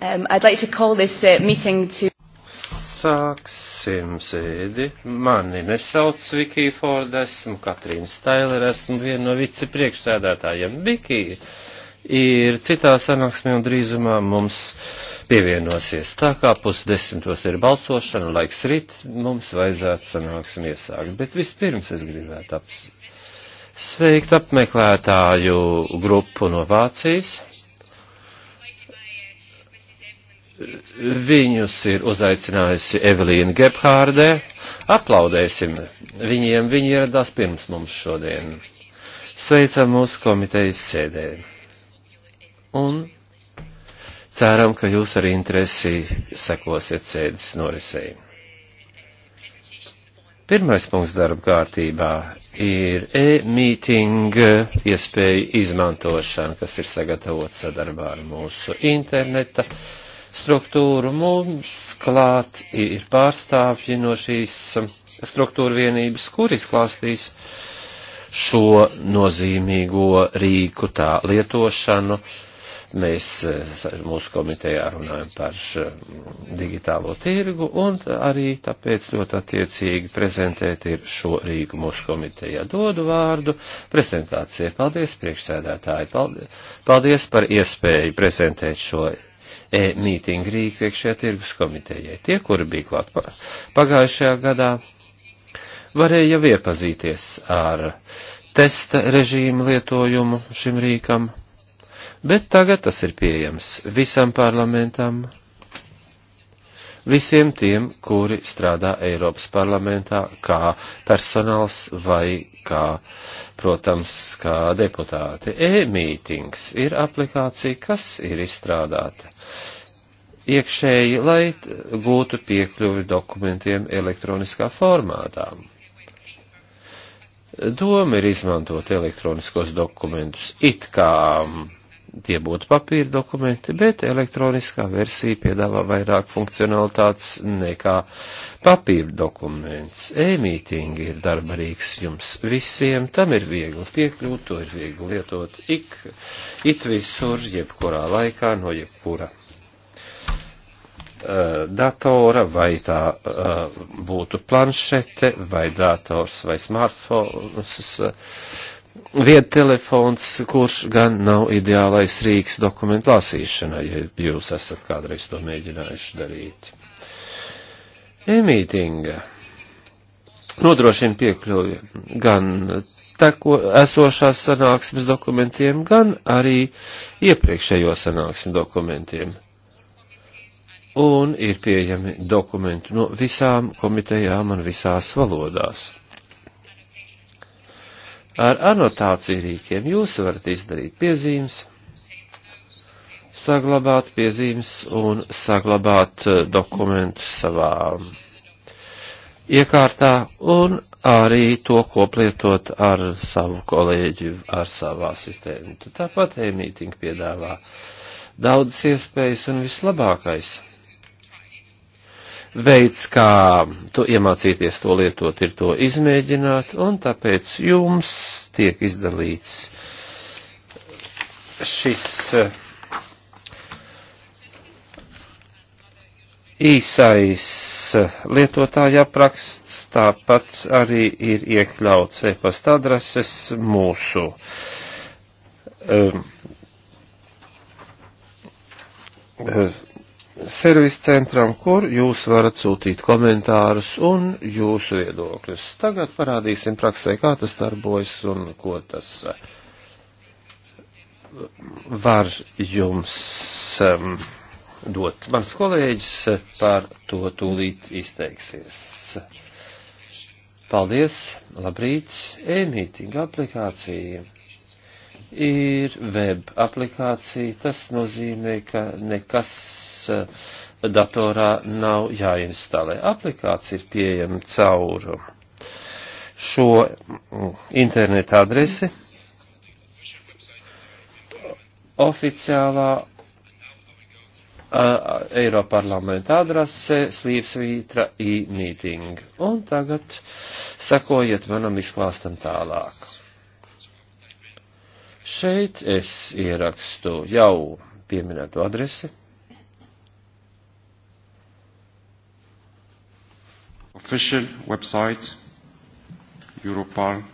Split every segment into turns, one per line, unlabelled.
Um, I'd like to call this uh, meeting to...
Sāksim sēdi. Mani nesauc Viki Ford, esmu Katrīna Stailer, esmu viena no vicepriekšsēdētājiem. Viki ir citā sanāksmē un drīzumā mums pievienosies. Tā kā pusdesmitos ir balsošana, laiks rīt, mums vajadzētu sanāksmi iesākt. Bet vispirms es gribētu apsveikt apmeklētāju grupu no Vācijas Viņus ir uzaicinājusi Evelīna Gebhārdē. Aplaudēsim viņiem, viņi ieradās pirms mums šodien. Sveicam mūsu komitejas sēdē. Un ceram, ka jūs ar interesi sekosiet sēdes norisei. Pirmais punkts darba kārtībā ir e-meeting iespēju izmantošana, kas ir sagatavots sadarbā ar mūsu interneta struktūru. Mums klāt ir pārstāvji no šīs struktūra vienības, kur izklāstīs šo nozīmīgo rīku tā lietošanu. Mēs eh, mūsu komitejā runājam par eh, digitālo tirgu un arī tāpēc ļoti attiecīgi prezentēt ir šo rīku mūsu komitejā. Dodu vārdu prezentācijai. Paldies, priekšsēdētāji. Paldies, paldies par iespēju prezentēt šo e-mītingu Rīga iekšējā tirgus komitejai. Tie, kuri bija klāt pagājušajā gadā, varēja jau iepazīties ar testa režīmu lietojumu šim rīkam, bet tagad tas ir pieejams visam parlamentam, visiem tiem, kuri strādā Eiropas parlamentā kā personāls vai kā, protams, kā deputāti. E-mītings ir aplikācija, kas ir izstrādāta iekšēji, lai gūtu piekļuvi dokumentiem elektroniskā formātā. Doma ir izmantot elektroniskos dokumentus it kā tie būtu papīra dokumenti, bet elektroniskā versija piedāvā vairāk funkcionalitātes nekā papīra dokuments. E-mītingi ir darbarīgs jums visiem, tam ir viegli piekļūt, to ir viegli lietot ik, it visur, jebkurā laikā, no jebkura Eh, datora, vai tā uh, būtu planšete, vai dators, vai smartphones, uh, viedtelefons, kurš gan nav ideālais rīks dokumentu lasīšanai, ja jūs esat kādreiz to mēģinājuši darīt. E-mītinga nodrošina piekļuvi gan teko esošās sanāksmes dokumentiem, gan arī iepriekšējo sanāksmu dokumentiem un ir pieejami dokumenti no visām komitejām un visās valodās. Ar anotāciju rīkiem jūs varat izdarīt piezīmes, saglabāt piezīmes un saglabāt eh, dokumentus savā mm, iekārtā un arī to koplietot ar savu kolēģi, ar savu asistentu. Tāpat e-mīting piedāvā daudzas iespējas un vislabākais veids, kā to iemācīties to lietot, ir to izmēģināt, un tāpēc jums tiek izdalīts šis eh, īsais eh, lietotāja apraksts, tāpat arī ir iekļauts e-pasta adreses mūsu um, servis centram, kur jūs varat sūtīt komentārus un jūsu viedokļus. Tagad parādīsim praksē, kā tas darbojas un ko tas eh, var jums um, dot. Mans kolēģis eh, par to tūlīt izteiksies. Paldies, labrīt, e-mītinga aplikācija ir web aplikācija. Tas nozīmē, ka nekas eh, datorā nav jāinstalē. Aplikācija ir pieejama caur šo mm, internetu adresi. Oficiālā uh, eh, Eiroparlamenta adrese slīpsvītra i-meeting. Un tagad sakojiet manam izklāstam tālāk. Šeit es ierakstu jau pieminēto adresi. Official website Europal.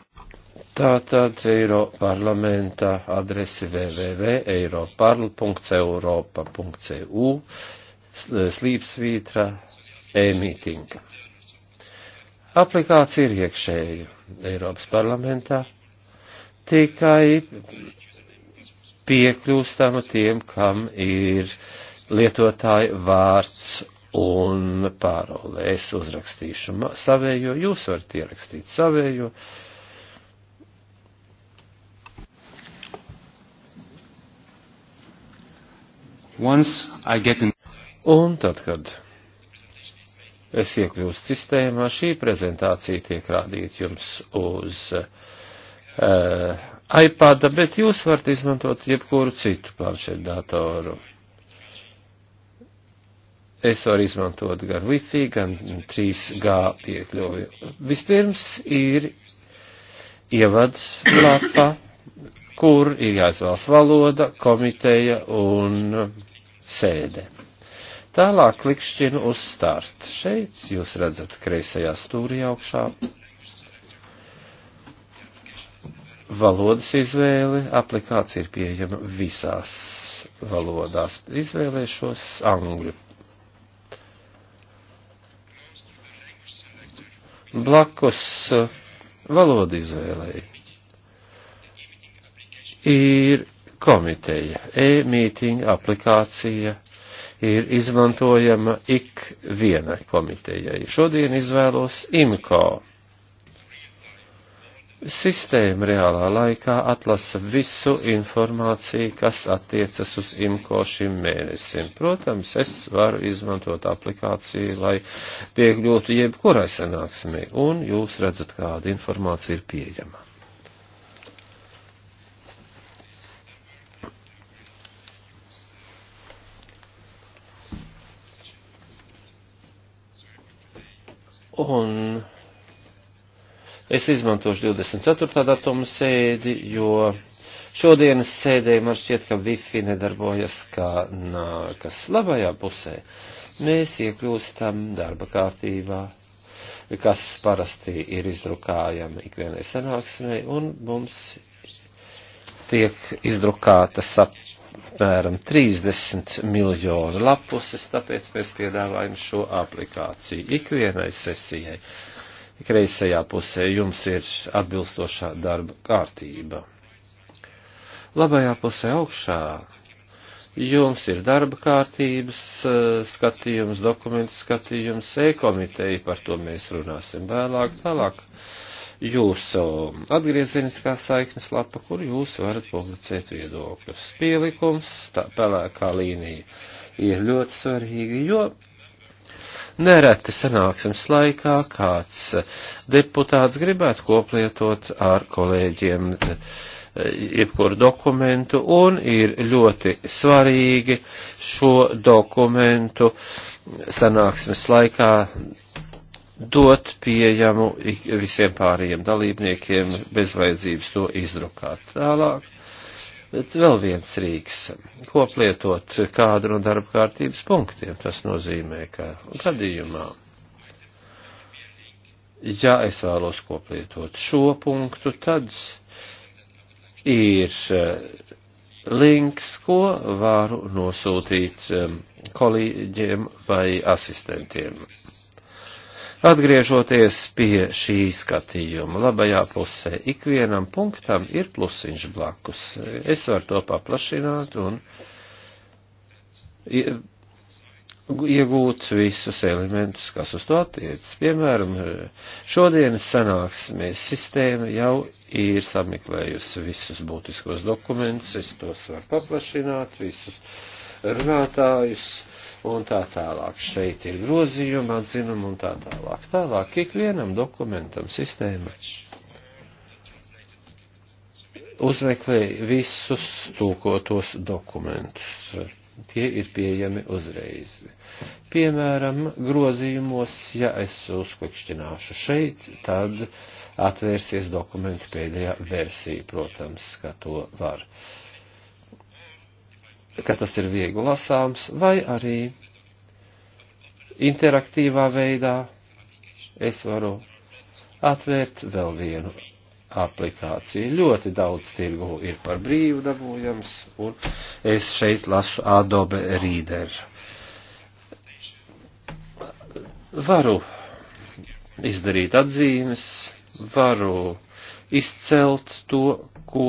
Tātad Eiro parlamenta adrese www.europarl.europa.eu slīpsvītra e-mītinga. Aplikācija ir iekšēja Eiropas parlamentā tikai piekļūstama tiem, kam ir lietotāja vārds un pārole. Es uzrakstīšu savējo, jūs varat ierakstīt savējo. In... Un tad, kad es iekļūstu sistēmā, šī prezentācija tiek rādīta jums uz uh, uh, eh, iPada, bet jūs varat izmantot jebkuru citu planšetu datoru. Es varu izmantot gan Wi-Fi, gan 3G piekļuvi. Vispirms ir ievads lapa, kur ir jāizvēlas valoda, komiteja un sēde. Tālāk klikšķinu uz start. Šeit jūs redzat kreisajā stūrī augšā valodas izvēli, aplikācija ir pieejama visās valodās. Izvēlēšos angļu. Blakus eh, valoda izvēlēji ir komiteja, e-mītinga aplikācija ir izmantojama ik vienai komitejai. Šodien izvēlos IMCO Sistēma reālā laikā atlasa visu informāciju, kas attiecas uz imko šim mēnesim. Protams, es varu izmantot aplikāciju, lai piekļūtu jebkurai sanāksmē, un jūs redzat, kāda informācija ir pieejama. Un Es izmantošu 24. datumu sēdi, jo šodienas sēdē man šķiet, ka wifi nedarbojas kā nākas labajā pusē. Mēs iekļūstam darba kārtībā, kas parasti ir izdrukājama ikvienai sanāksmei, un mums tiek izdrukātas apmēram 30 miljonu lapuses, tāpēc mēs piedāvājam šo aplikāciju ikvienai sesijai kreisajā pusē jums ir atbilstošā darba kārtība. Labajā pusē augšā jums ir darba kārtības eh, skatījums, dokumentu skatījums, e-komiteja, par to mēs runāsim vēlāk, tālāk. Jūsu atgriezeniskā saiknes lapa, kur jūs varat publicēt viedokļus. Pielikums, tā pelēkā līnija ir ļoti svarīga, jo nereti sanāksmes laikā kāds eh, deputāts gribētu koplietot ar kolēģiem eh, jebkuru dokumentu, un ir ļoti svarīgi šo dokumentu sanāksmes laikā dot pieejamu visiem pārējiem dalībniekiem bez vajadzības to izdrukāt. Tālāk vēl viens rīks, ko lietot kādu no darba kārtības punktiem. Tas nozīmē, ka gadījumā, ja es vēlos koplietot šo punktu, tad ir eh, links, ko varu nosūtīt eh, kolīģiem vai asistentiem. Atgriežoties pie šī skatījuma, labajā pusē ikvienam punktam ir plusiņš blakus. Es varu to paplašināt un iegūt visus elementus, kas uz to attiecas. Piemēram, šodienas sanāksmēs sistēma jau ir sameklējusi visus būtiskos dokumentus, es tos varu paplašināt, visus runātājus un tā tālāk. Šeit ir grozījuma, atzinuma un tā tālāk. Tālāk ikvienam dokumentam sistēma uzmeklē visus tūkotos dokumentus. Tie ir pieejami uzreiz. Piemēram, grozījumos, ja es uzklikšķināšu šeit, tad atvērsies dokumentu pēdējā versija, protams, kā to var. Uh, ka tas ir viegli lasāms, vai arī interaktīvā veidā es varu atvērt vēl vienu aplikāciju. Ļoti daudz tirgu ir par brīvu dabūjams, un es šeit lasu Adobe Reader. Varu izdarīt atzīmes, varu izcelt to, ko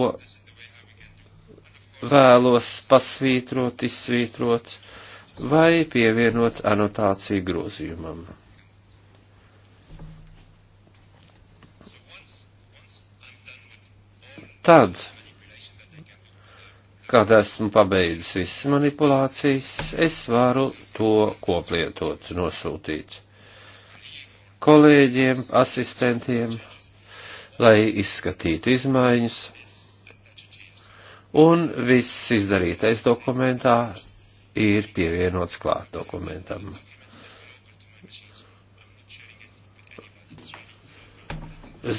vēlos pasvītrot, izsvītrot vai pievienot anotāciju grozījumam. Tad, kad esmu pabeidzis visas manipulācijas, es varu to koplietot, nosūtīt kolēģiem, asistentiem, lai izskatītu izmaiņas un viss izdarītais dokumentā ir pievienots klāt dokumentam.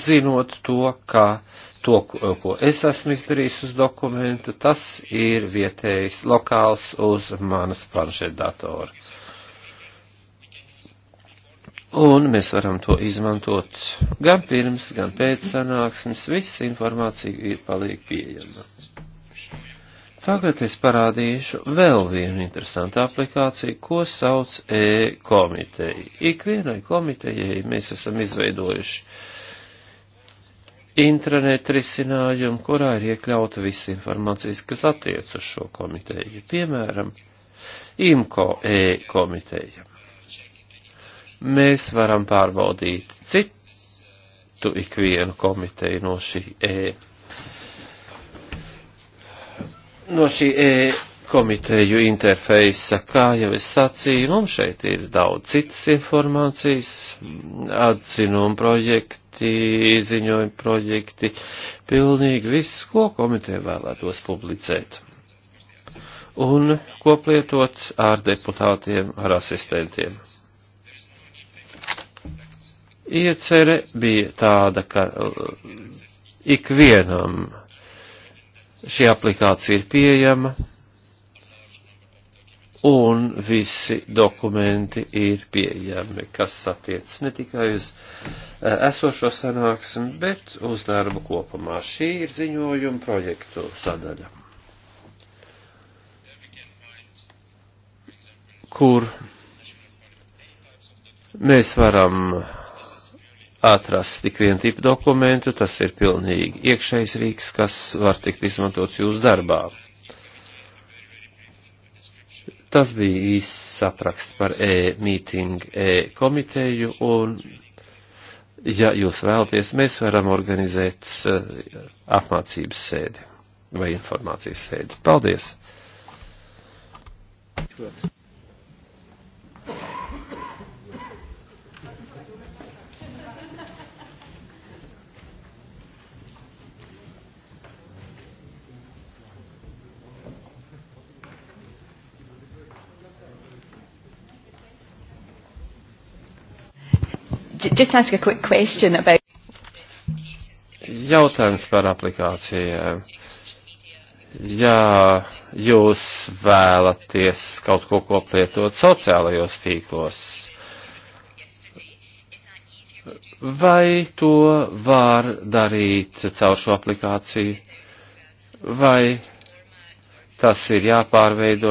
Zinot to, ka to, ko es esmu izdarījis uz dokumentu, tas ir vietējs lokāls uz manas planšetdatora. Un mēs varam to izmantot gan pirms, gan pēc sanāksmes. Viss informācija ir palīga pieejama. Tagad es parādīšu vēl vienu interesantu aplikāciju, ko sauc e-komiteja. Ikvienai komitejai mēs esam izveidojuši intranet risinājumu, kurā ir iekļauta visa informācijas, kas attiec uz šo komiteju. Piemēram, IMCO e-komiteja. Mēs varam pārbaudīt citu ikvienu komiteju no šī e-komiteja no šī e, komiteju interfeisa, kā jau es sacīju, mums šeit ir daudz citas informācijas, atzinuma projekti, ziņojuma projekti, pilnīgi viss, ko komiteja vēlētos publicēt. Un koplietot ar deputātiem, ar asistentiem. Iecere bija tāda, ka uh, ikvienam Šī aplikācija ir pieejama un visi dokumenti ir pieejami, kas attiec ne tikai uz e, esošo sanāksmi, bet uz darbu kopumā. Šī ir ziņojuma projektu sadaļa, kur mēs varam atrast tik vienu tipu dokumentu, tas ir pilnīgi iekšējs rīks, kas var tikt izmantots jūsu darbā. Tas bija īsts sapraksts par e-mītingu, e-komiteju, un, ja jūs vēlaties, mēs varam organizēt e, apmācības sēdi vai informācijas sēdi. Paldies!
Protams. just ask a quick question about.
Jautājums par aplikācijām. Jā, jūs vēlaties kaut ko koplietot sociālajos tīklos. Vai to var darīt caur šo aplikāciju? Vai tas ir jāpārveido,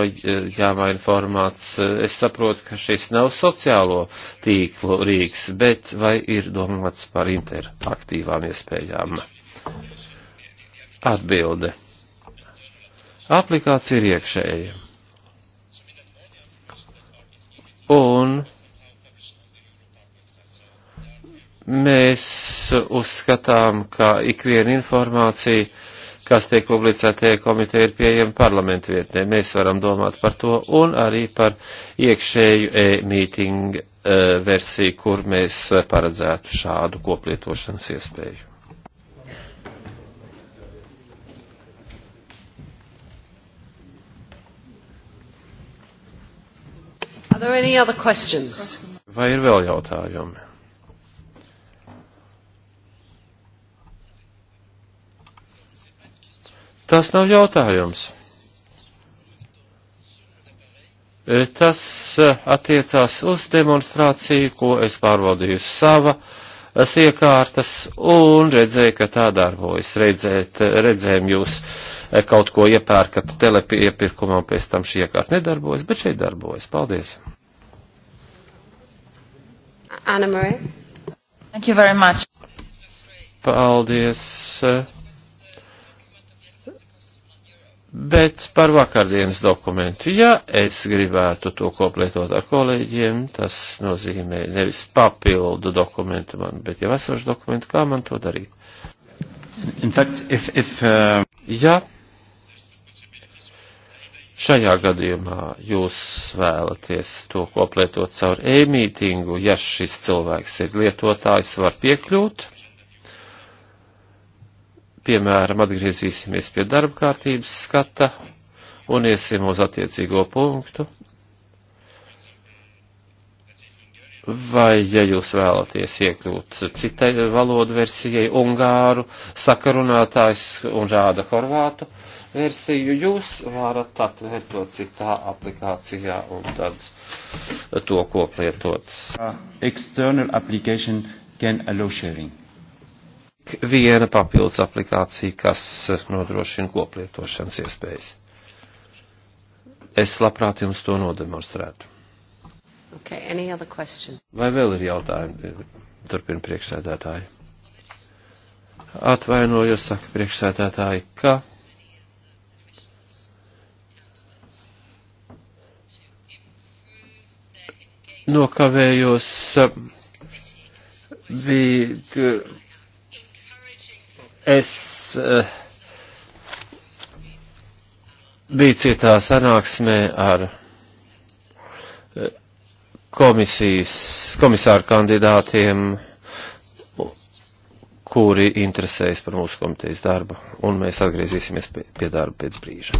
jāmaina formāts. Es saprotu, ka šis nav sociālo tīklu rīks, bet vai ir domāts par interaktīvām iespējām? Atbilde. Aplikācija ir iekšēja. Un mēs uzskatām, ka ikviena informācija kas tiek publicētie komiteja ir pieejami parlamentu vietnē. Mēs varam domāt par to un arī par iekšēju e-mītingu e, versiju, kur mēs paredzētu šādu koplietošanas iespēju. Vai ir vēl jautājumi? Tas nav jautājums. E, tas e, attiecās uz demonstrāciju, ko es pārvaldīju sava e, siekārtas un redzēju, ka tā darbojas. Redzēt, redzēm jūs kaut ko iepērkat telepi iepirkumā un pēc tam šī iekārta nedarbojas, bet šeit darbojas. Paldies.
Anna Marie. Thank you very much.
Paldies. Bet par vakardienas dokumentu, ja es gribētu to koplietot ar kolēģiem, tas nozīmē nevis papildu dokumentu man, bet jau esošu dokumentu, kā man to darīt. In fact, if, if, uh... Ja šajā gadījumā jūs vēlaties to koplietot caur e-mītingu, ja šis cilvēks ir lietotājs, var piekļūt piemēram, atgriezīsimies pie darba kārtības skata un iesim uz attiecīgo punktu. Vai, ja jūs vēlaties iekļūt citai valodu versijai, ungāru sakarunātājs un rāda horvātu versiju, jūs varat atvērt to citā aplikācijā un tad to koplietot. Uh, external application can allow sharing viena papildus aplikācija, kas nodrošina koplietošanas iespējas. Es labprāt jums to nodemonstrētu.
Okay, any other question?
Vai vēl ir jautājumi? Turpina priekšsēdētāji. Atvainojos, saka priekšsēdētāji, ka. Nokavējos um, bija Es eh, biju citā sanāksmē ar eh, komisijas, komisāru kandidātiem, kuri interesējas par mūsu komitejas darbu, un mēs atgriezīsimies pie, pie darba pēc brīža.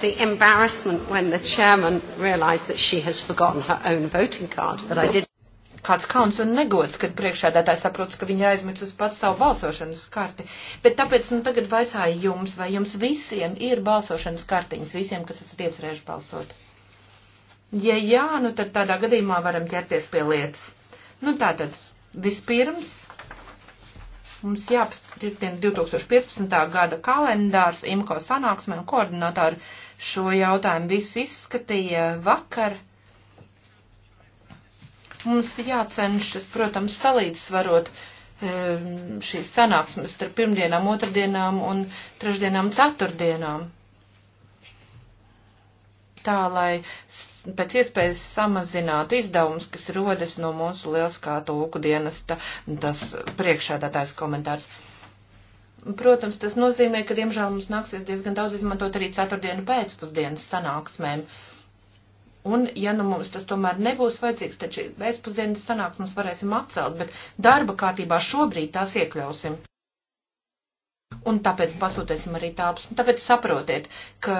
the embarrassment when the chairman realized that she has forgotten her own voting card, but I did. Kāds kauns un negods, kad priekšādātāji saprots, ka viņi aizmet uz pats savu balsošanas karti. Bet tāpēc, nu, tagad vaicāju jums, vai jums visiem ir balsošanas kartiņas, visiem, kas esat iecerējuši balsot. Ja jā, nu tad tādā gadījumā varam ķerties pie lietas. Nu, tātad, vispirms mums jāapstiprina 2015. gada kalendārs IMCO sanāksmē un koordinātāru šo jautājumu visu izskatīja vakar. Mums ir jācenšas, protams, salīdzsvarot ehm, šīs sanāksmes starp pirmdienām, otrdienām un trešdienām, ceturtdienām. Tā, lai pēc iespējas samazinātu izdevumus, kas rodas no mūsu lielskā tūku dienesta, tas priekšādātājs komentārs. Uh, Protams, tas nozīmē, ka, diemžēl, mums nāksies diezgan daudz izmantot arī ceturtdienu pēcpusdienas sanāksmēm. Un, ja nu mums tas tomēr nebūs vajadzīgs, tad šī pēcpusdienas sanāksmes varēsim atcelt, bet darba kārtībā šobrīd tās iekļausim. Un tāpēc pasūtēsim arī tāpus. Un tāpēc saprotiet, ka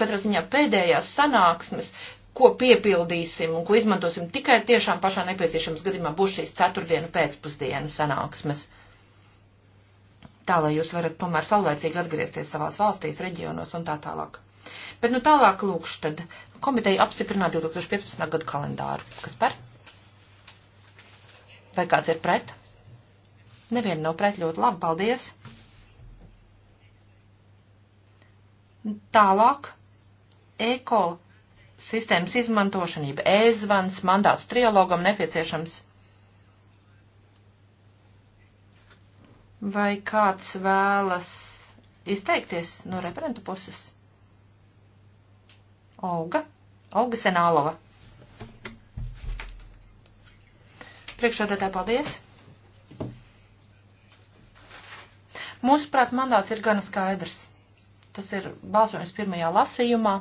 katrā ziņā pēdējās sanāksmes, ko piepildīsim un ko izmantosim tikai tiešām pašā nepieciešams gadījumā, būs šīs ceturtdienu pēcpusdienu sanāksmes tā lai jūs varat tomēr saulēcīgi atgriezties savās valstīs, reģionos un tā tālāk. Bet nu tālāk lūkšu tad komiteja apstiprināt 2015. gadu kalendāru. Kas par? Vai kāds ir pret? Neviena nav pret, ļoti labi, paldies. Tālāk, e-call sistēmas izmantošanība, e-zvans, mandāts trialogam nepieciešams Vai kāds vēlas izteikties no referentu puses? Olga? Olga Senālova. Priekšādātā paldies. Mūsuprāt, mandāts ir gana skaidrs. Tas ir balsojums pirmajā lasījumā.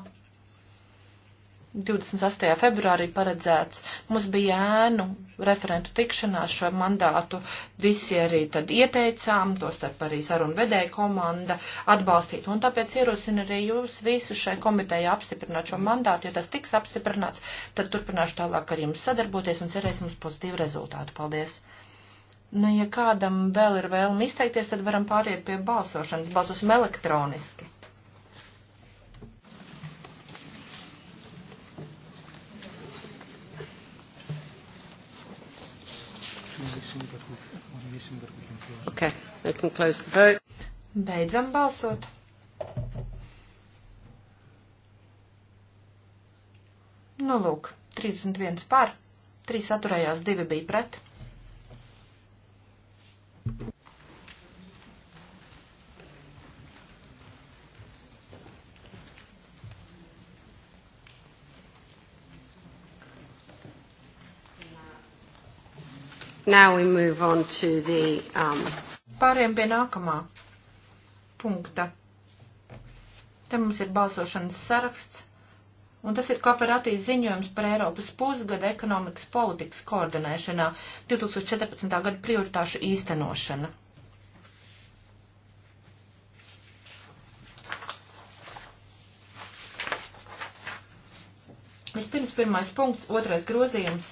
28. februārī paredzēts. Mums bija ēnu referentu tikšanās šo mandātu. Visi arī tad ieteicām, tostarp arī sarunvedēja komanda atbalstīt. Un tāpēc ierosinu arī jūs visus šai komitejai apstiprināt šo mandātu. Ja tas tiks apstiprināts, tad turpināšu tālāk ar jums sadarboties un cerēsim uz pozitīvu rezultātu. Paldies! Nu, ja kādam vēl ir vēlme izteikties, tad varam pāriet pie balsošanas. Balsosim elektroniski.
Okay, we can close the vote.
Beidzam balsot. Nu, lūk, 31 pār, 3 atturējās, 2 bija pret.
Now we move on to the, um...
Pāriem pie nākamā punkta. Te mums ir balsošanas saraksts, un tas ir kooperatīs ziņojums par Eiropas pusgada ekonomikas politikas koordinēšanā 2014. gada prioritāšu īstenošana. Vispirms pirmais punkts, otrais grozījums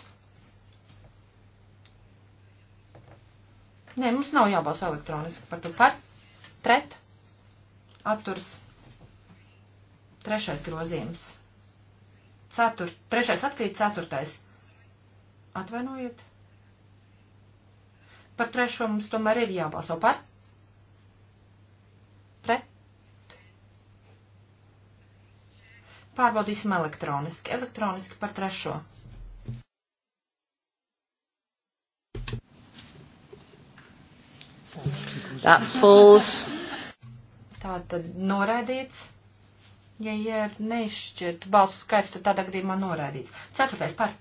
Nē, mums nav jābalso elektroniski par to par, pret, atturs, trešais grozījums. Ceturt, trešais atkrīt, ceturtais. Atvainojiet. Par trešo mums tomēr ir jābalso par. Pret. Pārbaudīsim elektroniski. Elektroniski par trešo.
That falls.
Tā tad noraidīts. Ja, ja neizšķirt balsu skaits, tad tādā gadījumā noraidīts. Ceturtais par.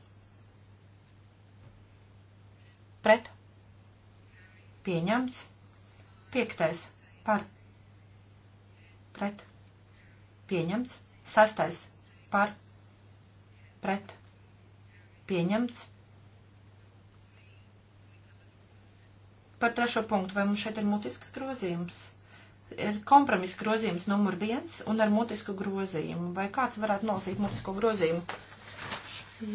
Pret. Pieņemts. Piektais par. Pret. Pieņemts. Sastais par. Pret. Pieņemts. Par trešo punktu, vai mums šeit ir mutisks grozījums? Ir kompromiss grozījums numur viens un ar mutisku grozījumu. Vai kāds varētu nolasīt mutisko grozījumu?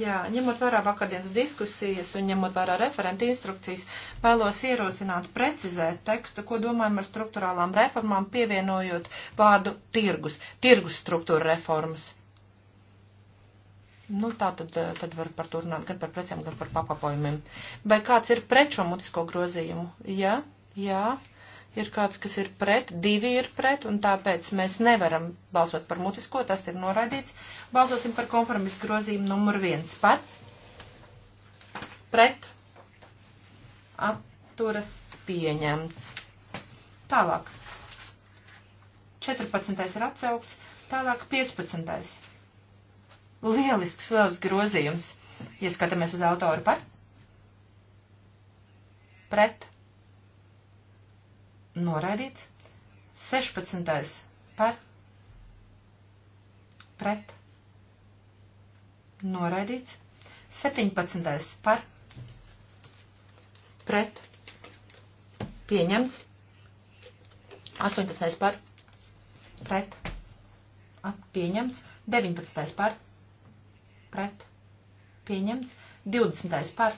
Jā, ņemot vērā vakardienas diskusijas un ņemot vērā referenta instrukcijas, vēlos ierosināt precizēt tekstu, ko domājam ar struktūrālām reformām, pievienojot vārdu tirgus, tirgus struktūra reformas. Nu, tā tad, eh, tad var par to runāt gan par precēm, gan par papabojumiem. Vai kāds ir pret šo mutisko grozījumu? Jā, jā, ir kāds, kas ir pret, divi ir pret, un tāpēc mēs nevaram balsot par mutisko, tas ir noraidīts. Balsosim par kompromisu grozījumu numur viens par, pret, atturas pieņemts. Tālāk. 14. ir atsaukts, tālāk 15 lielisks, lielisks grozījums. Ja skatāmies uz autoru par, pret, noraidīts, 16. par, pret, noraidīts, 17. par, pret, pieņemts, 18. par, pret, at, pieņemts, 19. par, pret, pieņemts. 20. par,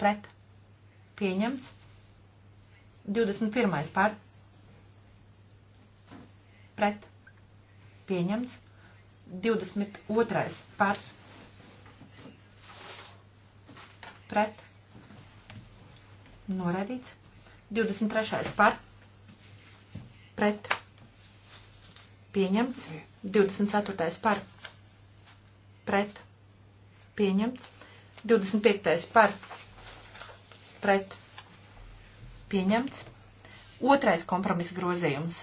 pret, pieņemts. 21. par, pret, pieņemts. 22. par, pret, noraidīts. 23. par, pret, pieņemts. 24. par, pret pret, pieņemts. 25. par, pret, pieņemts. Otrais kompromisa grozījums.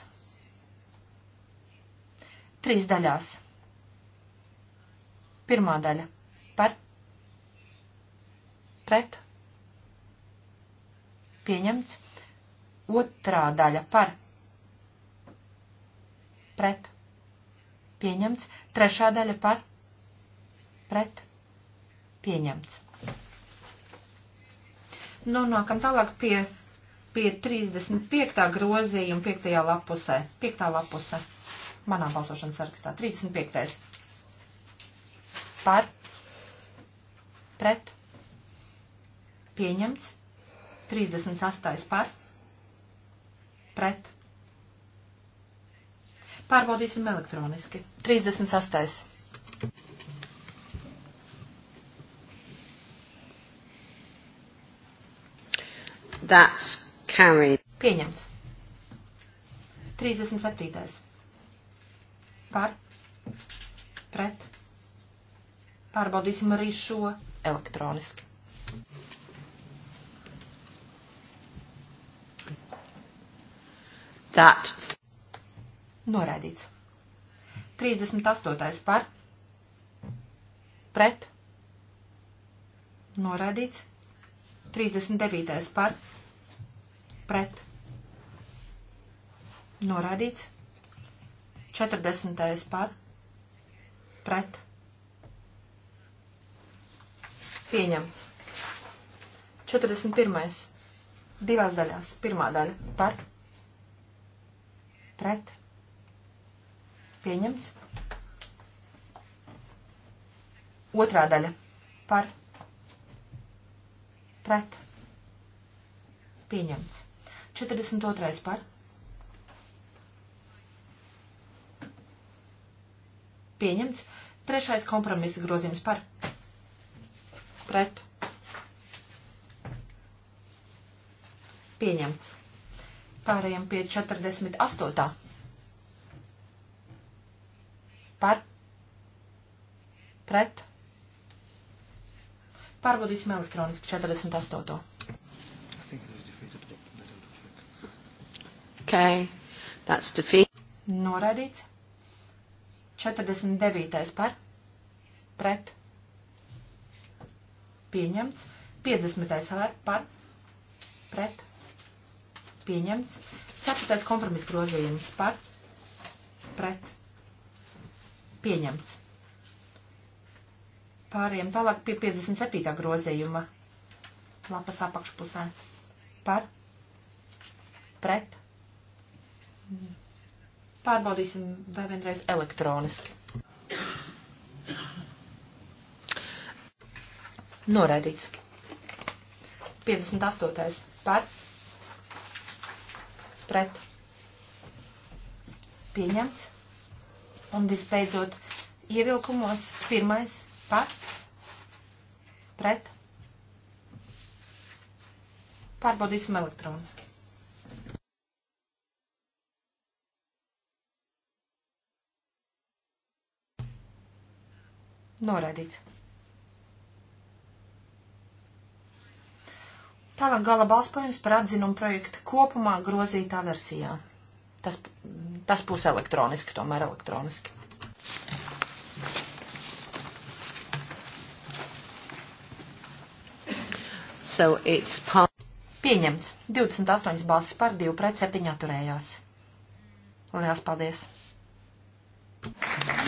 Trīs daļās. Pirmā daļa par, pret, pieņemts. Otrā daļa par, pret, pieņemts. Trešā daļa par, pret pret pieņemts. Nu, nākam tālāk pie, pie 35. grozījuma 5. lapusē. 5. lapusē. Manā balsošanas sarakstā. 35. Par. Pret. Pieņemts. 38. par. Pret. Pārbaudīsim elektroniski. 38.
That's carried. Pieņemts.
37. Par. Pret. Pārbaudīsim arī šo elektroniski. That. Noraidīts. 38. par. Pret. Noraidīts. 39. par pret, norādīts, 40. par, pret, pieņemts, 41. divās daļās, pirmā daļa par, pret, pieņemts, otrā daļa par, pret, pieņemts. 42. par. Pieņemts. Trešais kompromisa grozījums par. Pret. Pieņemts. Pārējiem pie 48. Par. Pret. Pārbaudīsim elektroniski 48. Okay, that's defeat. Noraidīts. 49. par. Pret. Pieņemts. 50. par. Pret. Pieņemts. 4. kompromis grozījums par. Pret. Pieņemts. Pāriem tālāk pie 57. grozījuma. Lapas apakšpusē. Par. Pret Pārbaudīsim vēl vienreiz elektroniski. Noraidīts. 58. par. Pret. Pieņemts. Un visbeidzot, ievilkumos pirmais par. Pret. Pārbaudīsim elektroniski. Noraidīts. Tālāk gala balspojums par atzinumu projektu kopumā grozītā versijā. Tas, tas būs elektroniski, tomēr elektroniski. So it's part... Pieņemts. 28 balsis par, 2 pret, 7 atturējās. Lielas paldies! Super.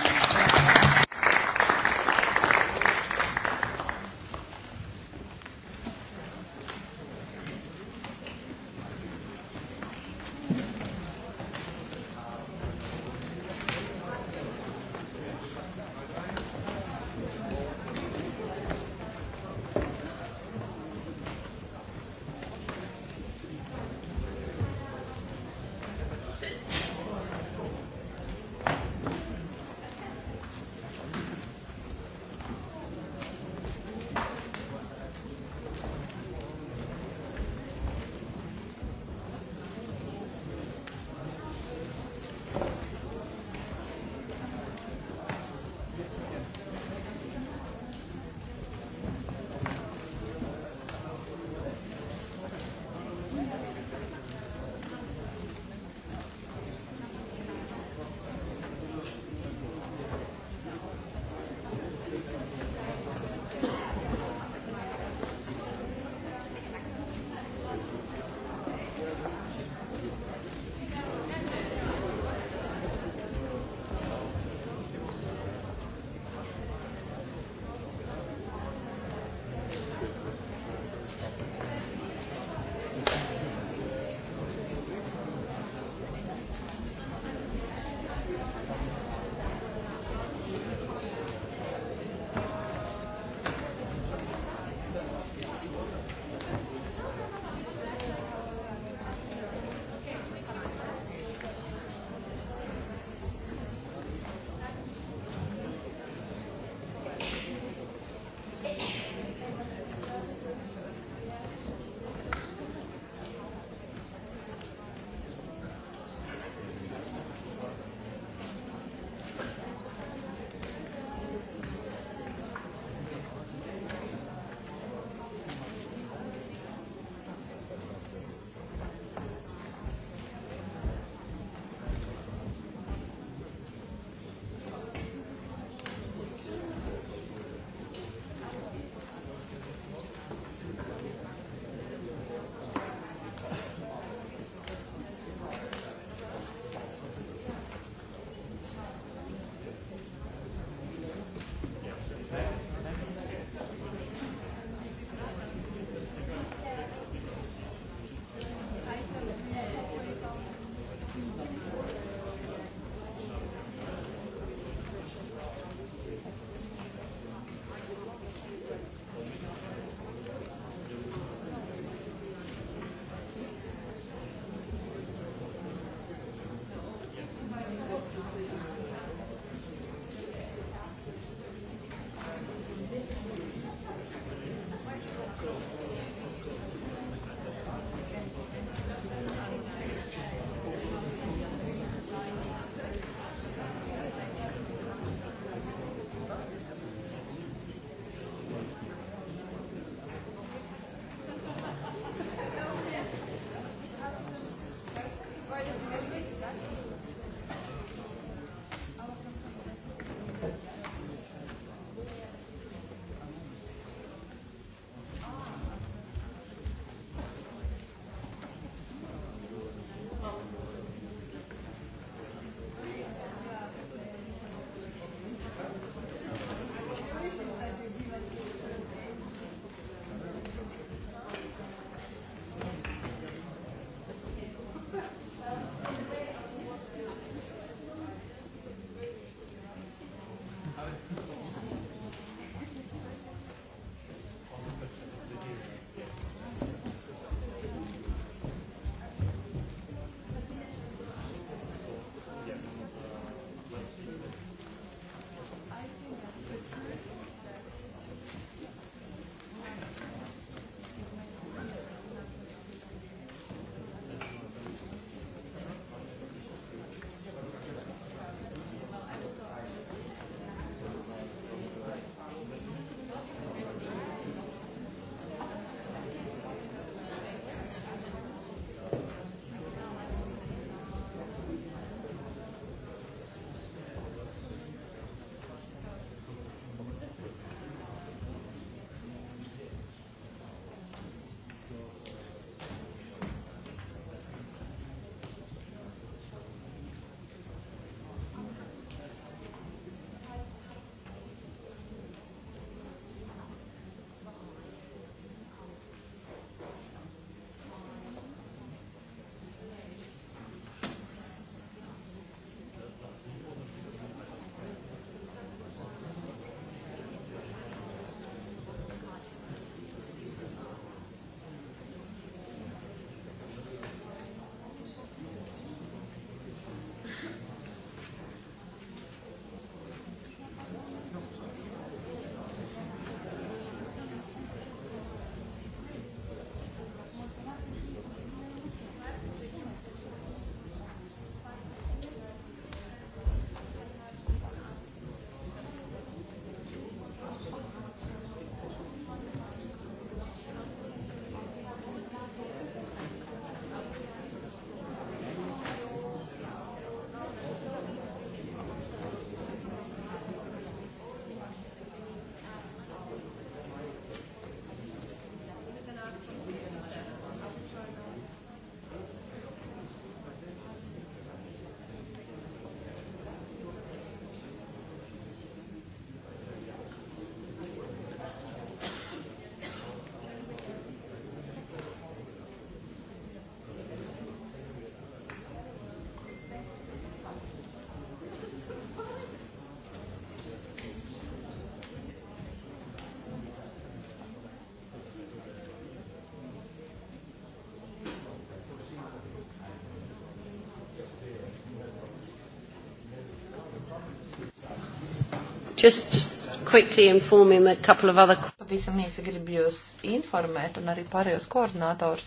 Just, just quickly informing a couple of other... Pavisam īsi gribu jūs informēt un arī pārējos koordinātors,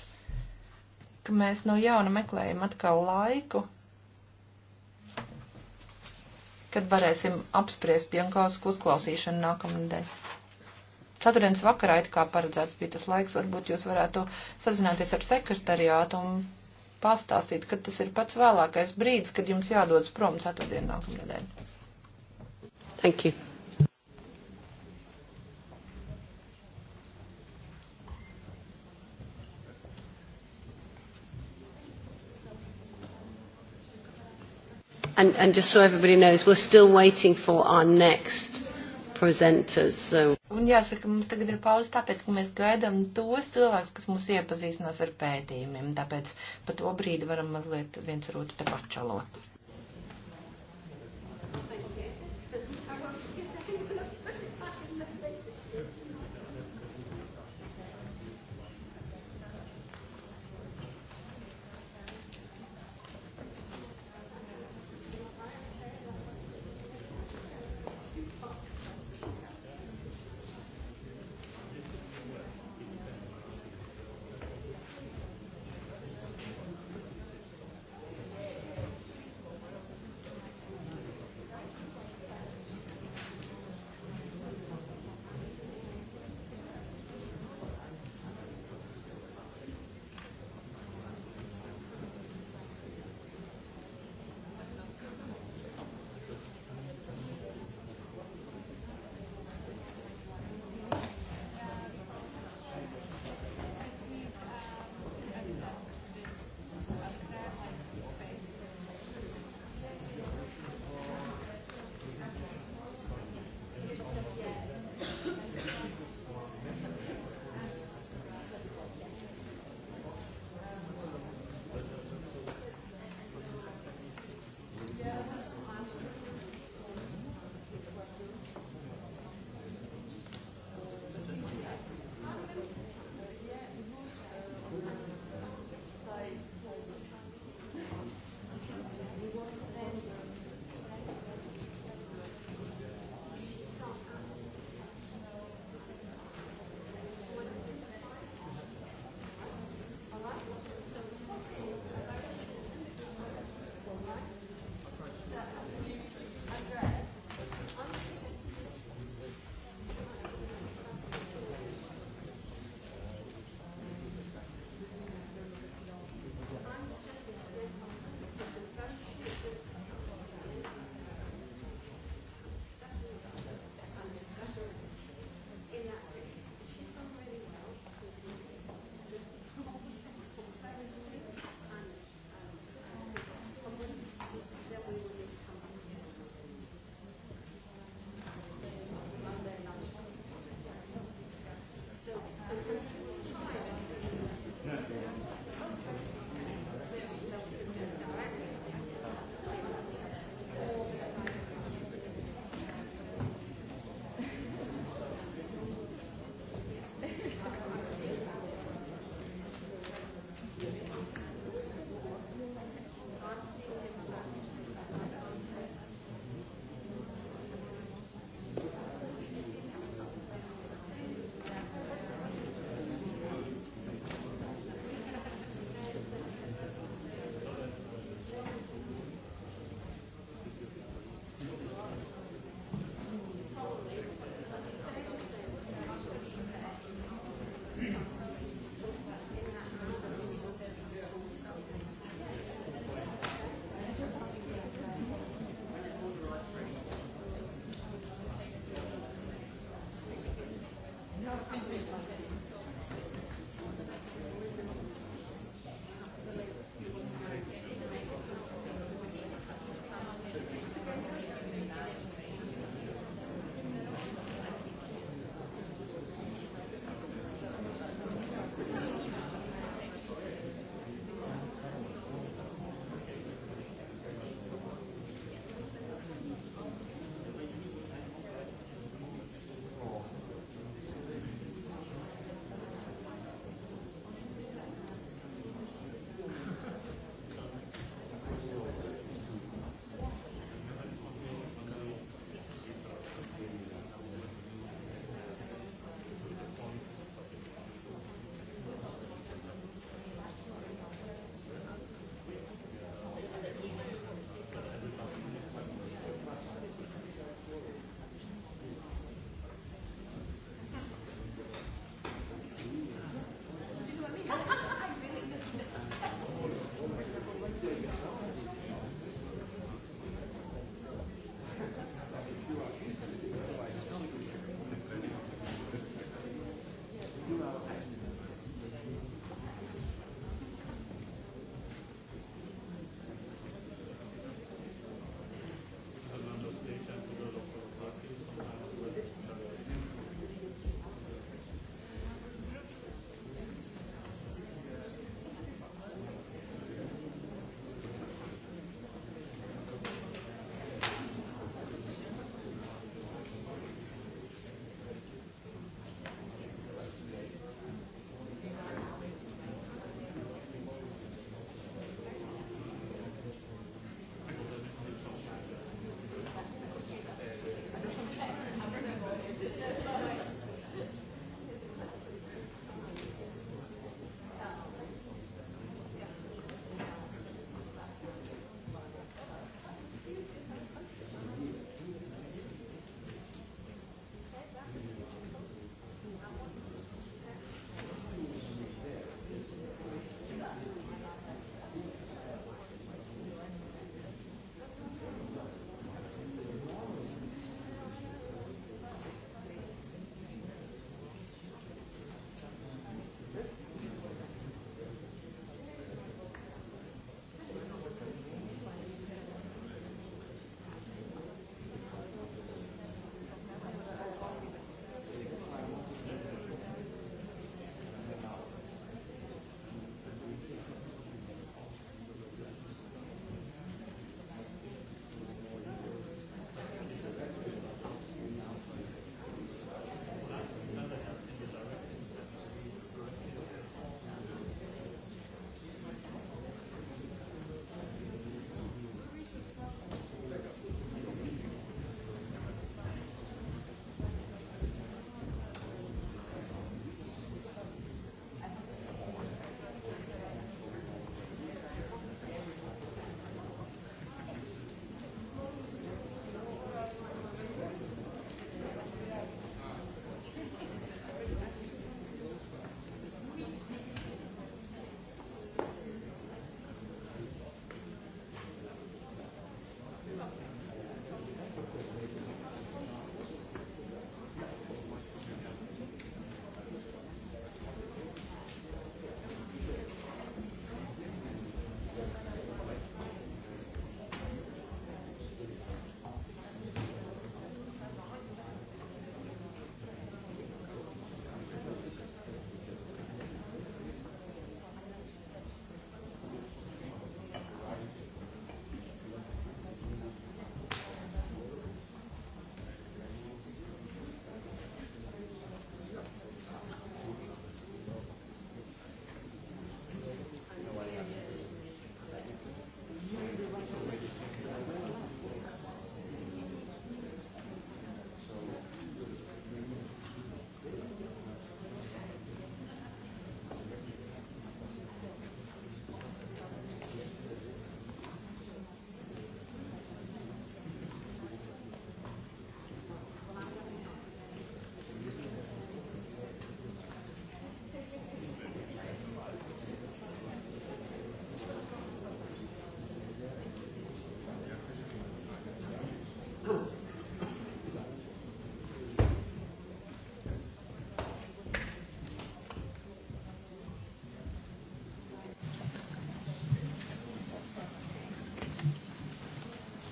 ka mēs no jauna meklējam atkal laiku, kad varēsim apspriest Pienkausku uzklausīšanu nākamnedēļ. Ceturtdienas vakarā it kā paredzēts bija tas laiks, varbūt jūs varētu sazināties ar sekretariātu un pastāstīt, kad tas ir pats vēlākais brīdis, kad jums jādodas prom ceturtdien nākamnedēļ. Thank you. And, and just so everybody knows, we're still waiting for our next presenters. So. Un jāsaka, mums tagad ir pauze, tāpēc, ka mēs gaidām tos cilvēkus, kas mūs iepazīstinās ar pētījumiem. Tāpēc pa to brīdi varam mazliet viens ar otru te pačalot.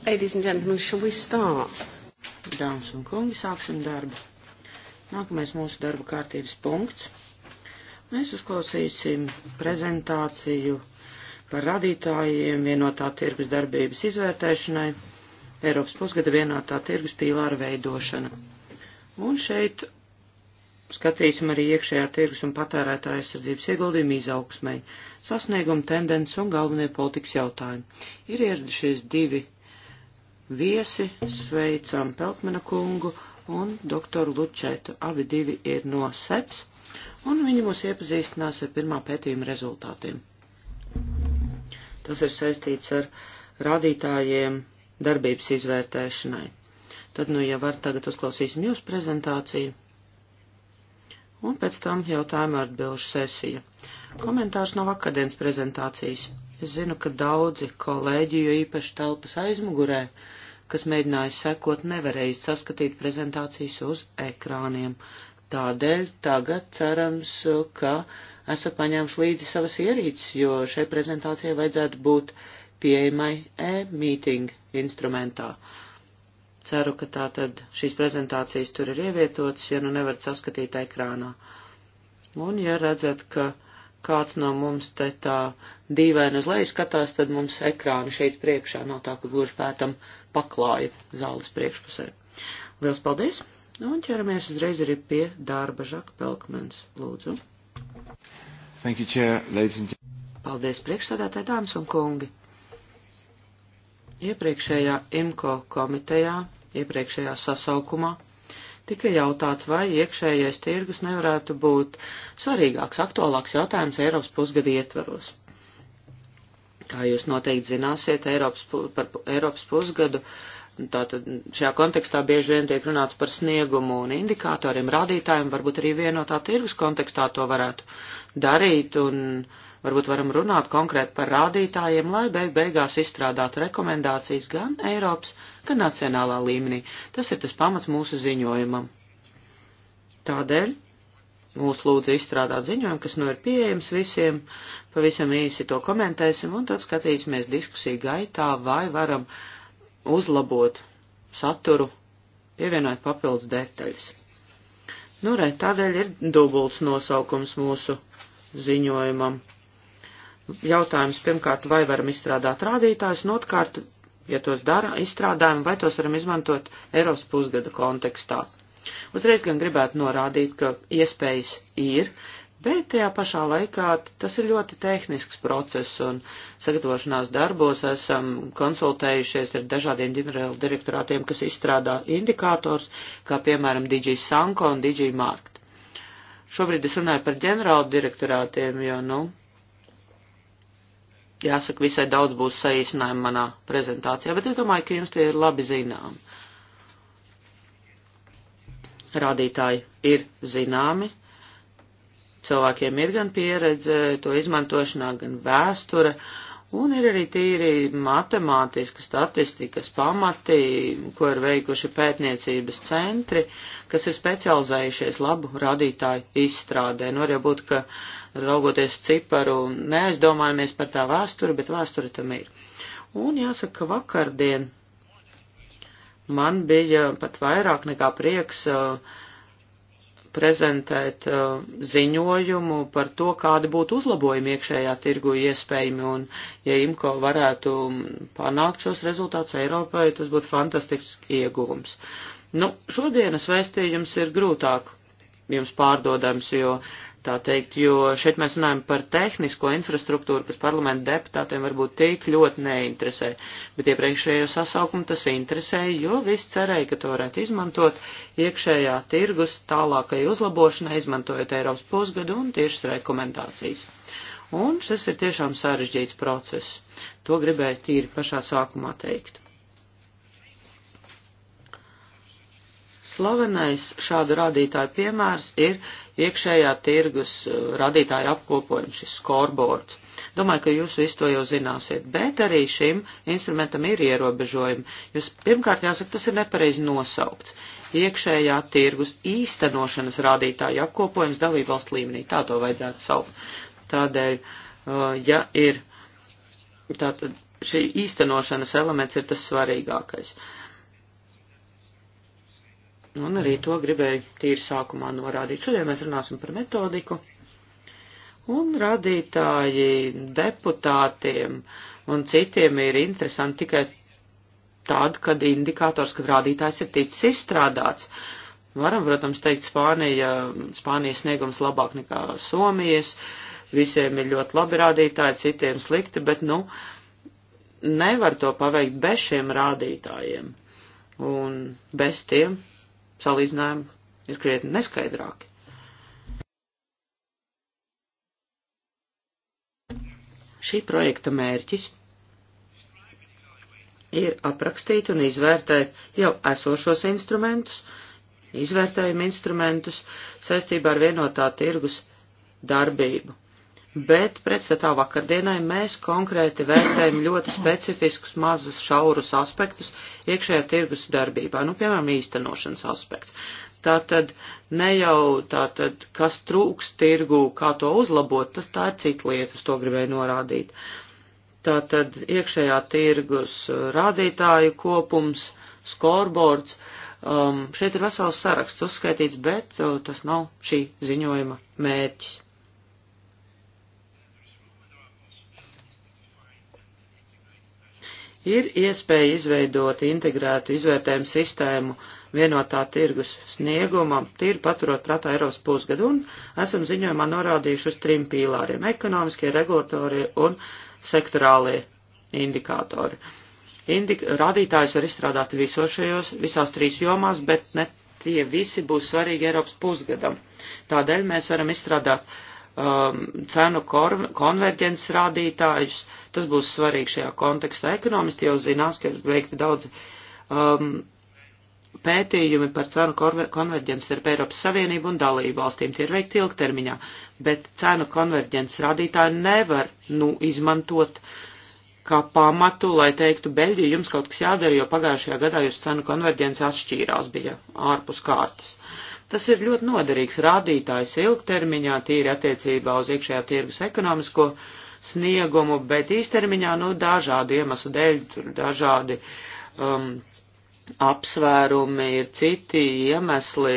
Ladies and gentlemen, shall we start? Dāmas un kungi, sāksim darbu. Nākamais mūsu darba kārtības punkts. Mēs uzklausīsim prezentāciju par radītājiem vienotā tirgus darbības izvērtēšanai, Eiropas pusgada vienotā tirgus pīlāra veidošana. Un šeit skatīsim arī iekšējā tirgus un patērētāja aizsardzības ieguldījumu izaugsmai, sasniegumu tendences un galvenie politikas jautājumi. Ir ieradušies divi viesi, sveicam Peltmena kungu un doktoru Lučētu. Abi divi ir no SEPS, un viņi mūs iepazīstinās ar pirmā pētījuma rezultātiem. Tas ir saistīts ar rādītājiem darbības izvērtēšanai. Tad, nu, ja var, tagad uzklausīsim jūsu prezentāciju, un pēc tam jautājuma atbilžu sesija. Komentārs nav akadēnas prezentācijas. Es zinu, ka daudzi kolēģi, jo īpaši telpas aizmugurē, uh, kas mēģināja sekot, nevarēja saskatīt prezentācijas uz ekrāniem. Tādēļ tagad cerams, ka esat paņēmuši līdzi savas ierīces, jo šai prezentācijai vajadzētu būt pieejamai e-meeting instrumentā. Ceru, ka tā tad šīs prezentācijas tur ir ievietotas, ja nu nevarat saskatīt ekrānā. Un ja redzat, ka kāds no mums te tā dīvaini uz leju skatās, tad mums ekrāni šeit priekšā nav no tā, ka gluži pētam paklāja zāles priekšpusē. Liels paldies! Nu, un ķeramies uzreiz arī pie darba Žaka Pelkmens. Lūdzu.
Thank you, Chair, ladies and gentlemen.
Paldies priekšsādātāji dāmas un kungi. Iepriekšējā IMCO komitejā, iepriekšējā sasaukumā tika jautāts, vai iekšējais tirgus nevarētu būt svarīgāks, aktuālāks jautājums Eiropas pusgada ietvaros. Kā jūs noteikti zināsiet, Eiropas, par Eiropas pusgadu tātad šajā kontekstā bieži vien tiek runāts par sniegumu un indikatoriem, rādītājiem, varbūt arī vienotā tirgus kontekstā to varētu darīt un varbūt varam runāt konkrēti par rādītājiem, lai beig beigās izstrādātu rekomendācijas gan Eiropas, gan nacionālā līmenī. Tas ir tas pamats mūsu ziņojumam. Tādēļ mūs lūdza izstrādāt ziņojumu, kas nu ir pieejams visiem, pavisam īsi to komentēsim un tad skatīsimies diskusiju gaitā, vai varam uzlabot saturu, pievienot papildus detaļas. Nu, re, tādēļ ir dubults nosaukums mūsu ziņojumam. Jautājums pirmkārt, vai varam izstrādāt rādītājus, un otrkārt, ja tos dara, izstrādājam, vai tos varam izmantot Eiropas pusgada kontekstā. Uzreiz gan gribētu norādīt, ka iespējas ir, bet tajā pašā laikā tas ir ļoti tehnisks process un sagatavošanās darbos esam konsultējušies ar dažādiem ģenerāla direktorātiem, kas izstrādā indikātors, kā piemēram DG Sanko un DG Markt. Šobrīd es runāju par ģenerāla direktorātiem, jo, nu, jāsaka, visai daudz būs saīsinājumi manā prezentācijā, bet es domāju, ka jums tie ir labi zinām rādītāji ir zināmi, cilvēkiem ir gan pieredze to izmantošanā, gan vēsture, un ir arī tīri matemātiska statistikas pamati, ko ir veikuši pētniecības centri, kas ir specializējušies labu rādītāju izstrādē. Nu, arī būtu, ka raugoties ciparu, neaizdomājamies par tā vēsturi, bet vēsture tam ir. Un jāsaka, ka vakardien Man bija pat vairāk nekā prieks uh, prezentēt uh, ziņojumu par to, kādi būtu uzlabojumi iekšējā tirgu iespējami, un ja IMCO varētu panākt šos rezultātus Eiropai, tas būtu fantastisks ieguvums. Nu, šodienas vēstījums ir grūtāk jums pārdodams, jo uh, tā teikt, jo šeit mēs runājam par tehnisko infrastruktūru, kas parlamenta deputātiem varbūt tik ļoti neinteresē, bet iepriekšējo sasaukumu tas interesēja, jo viss cerēja, ka to varētu izmantot iekšējā tirgus tālākai uzlabošanai, izmantojot Eiropas pusgadu un tiešas rekomendācijas. Un šis ir tiešām sarežģīts process. To gribēju tīri pašā sākumā teikt. Slavenais šādu rādītāju piemērs ir iekšējā tirgus uh, rādītāju apkopojums, šis scoreboards. Domāju, ka jūs visu to jau zināsiet, bet arī šim instrumentam ir ierobežojumi. Jūs pirmkārt jāsaka, tas ir nepareizi nosaukts. Iekšējā tirgus īstenošanas rādītāju apkopojums dalībvalstu līmenī, tā to vajadzētu saukt. Tādēļ, uh, ja ir, tātad šī īstenošanas elements ir tas svarīgākais. Uh, Un arī to gribēju tīri sākumā norādīt. Šodien mēs runāsim par metodiku. Un radītāji deputātiem un citiem ir interesanti tikai tad, kad indikators, kad rādītājs ir ticis izstrādāts. Varam, protams, teikt, Spānija, Spānijas sniegums labāk nekā Somijas, visiem ir ļoti labi rādītāji, citiem slikti, bet, nu, nevar to paveikt bez šiem rādītājiem. Un bez tiem salīdzinājumi ir krietni neskaidrāki. Šī projekta mērķis ir aprakstīt un izvērtēt jau esošos instrumentus, izvērtējumu instrumentus saistībā ar vienotā tirgus darbību bet pretstatā vakardienai mēs konkrēti vērtējam ļoti specifiskus mazus šaurus aspektus iekšējā tirgus darbībā, nu, piemēram, īstenošanas aspekts. Tātad ne jau tātad, kas trūks tirgu, kā to uzlabot, tas tā ir cita lieta, es to gribēju norādīt. Tātad iekšējā tirgus uh, rādītāju kopums, scoreboards, um, šeit ir vesels saraksts uzskaitīts, bet uh, tas nav šī ziņojuma mērķis. Ir iespēja izveidot integrētu izvērtējumu sistēmu vienotā tirgus snieguma, tīri paturot prātā Eiropas pusgadu, un esam ziņojumā norādījuši uz trim pīlāriem - ekonomiskie, regulatorie un sektorālie indikātori. Indik rādītājs var izstrādāt visos šajos, visās trīs jomās, bet ne tie visi būs svarīgi Eiropas pusgadam. Tādēļ mēs varam izstrādāt uh, um, cenu konverģences rādītājus. Tas būs svarīgi šajā kontekstā. Ekonomisti jau zinās, ka ir veikti daudz um, pētījumi par cenu konverģences starp Eiropas Savienību un dalību valstīm. Tie ir veikti ilgtermiņā, bet cenu konverģences rādītāji nevar nu, izmantot kā pamatu, lai teiktu, Beļģija jums kaut kas jādara, jo pagājušajā gadā jūs cenu konverģence atšķīrās, bija ārpus kārtas. Uh, Tas ir ļoti noderīgs rādītājs ilgtermiņā, tīri attiecībā uz iekšējā tirgus ekonomisko sniegumu, bet īstermiņā, nu, dažādu iemeslu dēļ, tur dažādi um, apsvērumi ir citi iemesli,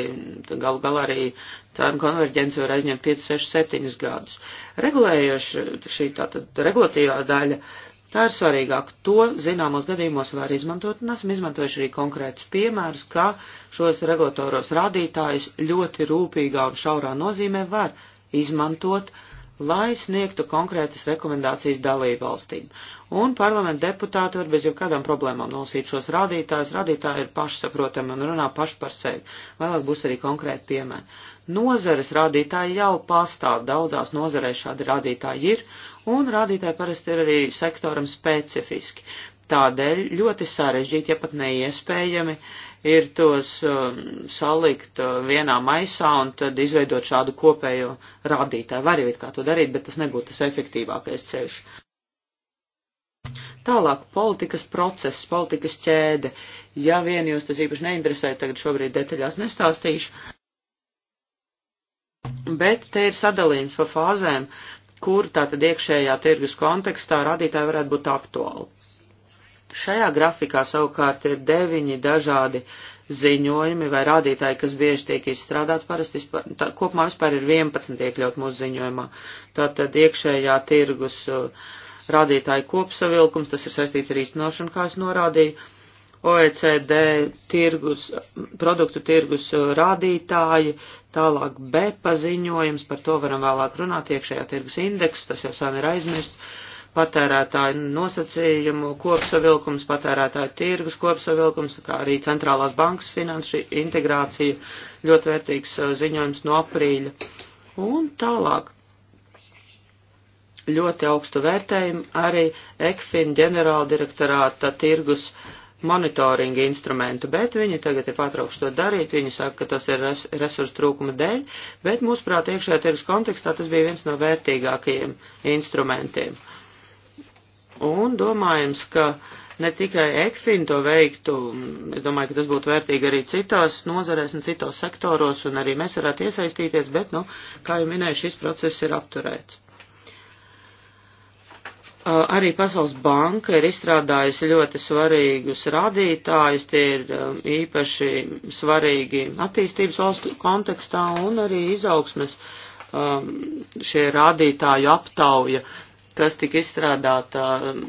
gal gal arī cēnu konverģence var aizņemt 5, 6, 7 gadus. Regulējoši šī tātad regulatīvā daļa. Uh, Tā ir svarīgāk. To zināmos gadījumos var izmantot, un esam izmantojuši arī konkrētus piemērus, kā šos regulatoros rādītājus ļoti rūpīgā un šaurā nozīmē var izmantot, lai sniegtu konkrētas rekomendācijas dalību valstīm. Un parlamenta deputāti var bez jebkādām problēmām nolasīt šos rādītājus. Rādītāji ir pašsaprotami un runā paši par sevi. Vēlāk būs arī konkrēti piemēri. Nozeres rādītāji jau pastāv, daudzās nozerēs šādi rādītāji ir un rādītāji parasti ir arī sektoram specifiski. Tādēļ ļoti sarežģīti, ja pat neiespējami, ir tos um, salikt uh, vienā maisā un tad izveidot šādu kopējo rādītāju. Var jau it kā to darīt, bet tas nebūtu tas efektīvākais ceļš. Tālāk politikas process, politikas ķēde. Ja vien jūs tas īpaši neinteresē, tagad šobrīd detaļās nestāstīšu. Bet te ir sadalījums pa fāzēm, kur tātad iekšējā tirgus kontekstā rādītāji varētu būt aktuāli. Šajā grafikā savukārt ir deviņi dažādi ziņojumi vai rādītāji, kas bieži tiek izstrādāti, parasti vispār, tā, kopumā vispār ir 11 iekļaut mūsu ziņojumā. Tātad iekšējā tirgus uh, rādītāju kopsavilkums, tas ir saistīts ar īstenošanu, kā es norādīju, OECD tirgus, produktu tirgus rādītāji, tālāk B paziņojums, par to varam vēlāk runāt, iekšējā tirgus indeks, tas jau sen ir aizmirsts, patērētāju nosacījumu kopsavilkums, patērētāju tirgus kopsavilkums, kā arī centrālās bankas finanšu integrācija, ļoti vērtīgs uh, ziņojums no aprīļa. Un tālāk ļoti augstu vērtējumu arī ECFIN ģenerāldirektorāta tirgus uh, monitoringa instrumentu, bet viņi tagad ir pārtraukši to darīt, viņi saka, ka tas ir res, resursu trūkuma dēļ, bet mūsuprāt iekšējā tirgus kontekstā tas bija viens no vērtīgākajiem instrumentiem. Un domājams, ka ne tikai ECFIN to veiktu, es domāju, ka tas būtu vērtīgi arī citās nozarēs un citos sektoros, un arī mēs varētu iesaistīties, bet, nu, kā jau minēju, šis process ir apturēts arī Pasaules banka ir izstrādājusi ļoti svarīgus rādītājus, tie ir īpaši svarīgi attīstības valstu kontekstā un arī izaugsmes šie rādītāju aptauja Tas tika izstrādāta um,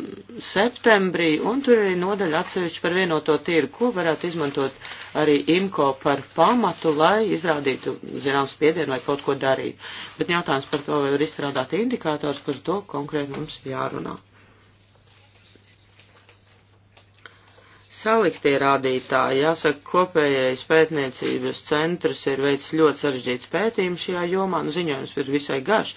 septembrī, un tur ir nodaļa atsevišķi par vienoto tirgu, ko varētu izmantot arī IMCO par pamatu, lai izrādītu, zinām, spiedienu vai kaut ko darītu. Bet jautājums par to, vai var izstrādāt indikātors, par to konkrēti mums jārunā. Saliktie rādītāji, jāsaka, kopējais pētniecības centrs ir veicis ļoti sarežģīts pētījums šajā jomā, nu ziņojums ir visai garš,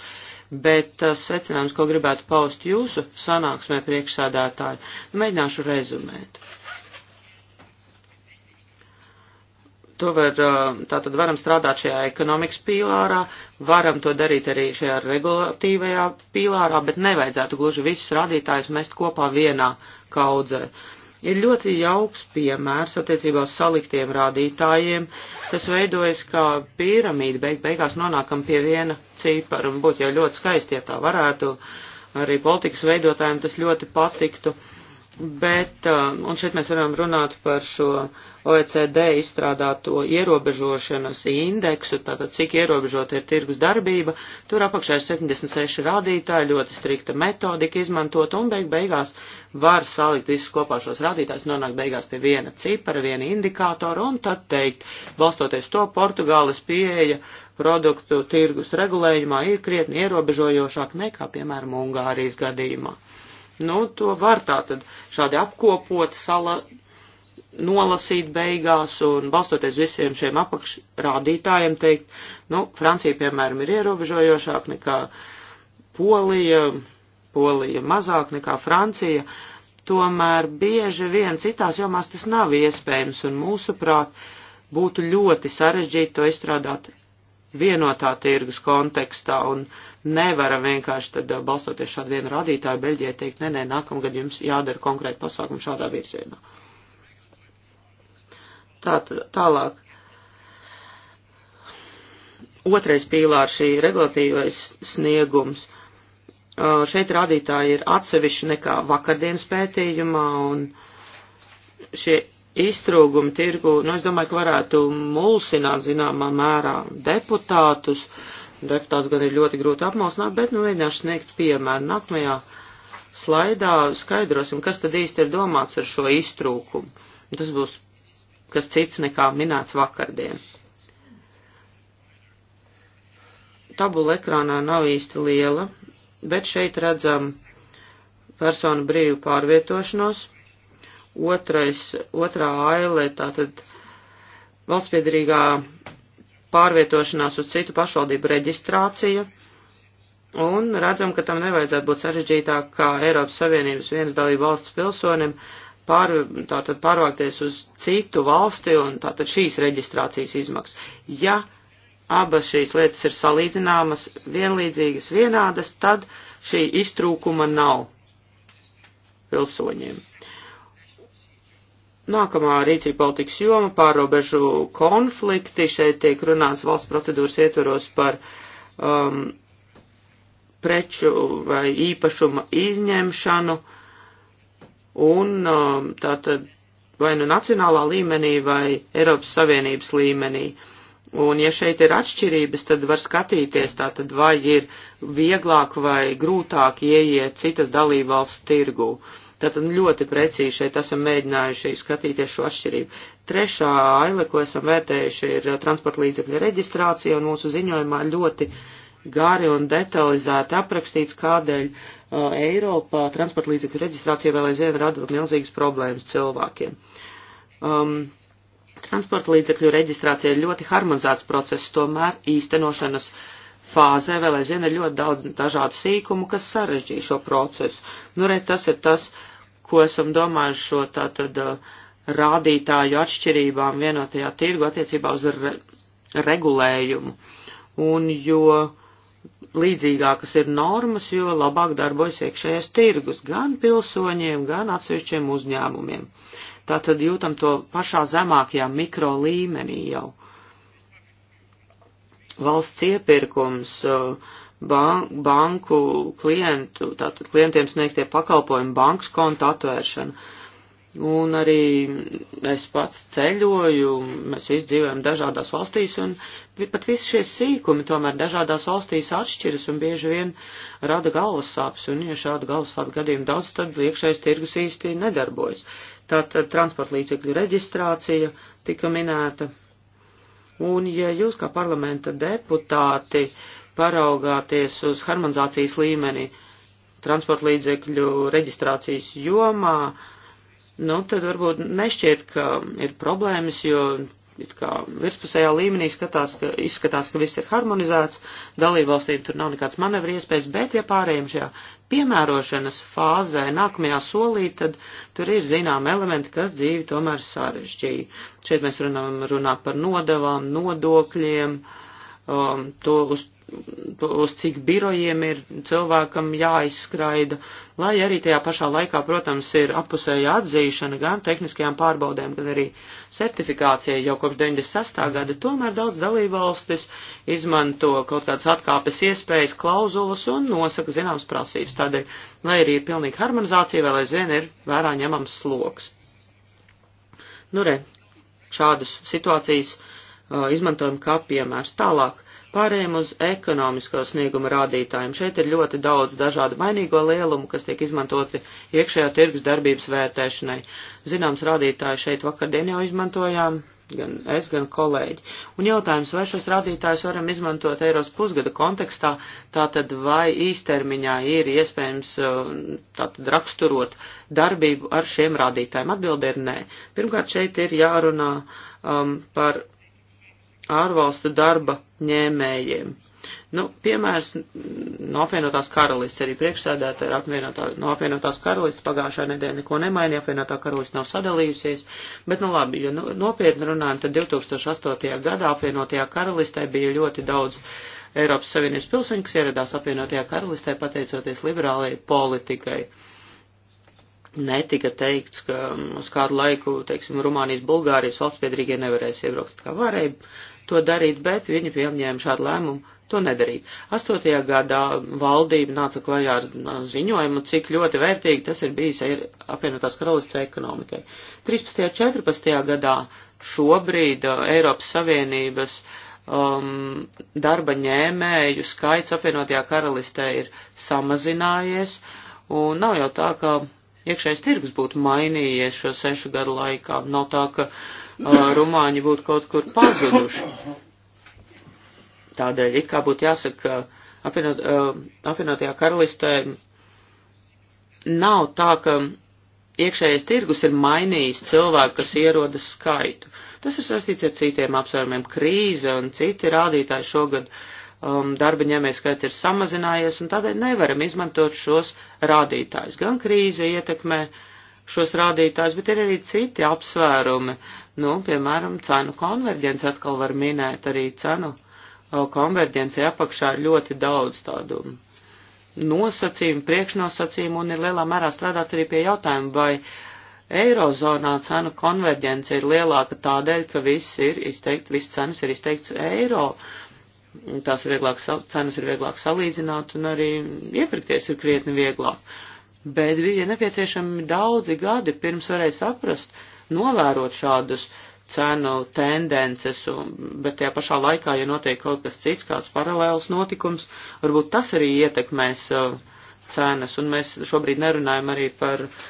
Bet tas uh, secinājums, ko gribētu paust jūsu sanāksmē priekšsādātāji, mēģināšu rezumēt. To var, uh, tātad varam strādāt šajā ekonomikas pīlārā, varam to darīt arī šajā regulatīvajā pīlārā, bet nevajadzētu gluži visus rādītājus mest kopā vienā kaudzē. Uh, ir ļoti jauks piemērs attiecībā uz saliktiem rādītājiem, kas veidojas kā piramīda, beig beigās nonākam pie viena cipara, un būtu jau ļoti skaisti, ja tā varētu, arī politikas veidotājiem tas ļoti patiktu. Uh, Bet, uh, un šeit mēs varam runāt par šo OECD izstrādāto ierobežošanas indeksu, tātad cik ierobežota ir tirgus darbība, tur apakšā ir 76 rādītāji, ļoti strikta metodika izmantot, un beig beigās var salikt visus kopā šos rādītājus, nonākt beigās pie viena cipara, viena indikātora, un tad teikt, balstoties to, Portugāles pieeja produktu tirgus regulējumā ir krietni ierobežojošāk nekā, piemēram, Ungārijas gadījumā. Nu, to var tātad šādi apkopot, sala, nolasīt beigās un balstoties visiem šiem apakšrādītājiem teikt, nu, Francija, piemēram, ir ierobežojošāk nekā Polija, Polija mazāk nekā Francija, tomēr bieži vien citās jomās tas nav iespējams un mūsuprāt būtu ļoti sarežģīti to izstrādāt vienotā tirgus kontekstā un nevaram vienkārši tad balstoties šādu vienu rādītāju Beļģijai teikt, nē, nē, nākamgad jums jādara konkrēti pasākumi šādā virzienā. Tā, tālāk. Otrais pīlārs šī regulatīvais sniegums. Šeit rādītāji ir atsevišķi nekā vakardienas pētījumā un šie iztrūgumu tirgu, nu, es domāju, ka varētu mulsināt zināmā mērā deputātus. Deputāts gan ir ļoti grūti apmalsināt, bet, nu, vienkārši sniegt piemēru. Nākamajā slaidā skaidrosim, kas tad īsti ir domāts ar šo iztrūkumu. Tas būs kas cits nekā minēts vakardien. Tabula ekrānā nav īsti liela, bet šeit redzam personu brīvu pārvietošanos, Otrais, otrā aile, tātad valstspiedrīgā pārvietošanās uz citu pašvaldību reģistrācija. Un redzam, ka tam nevajadzētu būt sarežģītāk kā Eiropas Savienības vienas dalību valsts pilsonim pār, tātad pārvākties uz citu valsti un tātad šīs reģistrācijas izmaksas. Ja abas šīs lietas ir salīdzināmas, vienlīdzīgas, vienādas, tad šī iztrūkuma nav pilsoņiem. Nākamā rīcība politikas joma - pārobežu konflikti. Šeit tiek runāts valsts procedūras ietveros par um, preču vai īpašuma izņemšanu un um, tātad vai nu nacionālā līmenī vai Eiropas Savienības līmenī. Un ja šeit ir atšķirības, tad var skatīties tātad vai ir vieglāk vai grūtāk ieiet citas dalībvalsts tirgū. Uh, Tātad ļoti precīzi šeit esam mēģinājuši skatīties šo atšķirību. Trešā aile, ko esam vērtējuši, ir uh, transporta līdzekļa reģistrācija, un mūsu ziņojumā ļoti gari un detalizēti aprakstīts, kādēļ uh, Eiropā transporta līdzekļu reģistrācija vēl aizvien rada milzīgas problēmas cilvēkiem. Um, transporta līdzekļu reģistrācija ir ļoti harmonizēts process, tomēr īstenošanas uh, fāzē vēl aizvien ir ļoti daudz dažādu sīkumu, kas sarežģīja šo procesu. Nu, re, tas ir tas, ko esam domājuši šo tātad uh, rādītāju atšķirībām vienotajā tirgu attiecībā uz re, regulējumu. Un jo līdzīgākas ir normas, jo labāk darbojas iekšējais tirgus gan pilsoņiem, gan atsevišķiem uzņēmumiem. Tātad jūtam to pašā zemākajā mikro līmenī jau valsts iepirkums, uh, ban banku klientu, tātad klientiem sniegtie pakalpojumi, bankas konta atvēršana. Un arī es pats ceļoju, mēs visi dzīvojam dažādās valstīs, un pat visi šie sīkumi tomēr dažādās valstīs atšķiras un bieži vien rada galvassāpes, un ja šādu galvassāpju gadījumu daudz, tad iekšējais tirgus īsti nedarbojas. Tātad transporta līdzekļu reģistrācija tika minēta, Un ja jūs kā parlamenta deputāti paraugāties uz harmonizācijas līmeni transporta līdzekļu reģistrācijas jomā, nu tad varbūt nešķiet, ka ir problēmas, jo it kā virspusējā līmenī skatās, ka, izskatās, ka viss ir harmonizēts, dalībvalstīm tur nav nekāds manevri iespējas, bet ja pārējiem šajā piemērošanas fāzē nākamajā solī, tad tur ir zinām elementi, kas dzīvi tomēr sarežģīja. Šeit mēs runājam runā par nodavām, nodokļiem, um, to uz uz cik birojiem ir cilvēkam jāizskraida, lai arī tajā pašā laikā, protams, ir apusēja atzīšana gan tehniskajām pārbaudēm, gan arī certifikācijai jau kopš 96. gada. Tomēr daudz dalībvalstis izmanto kaut kādas atkāpes iespējas, klauzulas un nosaka zināmas prasības. Tādēļ, lai arī ir pilnīga harmonizācija, vēl aizvien ir vērā ņemams sloks. Nu re, šādas situācijas uh, izmantojam kā piemērs tālāk Pārējiem uz ekonomisko snieguma rādītājiem. Šeit ir ļoti daudz dažādu mainīgo lielumu, kas tiek izmantoti iekšējā tirgus darbības vērtēšanai. Zināms rādītāji šeit vakardien jau izmantojām, gan es, gan kolēģi. Un jautājums, vai šos rādītājus varam izmantot Eiros pusgada kontekstā, tātad vai īstermiņā ir iespējams uh, tātad raksturot darbību ar šiem rādītājiem? Atbilde ir nē. Pirmkārt, šeit ir jārunā um, par ārvalstu darba ņēmējiem. Nu, piemērs no apvienotās karalists, arī priekšsēdētāji ar apvienotā, no apvienotās karalists pagājušā nedēļa neko nemainīja, apvienotā karalists nav sadalījusies, bet nu labi, ja nu, nopietni runājam, tad 2008. gadā apvienotajā karalistē bija ļoti daudz Eiropas Savienības pilsoņu, kas ieradās apvienotajā karalistē pateicoties liberālajai politikai netika teikts, ka mm, uz kādu laiku, teiksim, Rumānijas, Bulgārijas valstspiedrīgie nevarēs iebraukt kā varēja, to darīt, bet viņi pieņēma šādu lēmumu to nedarīt. Astotajā gadā valdība nāca klajā ar ziņojumu, cik ļoti vērtīgi tas ir bijis apvienotās karalists ekonomikai. 13. un 14. gadā šobrīd uh, Eiropas Savienības um, darba ņēmēju skaits apvienotajā karalistē ir samazinājies, un nav jau tā, ka iekšējais tirgus būtu mainījies šo sešu gadu laikā. Nav tā, ka uh, rumāņi būtu kaut kur pazuduši. Tādēļ it kā būtu jāsaka, ka apvienot, eh, apvienotajā karalistē nav tā, ka iekšējais tirgus ir mainījis cilvēku, kas ierodas skaitu. Tas ir saistīts ar citiem apsvērumiem - krīze un citi rādītāji šogad. Um, darba ņēmējas skaits ir samazinājies, un tādēļ nevaram izmantot šos rādītājus. Gan krīze ietekmē uh, šos rādītājus, bet ir arī citi apsvērumi. Nu, piemēram, cenu konverģence atkal var minēt arī cenu konverģencija apakšā ir ļoti daudz tādu nosacījumu, priekšnosacījumu un ir lielā mērā strādāt arī pie jautājuma, vai Eirozonā cenu konverģence ir lielāka tādēļ, ka viss ir izteikts, viss cenas ir izteikts eiro, tās ir vieglāk, cenas ir vieglāk salīdzināt un arī iepirkties ir krietni vieglāk bet bija nepieciešami daudzi gadi, pirms varēja saprast, novērot šādus cenu tendences, un, bet tajā pašā laikā, ja notiek kaut kas cits, kāds paralēls notikums, varbūt tas arī ietekmēs uh, cenas, un mēs šobrīd nerunājam arī par uh,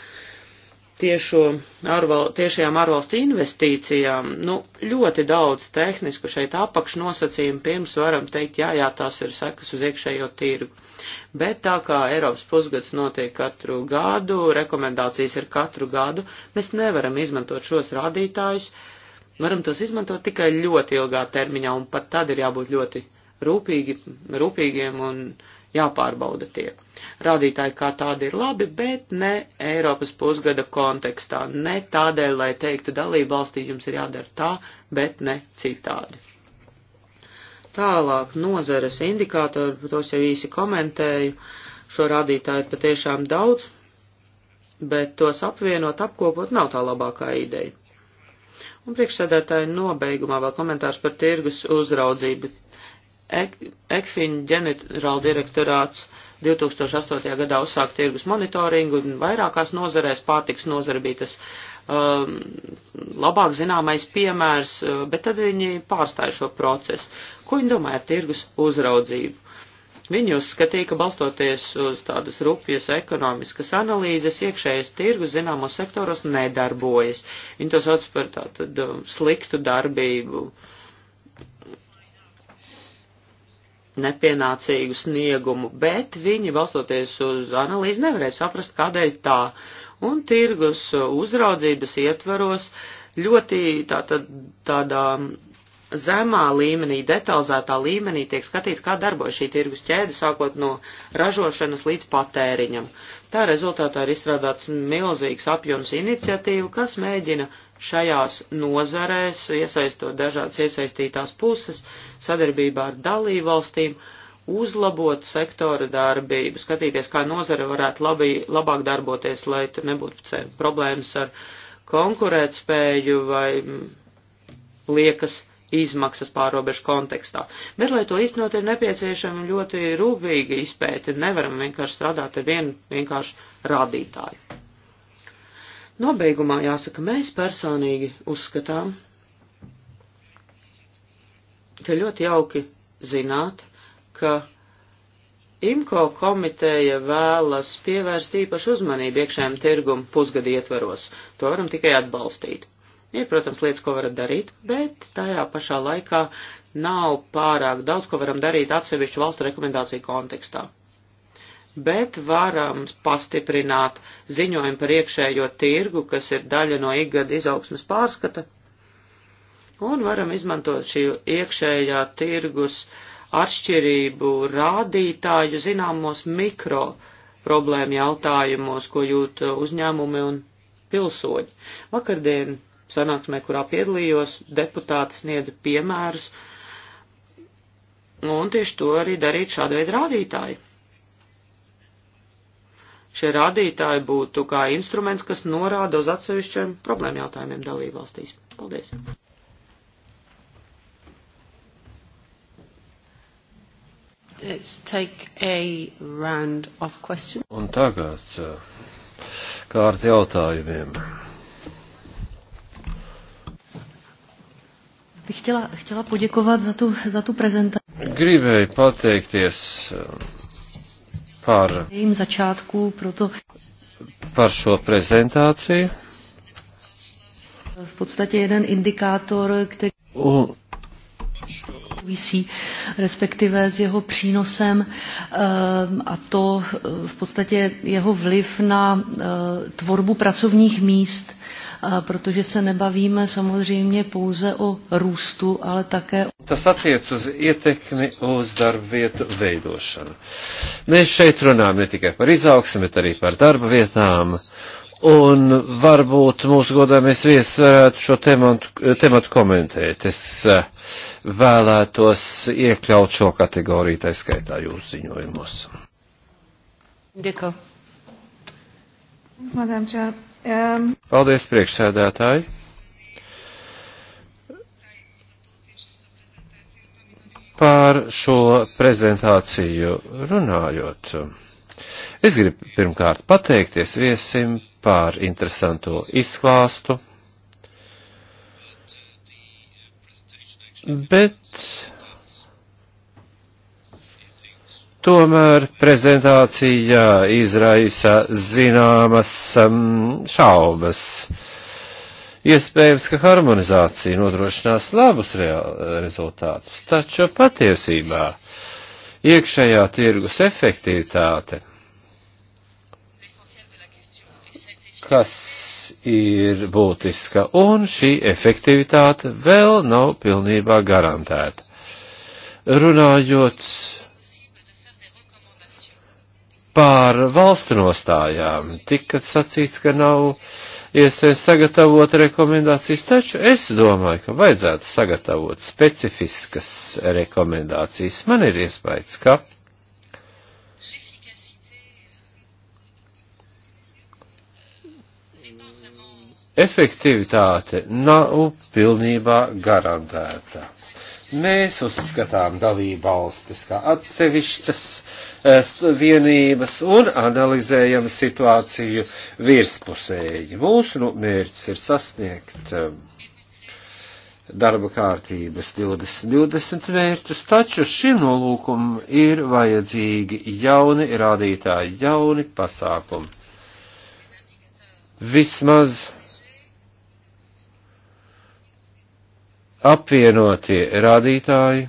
tiešo ārval, tiešajām ārvalstu investīcijām, nu, ļoti daudz tehnisku šeit apakšnosacījumu pirms varam teikt, jā, jā, tās ir sekas uz iekšējo tirgu. Bet tā kā Eiropas pusgads notiek katru gadu, rekomendācijas ir katru gadu, mēs nevaram izmantot šos rādītājus, varam tos izmantot tikai ļoti ilgā termiņā, un pat tad ir jābūt ļoti rūpīgi, rūpīgiem un uh, jāpārbauda tie. Rādītāji kā tādi ir labi, bet ne Eiropas pusgada kontekstā, ne tādēļ, lai teiktu dalību valstī jums ir jādara tā, bet ne citādi. Tālāk nozares indikātori, tos jau īsi komentēju, šo rādītāju ir patiešām daudz, bet tos apvienot, apkopot nav tā labākā ideja. Un priekšsēdētāji nobeigumā vēl komentārs par tirgus uzraudzību. Ek, Ekfin ģenerāldirektorāts 2008. gadā uzsāka tirgus monitoringu un vairākās nozarēs pārtiks nozara bija tas um, labāk zināmais piemērs, uh, bet tad viņi pārstāja šo procesu. Ko viņi domāja ar tirgus uzraudzību? Viņi uzskatīja, ka balstoties uz tādas rupjas ekonomiskas analīzes, iekšējais tirgus zināmos sektoros nedarbojas. Viņi to sauc par tātad um, sliktu darbību nepienācīgu sniegumu, bet viņi, balstoties uz analīzi, nevarēja saprast, kādēļ tā. Un tirgus uzraudzības ietvaros ļoti tā, tā, tādā zemā līmenī, detalizētā līmenī tiek skatīts, kā darbojas šī tirgus ķēde, sākot no ražošanas līdz patēriņam. Tā rezultātā ir izstrādāts milzīgs apjoms iniciatīvu, kas mēģina šajās nozarēs, iesaistot dažādas iesaistītās puses, sadarbībā ar dalībvalstīm, uzlabot sektora darbību, skatīties, kā nozare varētu labi, labāk darboties, lai tur nebūtu problēmas ar konkurētspēju vai mm, liekas izmaksas pārobežu kontekstā. Bet, lai to iznot, ir nepieciešama ļoti rūpīga izpēte. Nevaram vienkārši strādāt ar vienu vienkāršu rādītāju. Nobeigumā jāsaka, mēs personīgi uzskatām, ka ļoti jauki zināt, ka IMCO komiteja vēlas pievērst īpašu uzmanību iekšējiem tirgumu pusgadu ietveros. To varam tikai atbalstīt. Ir, protams, lietas, ko varat darīt, bet tajā pašā laikā nav pārāk daudz, ko varam darīt atsevišķu valstu rekomendāciju kontekstā. Bet varam pastiprināt ziņojumu par iekšējo tirgu, kas ir daļa no ikgada izaugsmas pārskata, un varam izmantot šī iekšējā tirgus atšķirību rādītāju zināmos mikro problēmu jautājumos, ko jūt uzņēmumi un pilsoņi. Vakardien sanāksmē, kurā piedalījos, deputāti sniedza piemērus, un tieši to arī darīt šāda veida rādītāji. Šie rādītāji būtu kā instruments, kas norāda uz atsevišķiem problēmu jautājumiem dalībvalstīs. Paldies!
Let's take a round of questions. Un tagad uh, kārta jautājumiem.
chtěla, chtěla poděkovat za tu, za tu prezentaci.
Gribēju pateikties um, par,
začátku, proto...
par šo prezentāciju.
V podstatě jeden indikátor, který... Un, souvisí respektive s jeho přínosem ehm, a to eh, v podstatě jeho vliv na eh, tvorbu pracovních míst, eh, protože se nebavíme samozřejmě pouze o růstu, ale také
Tas attiec uz ietekmi uz darba vietu veidošanu. Mēs šeit runājam ne tikai par izaugsmi, bet arī par darba vietām Un varbūt mūsu godāmies viesis varētu šo tematu, tematu komentēt. Es eh, vēlētos iekļaut šo kategoriju, tā skaitā jūsu ziņojumos.
Deko. Um,
Paldies, priekšsēdētāji. Par šo prezentāciju runājot. Es gribu pirmkārt pateikties viesim par interesanto izklāstu. Bet tomēr prezentācijā izraisa zināmas um, šaubas. Iespējams, ka harmonizācija nodrošinās labus rezultātus, taču patiesībā iekšējā tirgus efektivitāte kas ir būtiska, un šī efektivitāte vēl nav pilnībā garantēta. Runājot par valstu nostājām, tika sacīts, ka nav iespējams sagatavot rekomendācijas, taču es domāju, ka vajadzētu sagatavot specifiskas rekomendācijas. Man ir iespējas, ka efektivitāte nav pilnībā garantēta. Mēs uzskatām dalību valstis kā atsevišķas eh, vienības un analizējam situāciju virspusēji. Mūsu nu, mērķis ir sasniegt eh, darba kārtības 2020 mērķus, taču šim nolūkum ir vajadzīgi jauni rādītāji, jauni pasākumi. Vismaz apvienotie rādītāji,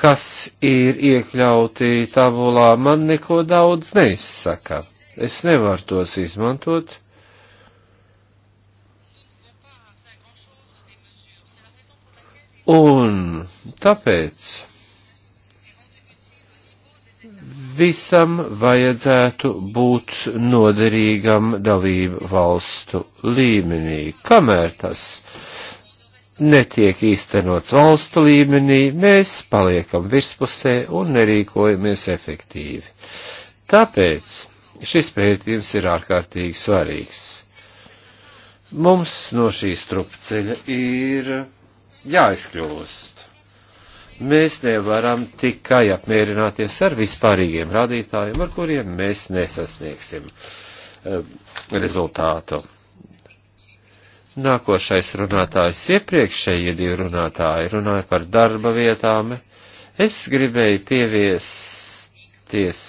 kas ir iekļauti tabulā, man neko daudz neizsaka. Es nevaru tos izmantot. Un tāpēc visam vajadzētu būt noderīgam dalību valstu līmenī. Kamēr tas netiek īstenots valstu līmenī, mēs paliekam virspusē un nerīkojamies efektīvi. Tāpēc šis pētījums ir ārkārtīgi svarīgs. Mums no šī strupceļa ir jāizkļūst. Mēs nevaram tikai apmierināties ar vispārīgiem rādītājiem, ar kuriem mēs nesasniegsim eh, rezultātu. Nākošais runātājs iepriekšējie divi runātāji runāja par darba vietām. Es gribēju pieviesties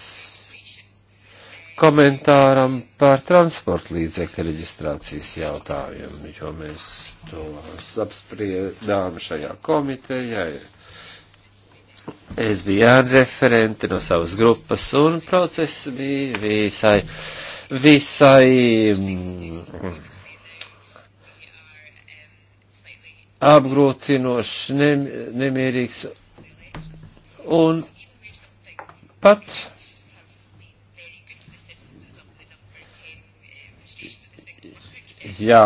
komentāram par transporta līdzekļu reģistrācijas jautājumu, jo mēs to apspriedām šajā komitejā. Ja Es biju ārreferente no savas grupas, un process bija visai, visai mm, apgrūtinošs, nem, nemierīgs. Un pat jā. Ja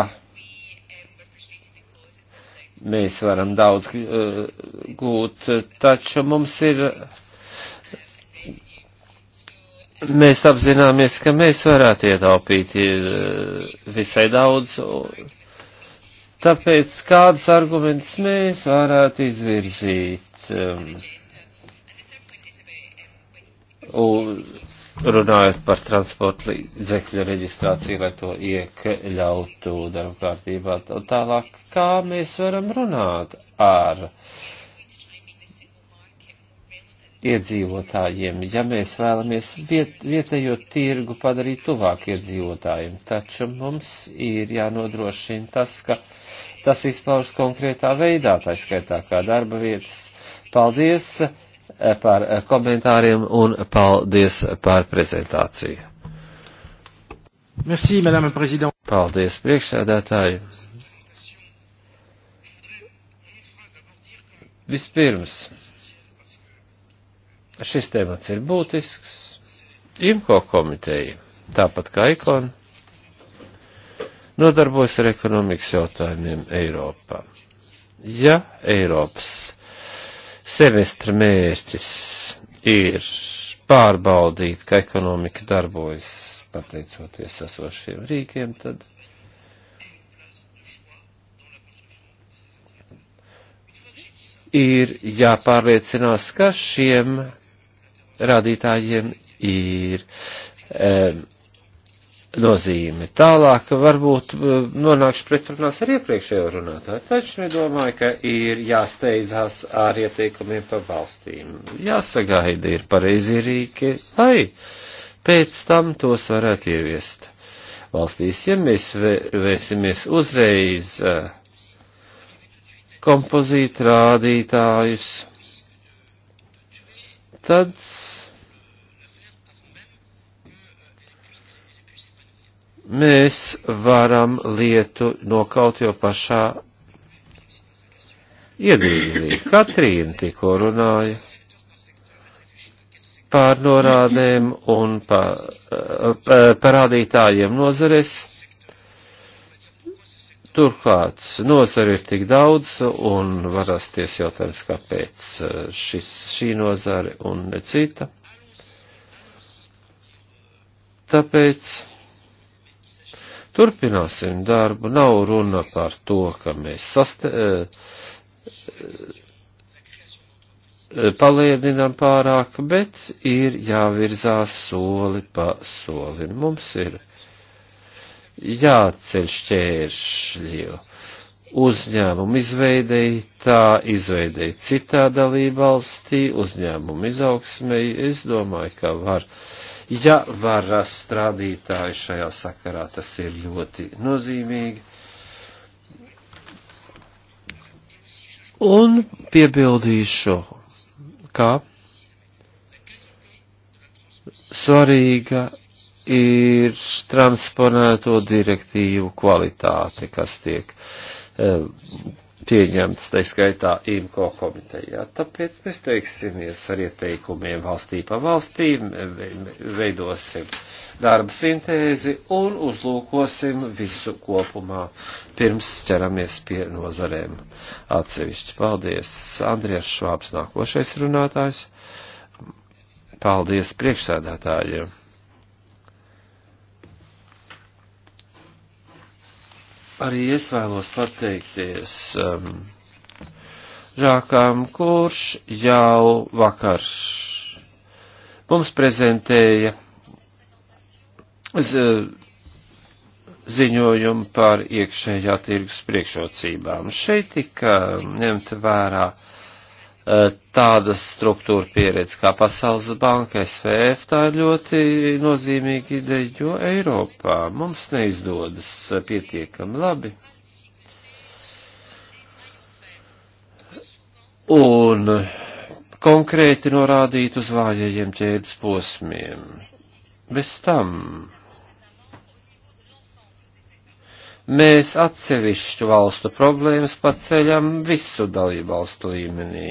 mēs varam daudz uh, gūt, taču mums ir, mēs apzināmies, ka mēs varētu ietaupīt uh, visai daudz, tāpēc kādus argumentus mēs varētu izvirzīt. Um, un, runājot par transporta līdzekļu reģistrāciju, lai to iekļautu darba kārtībā. Tālāk, kā mēs varam runāt ar iedzīvotājiem, ja mēs vēlamies viet, vietējo tirgu padarīt tuvāk iedzīvotājiem, taču mums ir jānodrošina tas, ka tas izpaužas konkrētā veidā, tā skaitā kā darba vietas. Paldies! Eh, par eh, komentāriem un paldies par prezentāciju. Merci, Madame Prezident. Paldies, priekšsēdētāji. Vispirms, šis temats ir būtisks. IMCO komiteja, tāpat kā ICON, nodarbojas ar ekonomikas jautājumiem Eiropā. Ja Eiropas Semestra mērķis ir pārbaudīt, ka ekonomika darbojas pateicoties esošiem rīkiem, tad ir jāpārliecinās, ka šiem rādītājiem ir um, nozīme. Tālāk varbūt eh, nonākšu pretrunās ar iepriekšējo runātāju, taču nedomāju, ka ir jāsteidzās ar ieteikumiem pa valstīm. Jāsagaida ir pareizi rīki, lai pēc tam tos varētu ieviest valstīs. Ja mēs vērsimies uzreiz eh, kompozīt rādītājus, tad mēs varam lietu nokaut jau pašā iedzīvī. Katrīna tikko runāja par norādēm un par, eh, eh, parādītājiem nozares. Turklāt nozara ir tik daudz un var rasties jautājums, kāpēc eh, šis, šī nozara un ne cita. Tāpēc Turpināsim darbu. Nav runa par to, ka mēs saste, eh, paliedinām pārāk, bet ir jāvirzās soli pa solim. Mums ir jāceļ šķēršļi uzņēmumu izveidei, tā izveidei citā dalībvalstī, uzņēmumu izaugsmei. Es domāju, ka var Ja var rast strādītāju šajā sakarā, tas ir ļoti nozīmīgi. Un piebildīšu, ka svarīga ir transponēto direktīvu kvalitāte, kas tiek eh, pieņemts, tai skaitā IMCO komitejā. Tāpēc mēs teiksimies ar ieteikumiem valstī pa valstīm, veidosim darba sintēzi un uzlūkosim visu kopumā, pirms ķeramies pie nozarēm atsevišķi. Paldies, Andrijas Švāps, nākošais runātājs. Paldies priekšsēdētājiem! Arī es vēlos pateikties um, Žākām, kurš jau vakar mums prezentēja z, ziņojumu par iekšējā tirgus priekšrocībām. Šeit tika ņemta vērā uh, Eh, tādas struktūra pieredze kā Pasaules banka, SVF, tā ir ļoti nozīmīga ideja, jo Eiropā mums neizdodas pietiekami labi. Un konkrēti norādīt uz vājajiem ķēdes posmiem. Bez tam mēs atsevišķu valstu problēmas paceļam visu dalību valstu līmenī.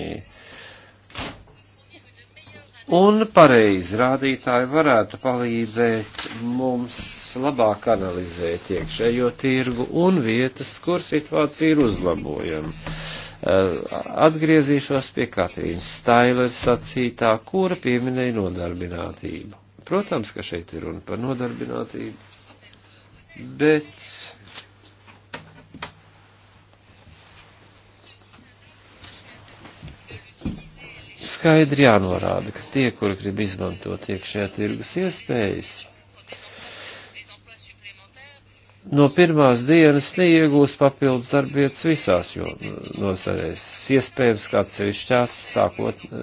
Un pareizi rādītāji varētu palīdzēt mums labāk analizēt iekšējo tirgu un vietas, kur situācija ir uzlabojama. Eh, atgriezīšos pie Katrīnas Stailers sacītā, kura pieminēja nodarbinātību. Protams, ka šeit ir runa par nodarbinātību, bet skaidri jānorāda, ka tie, kuri grib izmantot iekšējā tirgus iespējas, no pirmās dienas neiegūs papildus darbietas visās nozarēs. Iespējams, kā atsevišķās sākot eh,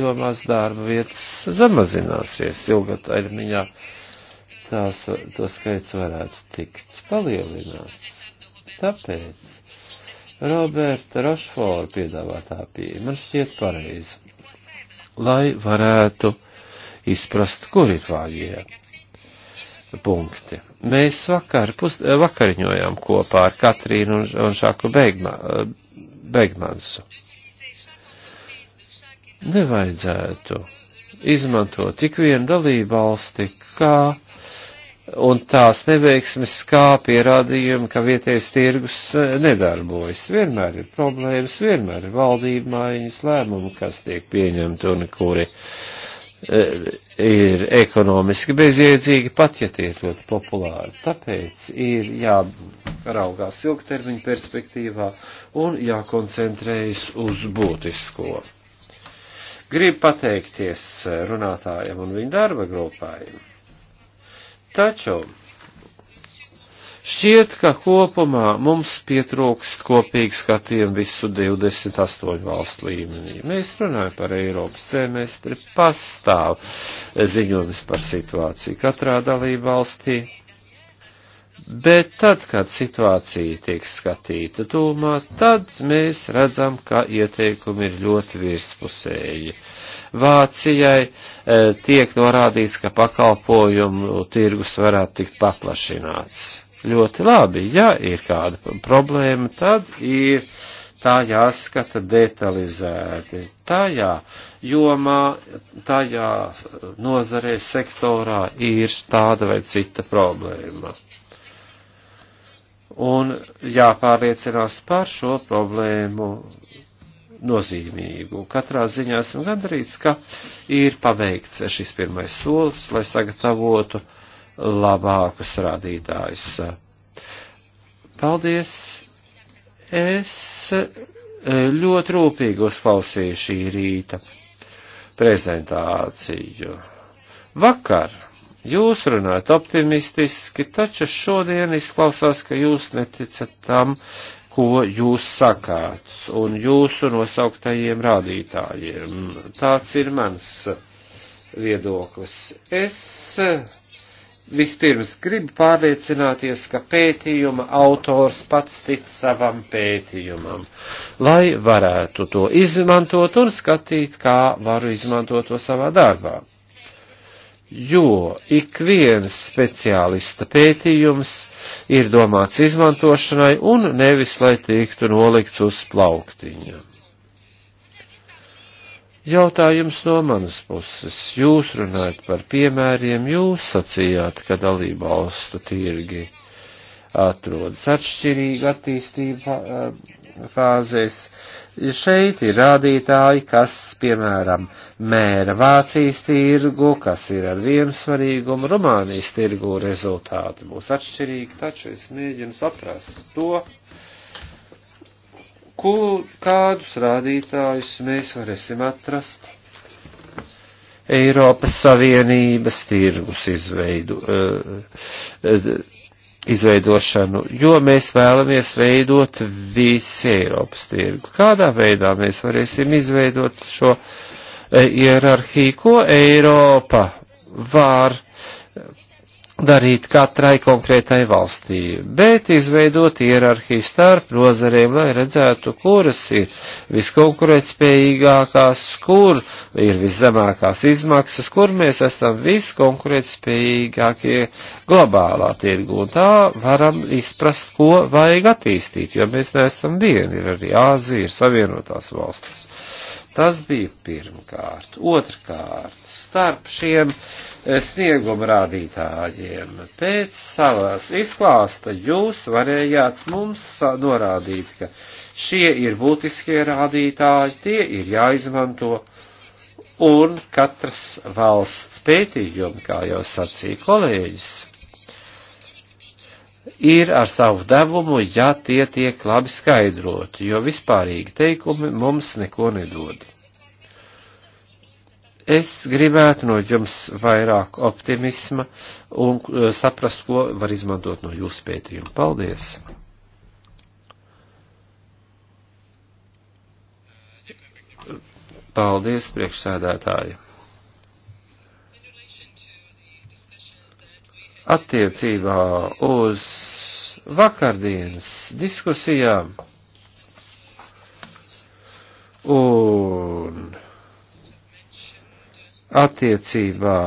jomās darba vietas samazināsies ilgatermiņā. Tās, to skaits varētu tikt palielināts. Tāpēc Roberta Rošfora piedāvātā pieeja man šķiet pareiza lai varētu izprast, kur ir vājie punkti. Mēs vakar, pus, vakariņojām kopā ar Katrīnu un, un Šaku Beigma, Beigmansu. Nevajadzētu izmantot tik vienu dalību valsti, kā un tās neveiksmes kā pierādījumi, ka vietējais tirgus e, nedarbojas. Vienmēr ir problēmas, vienmēr ir valdība mājiņas lēmumi, kas tiek pieņemti un kuri e, ir ekonomiski bezjēdzīgi, pat ja tie ir ļoti populāri. Tāpēc ir jāraugās ilgtermiņa perspektīvā un jākoncentrējas uz būtisko. Gribu pateikties runātājiem un viņu darba grupājiem Taču šķiet, ka kopumā mums pietrūkst kopīgi skatiem visu 28 valstu līmenī. Mēs runājam par Eiropas semestri, pastāv ziņojums par situāciju katrā dalību valstī. Bet tad, kad situācija tiek skatīta tūmā, tad mēs redzam, ka ieteikumi ir ļoti virspusēji. Uh, Vācijai, e, tiek norādīts, ka pakalpojumu tirgus varētu tikt paplašināts. Ļoti labi, ja ir kāda problēma, tad ir tā jāskata detalizēti, tajā jomā, tajā nozarē sektorā ir tāda vai cita problēma. Un jāpārliecinās par šo problēmu nozīmīgu. Katrā ziņā esmu gandarīts, ka ir paveikts šis pirmais solis, lai sagatavotu labākus rādītājus. Paldies! Es eh, ļoti rūpīgi uzklausīju šī rīta prezentāciju. Vakar jūs runājat optimistiski, taču šodien izklausās, ka jūs neticat tam, ko jūs sakāt un jūsu nosauktajiem rādītājiem. Tāds ir mans viedoklis. Es vispirms gribu pārliecināties, ka pētījuma autors pats tic savam pētījumam, lai varētu to izmantot un skatīt, kā varu izmantot to savā darbā jo ik viens speciālista pētījums ir domāts izmantošanai un nevis, lai tiktu nolikts uz plauktiņa. Jautājums no manas puses. Jūs runājat par piemēriem, jūs sacījāt, ka dalība valstu tirgi atrodas atšķirīga attīstība fāzēs. Šeit ir rādītāji, kas, piemēram, mēra Vācijas tirgu, kas ir ar vienu svarīgumu, Rumānijas tirgu rezultāti būs atšķirīgi, taču es mēģinu saprast to, ko, kādus rādītājus mēs varēsim atrast Eiropas Savienības tirgus izveidu. Uh, uh, izveidošanu, jo mēs vēlamies veidot visu Eiropas tirgu. Kādā veidā mēs varēsim izveidot šo eh, hierarhiju, ko Eiropa var darīt katrai konkrētai valstī, bet izveidot ierarhiju starp nozarēm, lai redzētu, kuras ir viskonkurētspējīgākās, kur ir viszemākās izmaksas, kur mēs esam viskonkurētspējīgākie globālā tirgu, un tā varam izprast, ko vajag attīstīt, jo mēs neesam vieni, ir arī Āzija, ir Savienotās valstis. Tas bija pirmkārt. Otrkārt, starp šiem uh, snieguma rādītājiem. Pēc savas izklāsta jūs varējāt mums norādīt, ka šie ir būtiskie rādītāji, tie ir jāizmanto, un katras valsts pētījumi, kā jau sacīja kolēģis, ir ar savu devumu, ja tie tiek labi skaidroti, jo vispārīgi teikumi mums neko nedod. Es gribētu no jums vairāk optimisma un eh, saprast, ko var izmantot no jūsu pētījuma. Paldies! Paldies, priekšsēdētāji! Attiecībā uz vakardienas diskusijām un attiecībā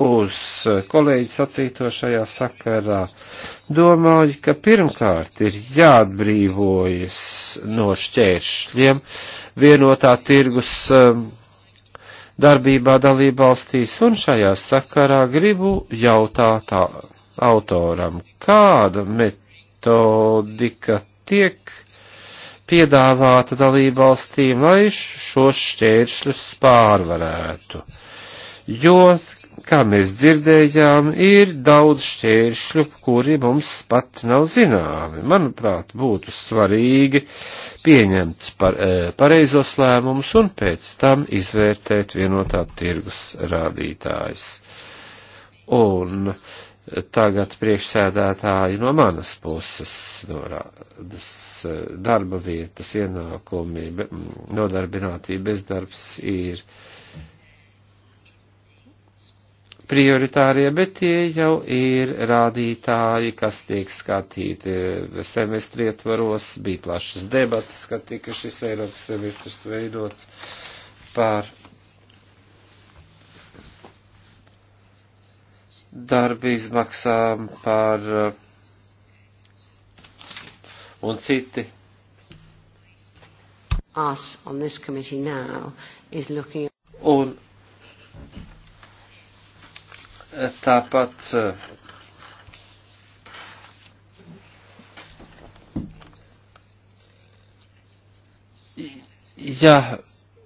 uz kolēģi sacīto šajā sakarā, domāju, ka pirmkārt ir jāatbrīvojas no šķēršļiem vienotā tirgus um, darbībā dalībvalstīs, un šajā sakarā gribu jautāt autoram, kāda metodika tiek piedāvāta dalībvalstīm, lai šos šķēršļus pārvarētu. Jo, kā mēs dzirdējām, ir daudz šķēršļu, kuri mums pat nav zināmi. Manuprāt, būtu svarīgi pieņemt par, e, pareizos lēmumus un pēc tam izvērtēt vienotā tirgus rādītājs. Un uh, tagad priekšsēdētāji no manas puses norādas darba vietas, ienākumi, nodarbinātība, bezdarbs ir prioritārie, bet tie jau ir rādītāji, kas tiek skatīti semestri ietvaros, bija plašas debatas, kad tika šis Eiropas semestrs veidots par darba izmaksām par uh, un citi.
Us on this committee now is looking at... Un
tāpat uh, ja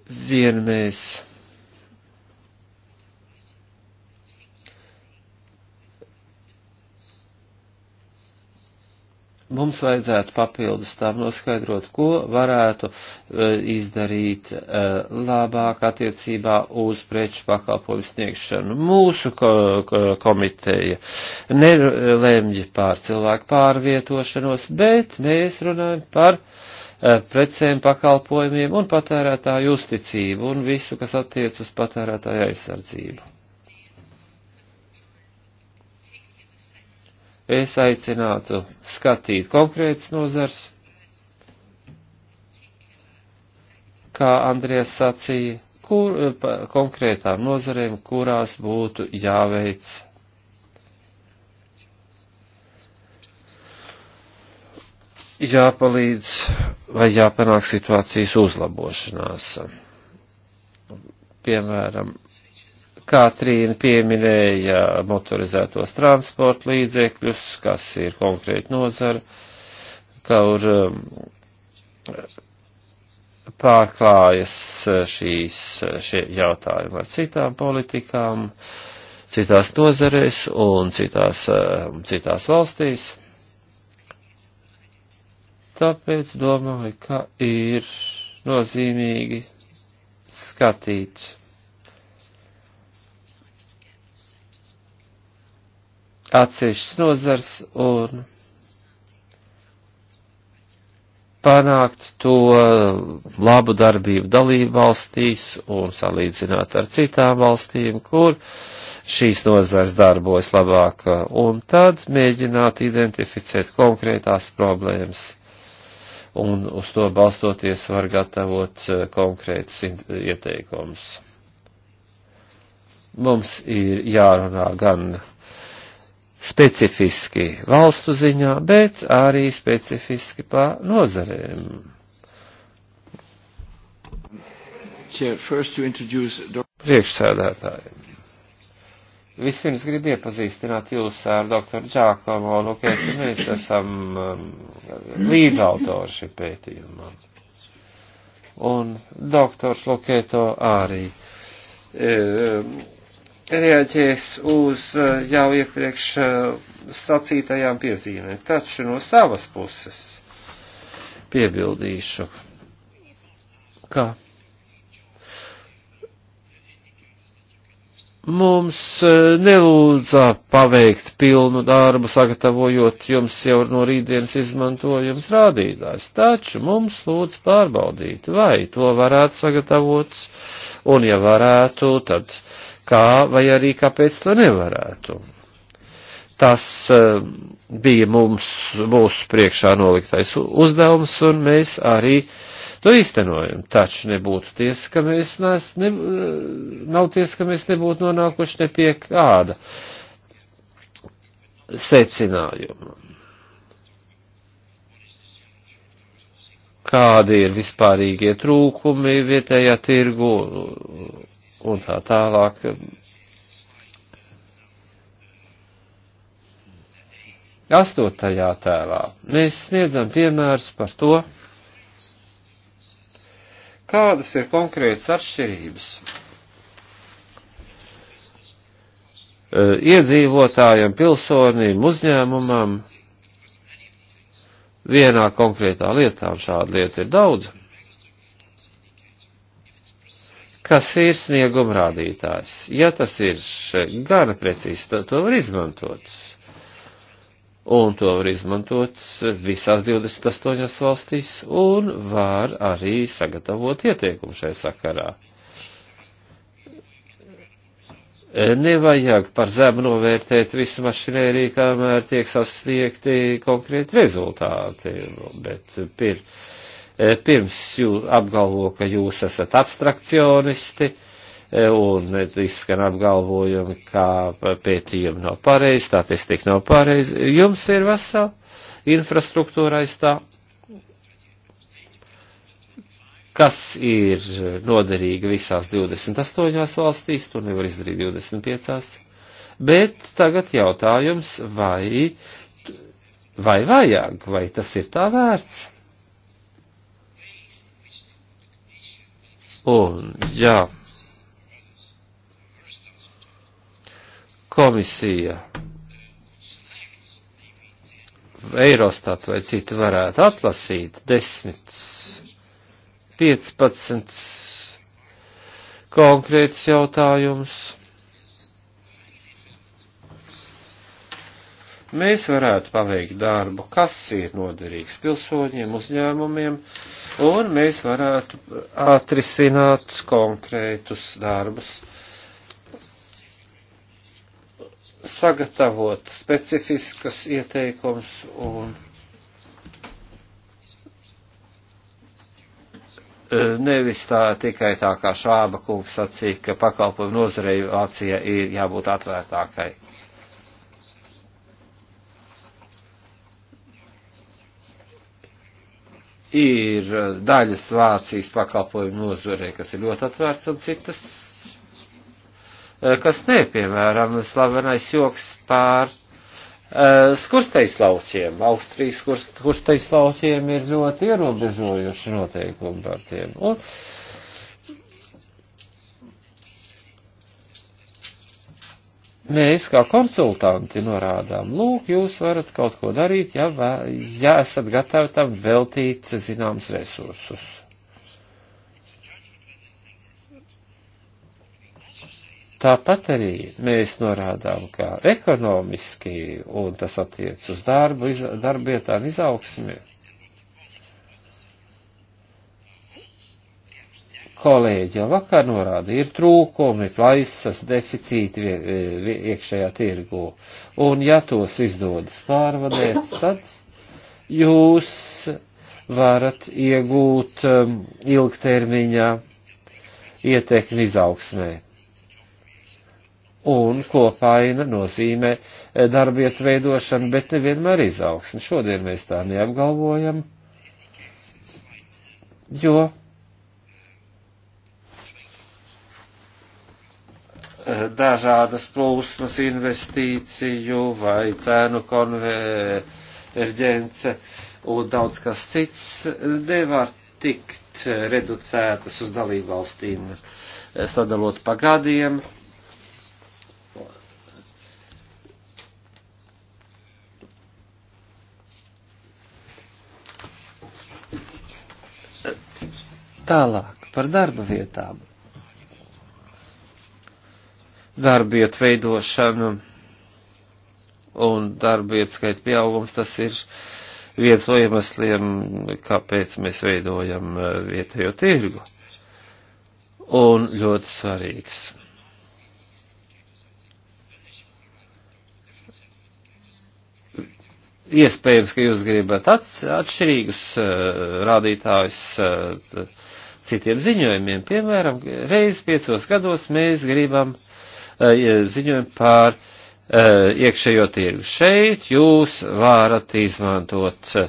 vien mēs mums vajadzētu papildus tam noskaidrot, ko varētu e, izdarīt e, labāk attiecībā uz preču pakalpojumu sniegšanu. Mūsu komiteja nelēmģi pār cilvēku pārvietošanos, bet mēs runājam par e, precēm, pakalpojumiem un patērētāju uzticību un visu, kas attiec uz patērētāju aizsardzību. es aicinātu skatīt konkrētas nozars, kā Andrijas sacīja, kur, eh, pa, konkrētām nozarēm, kurās būtu jāveic jāpalīdz vai jāpanāk situācijas uzlabošanās. Piemēram, Katrīna pieminēja motorizētos transporta līdzekļus, kas ir konkrēti nozara, kaur um, pārklājas uh, šīs uh, šie jautājumi ar citām politikām, citās nozarēs un citās, um, citās valstīs. Tāpēc domāju, ka ir nozīmīgi skatīt atsevišķas nozars un panākt to labu darbību dalību valstīs un salīdzināt ar citām valstīm, kur šīs nozars darbojas labāk, un tad mēģināt identificēt konkrētās problēmas, un uz to balstoties var gatavot eh, konkrētus ieteikumus. Mums ir jārunā gan specifiski valstu ziņā, bet arī specifiski pa nozarēm. Priekšsēdētāji. Vispirms gribu iepazīstināt jūs ar doktoru Džākomo Lukēku. Nu, mēs esam um, līdzautori šim pētījumam. Un doktors Lukēto arī. E, um, reaģēs uz eh, jau iepriekš eh, sacītajām piezīmēm. Taču no savas puses piebildīšu, ka mums eh, nelūdza paveikt pilnu darbu, sagatavojot jums jau no rītdienas izmantojums rādītājs, taču mums lūdz pārbaudīt, vai to varētu sagatavot, un ja varētu, tad uh, kā vai arī kāpēc to nevarētu. Tas eh, bija mums, mūsu priekšā noliktais uzdevums, un mēs arī to īstenojam. Taču nebūtu tiesa, ka mēs nes, ne, eh, nav tiesa, ka mēs nebūtu nonākuši ne pie kāda secinājuma. Kādi ir vispārīgie trūkumi vietējā tirgu un tā tālāk. Astotajā tēlā mēs sniedzam piemērus par to, kādas ir konkrētas atšķirības eh, iedzīvotājiem, pilsonim, uzņēmumam vienā konkrētā lietā, un šāda lieta ir daudz. kas ir snieguma rādītājs. Ja tas ir gana precīzi, tad to var izmantot. Un to var izmantot visās 28 valstīs, un var arī sagatavot ieteikumu šai sakarā. Nevajag par zemu novērtēt visu mašinēriju, kamēr tiek sasniegti konkrēti rezultāti, bet pirms Eh, pirms jū apgalvo, ka jūs esat abstrakcionisti eh, un izskan apgalvojumi, ka pētījumi nav pareizi, statistika nav pareizi. Jums ir vesela infrastruktūra aiz tā, kas ir noderīga visās 28 valstīs, to nevar izdarīt 25. Bet tagad jautājums, vai, vai vajag, vai tas ir tā vērts? Un, jā, komisija, Eirostat vai citi varētu atlasīt 10, 15 konkrētus jautājumus. mēs varētu paveikt darbu, kas ir noderīgs pilsoņiem, uzņēmumiem, un mēs varētu atrisināt konkrētus darbus, sagatavot specifiskas ieteikums un e, nevis tā tikai tā kā šāba kungs sacīja, ka pakalpojumu nozarei Vācija ir jābūt atvērtākai. ir eh, daļas Vācijas pakalpojumu nozarē, kas ir ļoti atvērts, un citas, eh, kas nē, piemēram, slavenais joks pār uh, eh, skursteislauķiem. Austrijas skursteislauķiem ir ļoti ierobežojuši noteikumi par tiem. Un, uh, mēs kā konsultanti norādām, lūk, jūs varat kaut ko darīt, ja, ja esat gatavi tam veltīt zināms resursus. Tāpat arī mēs norādām, ka ekonomiski, un tas attiec uz darbu, iz, darbietām izaugsmi, kolēģi jau vakar norāda, ir trūkumi, plaisas, deficīti vie, e, vie, iekšējā tirgu. Un ja tos izdodas pārvadēt, tad jūs varat iegūt um, ilgtermiņā ietekmi izaugsmē. Un kopaina nozīmē e, darbietu veidošanu, bet nevienmēr izaugsmi. Šodien mēs tā neapgalvojam, jo Eh, dažādas plūsmas investīciju vai cēnu konverģence un daudz kas cits eh, nevar tikt reducētas uz dalību valstīm eh, sadalot pa gadiem. Tālāk par darba vietām darbietu veidošanu un darbietu skaitu pieaugums, tas ir viens no iemesliem, kāpēc mēs veidojam eh, vietējo tirgu. Un ļoti svarīgs. iespējams, ka jūs gribat atšķirīgus eh, rādītājus eh, citiem ziņojumiem. Piemēram, reiz piecos gados mēs gribam E, ziņojumu pār e, iekšējo tirgu. Šeit jūs varat izmantot e,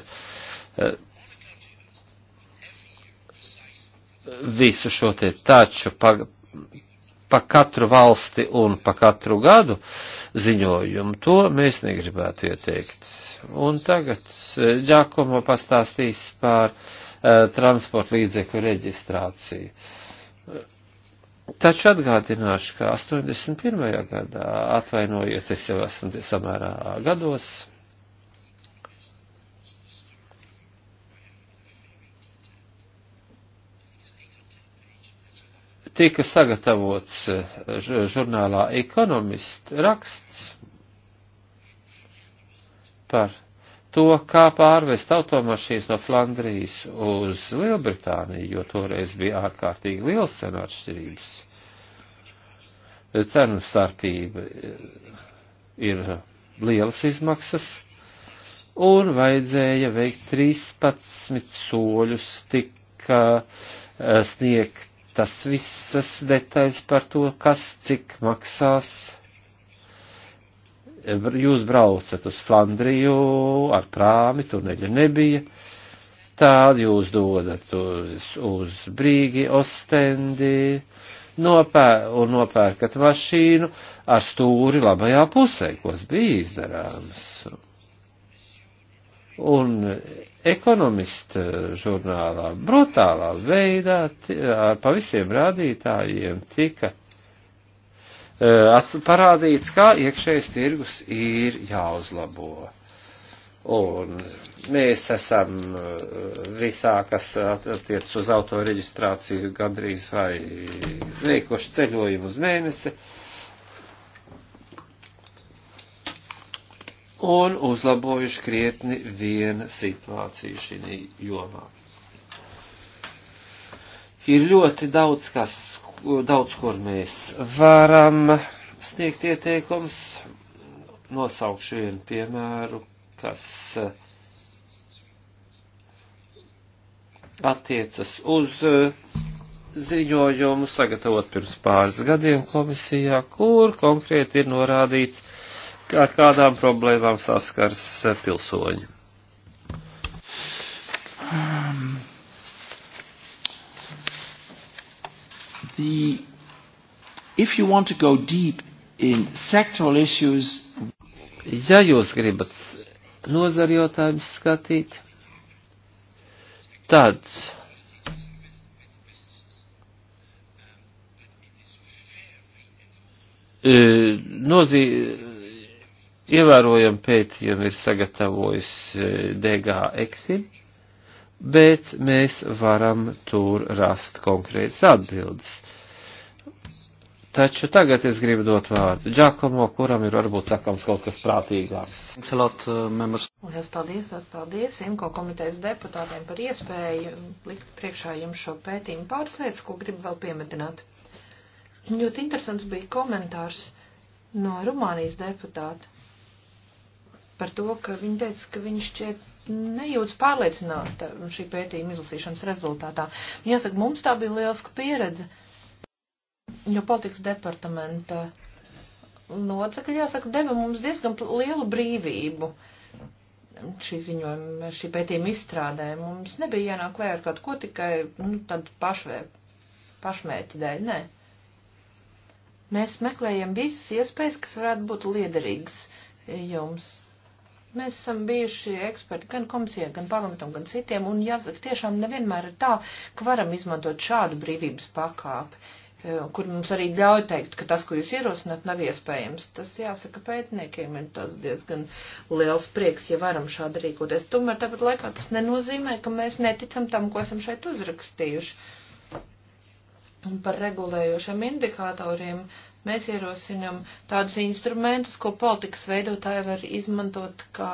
visu šo te taču pa, pa katru valsti un pa katru gadu ziņojumu. To mēs negribētu ieteikt. Un tagad Džakomo pastāstīs par uh, transporta līdzekļu reģistrāciju. Uh, Taču atgādināšu, ka 81. gadā, atvainojiet, es jau esmu samērā gados, tika sagatavots eh, žurnālā Economist raksts par to, kā pārvest automašīnas no Flandrijas uz Lielbritāniju, jo toreiz bija ārkārtīgi liels cenu atšķirības. Cenu starpība eh, ir lielas izmaksas, un vajadzēja veikt 13 soļus, tika eh, sniegtas visas detaļas par to, kas cik maksās jūs braucat uz Flandriju ar prāmi, tur neļa nebija, tādu jūs dodat uz, uz Brīgi, Ostendi, nopēr, un nopērkat mašīnu ar stūri labajā pusē, kas bija izdarāms. Un ekonomista žurnālā brutālā veidā ar pavisiem rādītājiem tika parādīts, kā iekšējais tirgus ir jāuzlabo. Un mēs esam visā, kas attiec uz autoreģistrāciju, gandrīz vai veikuši ceļojumu uz mēnesi. Un uzlabojuši krietni vienu situāciju šī jomā. Ir ļoti daudz, kas, daudz kur mēs varam sniegt ieteikums. Nosaukšu vienu piemēru, kas eh, attiecas uz eh, ziņojumu sagatavot pirms pāris gadiem komisijā, kur konkrēti ir norādīts, ka ar kādām problēmām saskars eh, pilsoņi. If you want to go deep in sectoral issues, ja jūs gribat nozari jautājumus skatīt, tad e, nozī, ievērojam pētījumu ir sagatavojis e, DG Eksim, bet mēs varam tur rast konkrētas atbildes. Taču tagad es gribu dot vārdu Džakomo, kuram ir varbūt sakams kaut kas prātīgāks.
Uh, lielas paldies, lielas paldies Imko komitejas deputātiem par iespēju likt priekšā jums šo pētījumu pāris lietas, ko gribu vēl piemetināt. Ļoti interesants bija komentārs no Rumānijas deputāta par to, ka viņa teica, ka viņš šķiet nejūtas pārliecināta šī pētījuma izlasīšanas rezultātā. Jāsaka, mums tā bija lielska pieredze. Uh, Jo politikas departamenta locekļi, jāsaka, deva mums diezgan lielu brīvību šī ziņojuma, šī pētījuma izstrādē. Mums nebija jānāk klē ar kaut ko tikai, nu, tad pašvē, pašmērķi dēļ, nē. Mēs meklējam visas iespējas, kas varētu būt liederīgas jums. Mēs esam bijuši eksperti gan komisijai, gan parlamentam, gan citiem, un jāsaka, tiešām nevienmēr ir tā, ka varam izmantot šādu brīvības pakāpi. E, kur mums arī ļauj teikt, ka tas, ko jūs ierosināt, nav iespējams. Tas jāsaka pētniekiem, ir tāds diezgan liels prieks, ja varam šādi rīkoties. Tomēr tāpat laikā tas nenozīmē, ka mēs neticam tam, ko esam šeit uzrakstījuši. Un par regulējošiem indikatoriem mēs ierosinam tādus instrumentus, ko politikas veidotāji var izmantot kā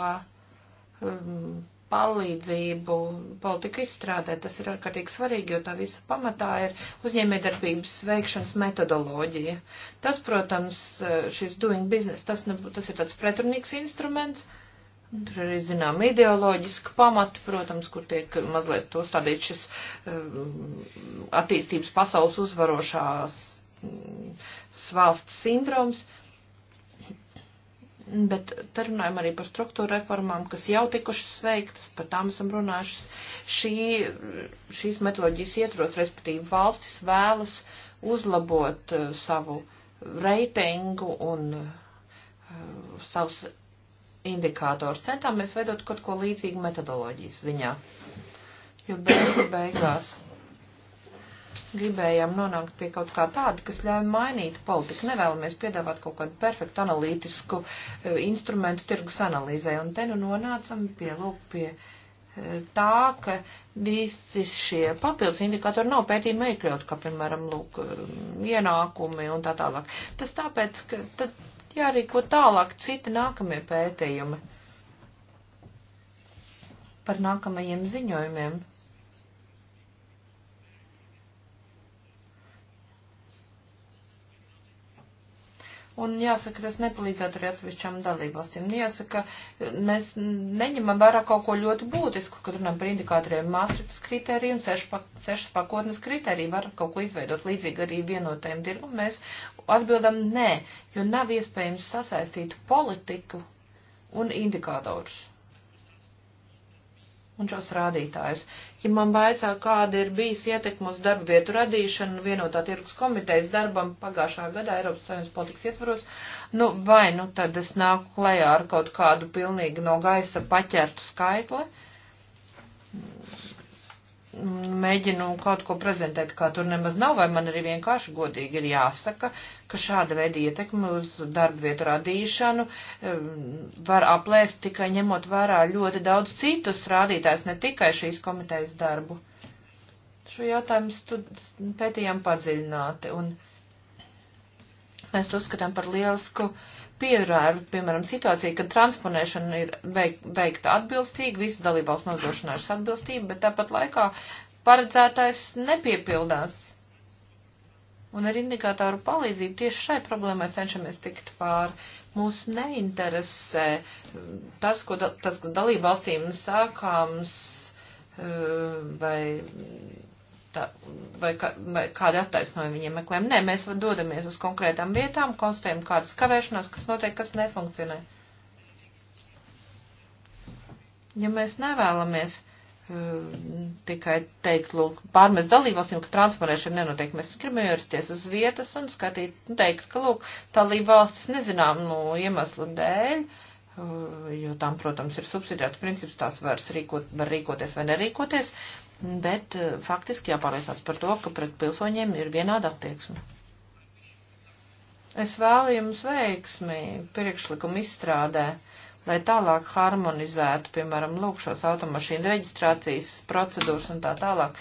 um, palīdzību politiku izstrādē. Tas ir ārkārtīgi svarīgi, jo tā visa pamatā ir uzņēmējdarbības veikšanas metodoloģija. Tas, protams, šis doing business, tas, ne, tas ir tāds pretrunīgs instruments. Tur arī, zinām, ideoloģiski pamati, protams, kur tiek mazliet uzstādīts šis um, attīstības pasaules uzvarošās um, valsts sindroms. Uh, Bet te runājam arī par struktūra reformām, kas jau tikušas veiktas, par tām esam runājuši. Šī, šīs metoloģijas ietvaros, respektīvi valstis vēlas uzlabot uh, savu reitingu un uh, savus indikātors. Centāmies veidot kaut ko līdzīgu metodoloģijas ziņā. Jo beigu beigās gribējām nonākt pie kaut kā tāda, kas ļauj mainīt politiku. Nevēlamies piedāvāt kaut kādu perfektu analītisku eh, instrumentu tirgus analīzē. Un te nu nonācam pie, lūk, pie eh, tā, ka visi šie papildus indikatori nav pētījumi iekļaut, kā, piemēram, lūk, eh, ienākumi un tā tālāk. Tas tāpēc, ka tad jārīko tālāk citi nākamie pētījumi par nākamajiem ziņojumiem un jāsaka, tas nepalīdzētu arī atsevišķām dalībvalstīm. Nu, jāsaka, mēs neņemam vērā kaut ko ļoti būtisku, kad runājam par indikātoriem māsritas kritēriju un sešas pakotnes kritēriju, var kaut ko izveidot līdzīgi arī vienotajiem tirgum. Mēs atbildam nē, jo nav iespējams sasaistīt politiku un indikātorus un šos rādītājus ja man vaicā, kāda ir bijis ietekme uz darba vietu radīšanu vienotā tirgus komitejas darbam pagājušā gadā Eiropas Savienības politikas ietvaros, nu vai nu tad es nāku klajā ar kaut kādu pilnīgi no gaisa paķertu skaitli, uh, mēģinu kaut ko prezentēt, kā tur nemaz nav, vai man arī vienkārši godīgi ir jāsaka, ka šāda veida ietekme uz darba vietu radīšanu var aplēst tikai ņemot vērā ļoti daudz citus rādītājus, ne tikai šīs komitejas darbu. Šo jautājumu pētījām padziļināti, un mēs to uzskatām par lielisku pievērtu, piemēram, situāciju, kad transponēšana ir veikta atbilstīgi, visas dalībvalsts nodrošinājušas atbilstību, bet tāpat laikā paredzētais nepiepildās. Un ar indikātoru palīdzību tieši šai problēmai cenšamies tikt pāri. Mūs neinteresē tas, ko da, tas, ka dalību valstīm sākāms eh, vai, tā, vai, kā, vai kādi attaisnojumi viņiem meklējam. Nē, mēs dodamies uz konkrētām vietām, konstatējam kādas kavēšanās, kas notiek, kas nefunkcionē. Ja mēs nevēlamies Ehm, tikai teikt, lūk, pārmest dalībvalstīm, ka transponēšana nenotiek. Mēs gribam ierasties uz vietas un skatīt, un teikt, ka, lūk, dalībvalstis nezinām no nu, iemeslu dēļ, eh, jo tām, protams, ir subsidiāts princips, tās var, rīkot, var rīkoties vai nerīkoties, bet eh, faktiski jāpārliecās par to, ka pret pilsoņiem ir vienāda attieksme. Es vēlu jums veiksmi priekšlikumu izstrādē. Uh, lai tālāk harmonizētu, piemēram, lūk šos automašīnu reģistrācijas procedūras un tā tālāk.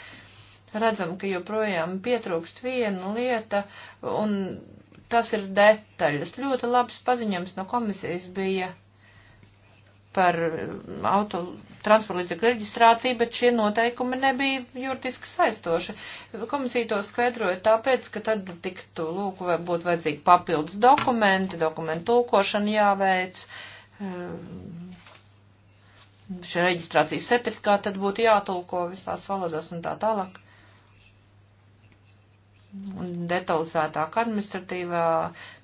Redzam, ka joprojām pietrūkst viena lieta, un tas ir detaļas. Ļoti labs paziņojums no komisijas bija par mm, auto transporta līdzekļu reģistrāciju, bet šie noteikumi nebija juridiski saistoši. Komisija to skaidroja tāpēc, ka tad tiktu, lūk, vai būtu vajadzīgi papildus dokumenti, dokumentu tulkošana jāveic. Uh, Ehm, šie reģistrācijas certifikāti tad būtu jātulko visās valodās un tā tālāk. Un detalizētāka administratīvā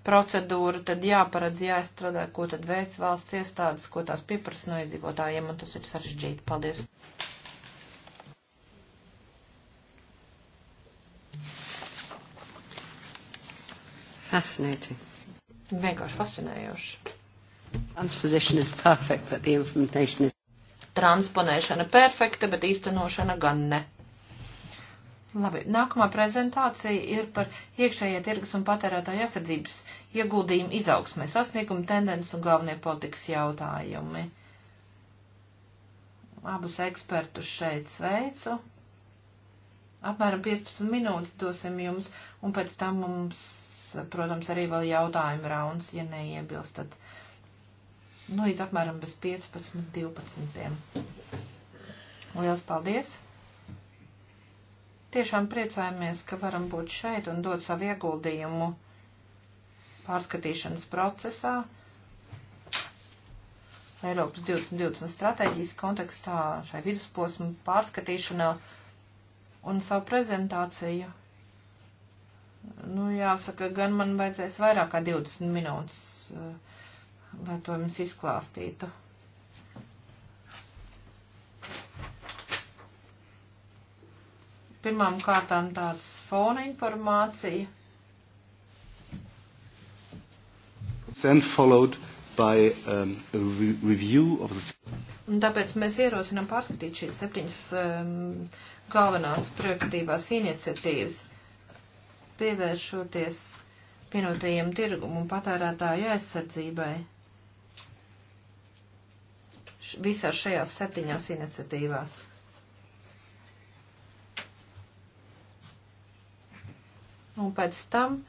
procedūra tad jāparedz, jāizstrādā, ko tad veic valsts iestādes, ko tās pieprasa no iedzīvotājiem, un tas ir sarežģīti. Paldies!
Fascinating.
Vienkārši fascinējoši. Perfect, is... Transponēšana perfekta, bet īstenošana gan ne. Labi, nākamā prezentācija ir par iekšējā tirgus un patērētāja aizsardzības ieguldījumu izaugsmē, sasniegumu tendences un galvenie politikas jautājumi. Abus ekspertus šeit sveicu. Apmēram 15 minūtes dosim jums, un pēc tam mums, protams, arī vēl jautājuma rauns, ja neiebilstat nu, līdz apmēram bez 15, 12. Liels paldies! Tiešām priecājamies, ka varam būt šeit un dot savu ieguldījumu pārskatīšanas procesā. Eiropas 2020 stratēģijas kontekstā šai vidusposmu pārskatīšanā un savu prezentāciju. Nu, jāsaka, gan man vajadzēs vairāk kā 20 minūtes uh, lai to jums izklāstītu. Pirmām kārtām tāds fona informācija.
Then followed by um, a re review of the...
Un tāpēc mēs ierosinām pārskatīt šīs septiņas um, galvenās projektīvās iniciatīvas, pievēršoties pienotajiem tirgumu un patērētāju aizsardzībai visā šajās septiņās iniciatīvās. Un pēc tam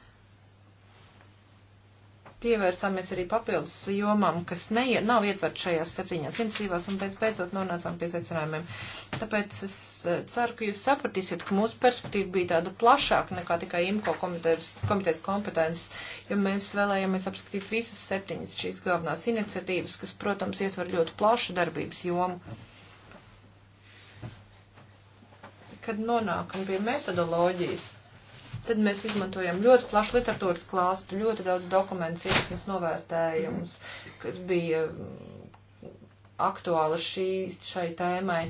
pievērsāmies arī papildus jomām, kas ne, nav ietverts šajās septiņās intensīvās, un pēc beidzot nonācām pie secinājumiem. Tāpēc es eh, ceru, ka jūs sapratīsiet, ka mūsu perspektīva bija tāda plašāka nekā tikai IMCO komitejas, komitejas kompetences, jo mēs vēlējāmies apskatīt visas septiņas šīs galvenās iniciatīvas, kas, protams, ietver ļoti plašu darbības jomu. Kad nonākam pie metodoloģijas, tad mēs izmantojam ļoti plašu literatūras klāstu, ļoti daudz dokumentu ietekmes novērtējumus, kas bija aktuāli šī, šai tēmai.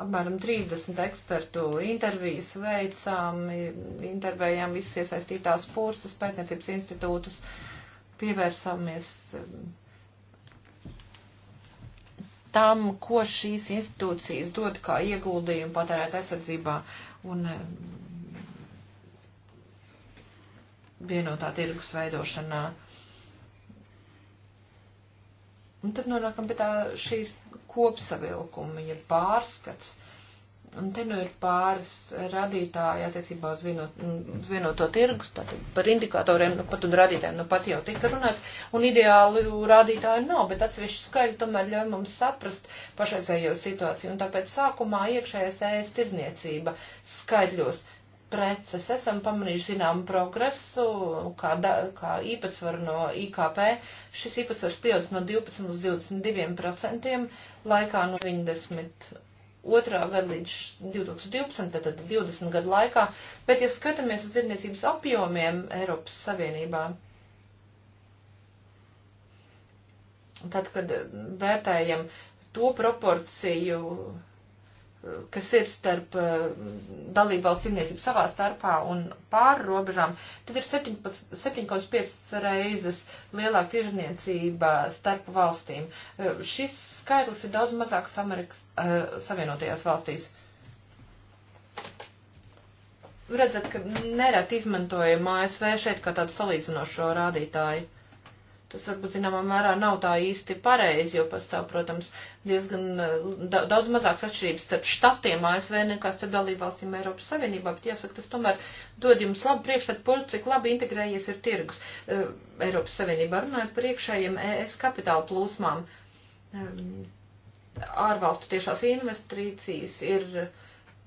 Apmēram 30 ekspertu intervijas veicām, intervējām visas iesaistītās puses, pētniecības institūtus, pievērsāmies um, tam, ko šīs institūcijas dod kā ieguldījumu patērēt aizsardzībā un um, vienotā tirgus veidošanā. Un tad nonākam pie tā šīs kopsavilkuma, ja pārskats. Un te nu ir pāris radītāji attiecībā uz, vienot, uz vienoto tirgus, tātad par indikatoriem nu pat un radītājiem nu pat jau tika runāts, un ideāli rādītāju nav, bet atsevišķi skaļi tomēr ļauj mums saprast pašreizējo situāciju, un tāpēc sākumā iekšējais ēst tirniecība skaidļos preces. Esam pamanījuši zināmu progresu, kā, da, kā īpatsvaru no IKP. Šis īpatsvars pieaudz no 12 līdz 22 procentiem laikā no 90. Otrā vēl līdz 2012, tad 20 gadu laikā, bet ja skatāmies uz dzirdniecības apjomiem Eiropas Savienībā, tad, kad vērtējam to proporciju, kas ir starp eh, dalībvalsts cilvēcību savā starpā un pāri robežām, tad ir 7,5 reizes lielāka tirzniecība starp valstīm. Eh, šis skaitlis ir daudz mazāks Amerikas eh, Savienotajās valstīs. Redzat, ka nereti izmantojam ASV šeit kā tādu salīdzinošo rādītāju. Tas varbūt zināmā mērā nav tā īsti pareizi, jo pastāv, protams, diezgan eh, daudz mazāks atšķirības starp štatiem ASV nekā starp dalībvalstīm Eiropas Savienībā, bet jāsaka, tas tomēr dod jums labu priekšstatu par cik labi integrējies ir tirgus eh, Eiropas Savienībā, runājot par iekšējiem ES kapitāla plūsmām. Eh, ārvalstu tiešās investīcijas ir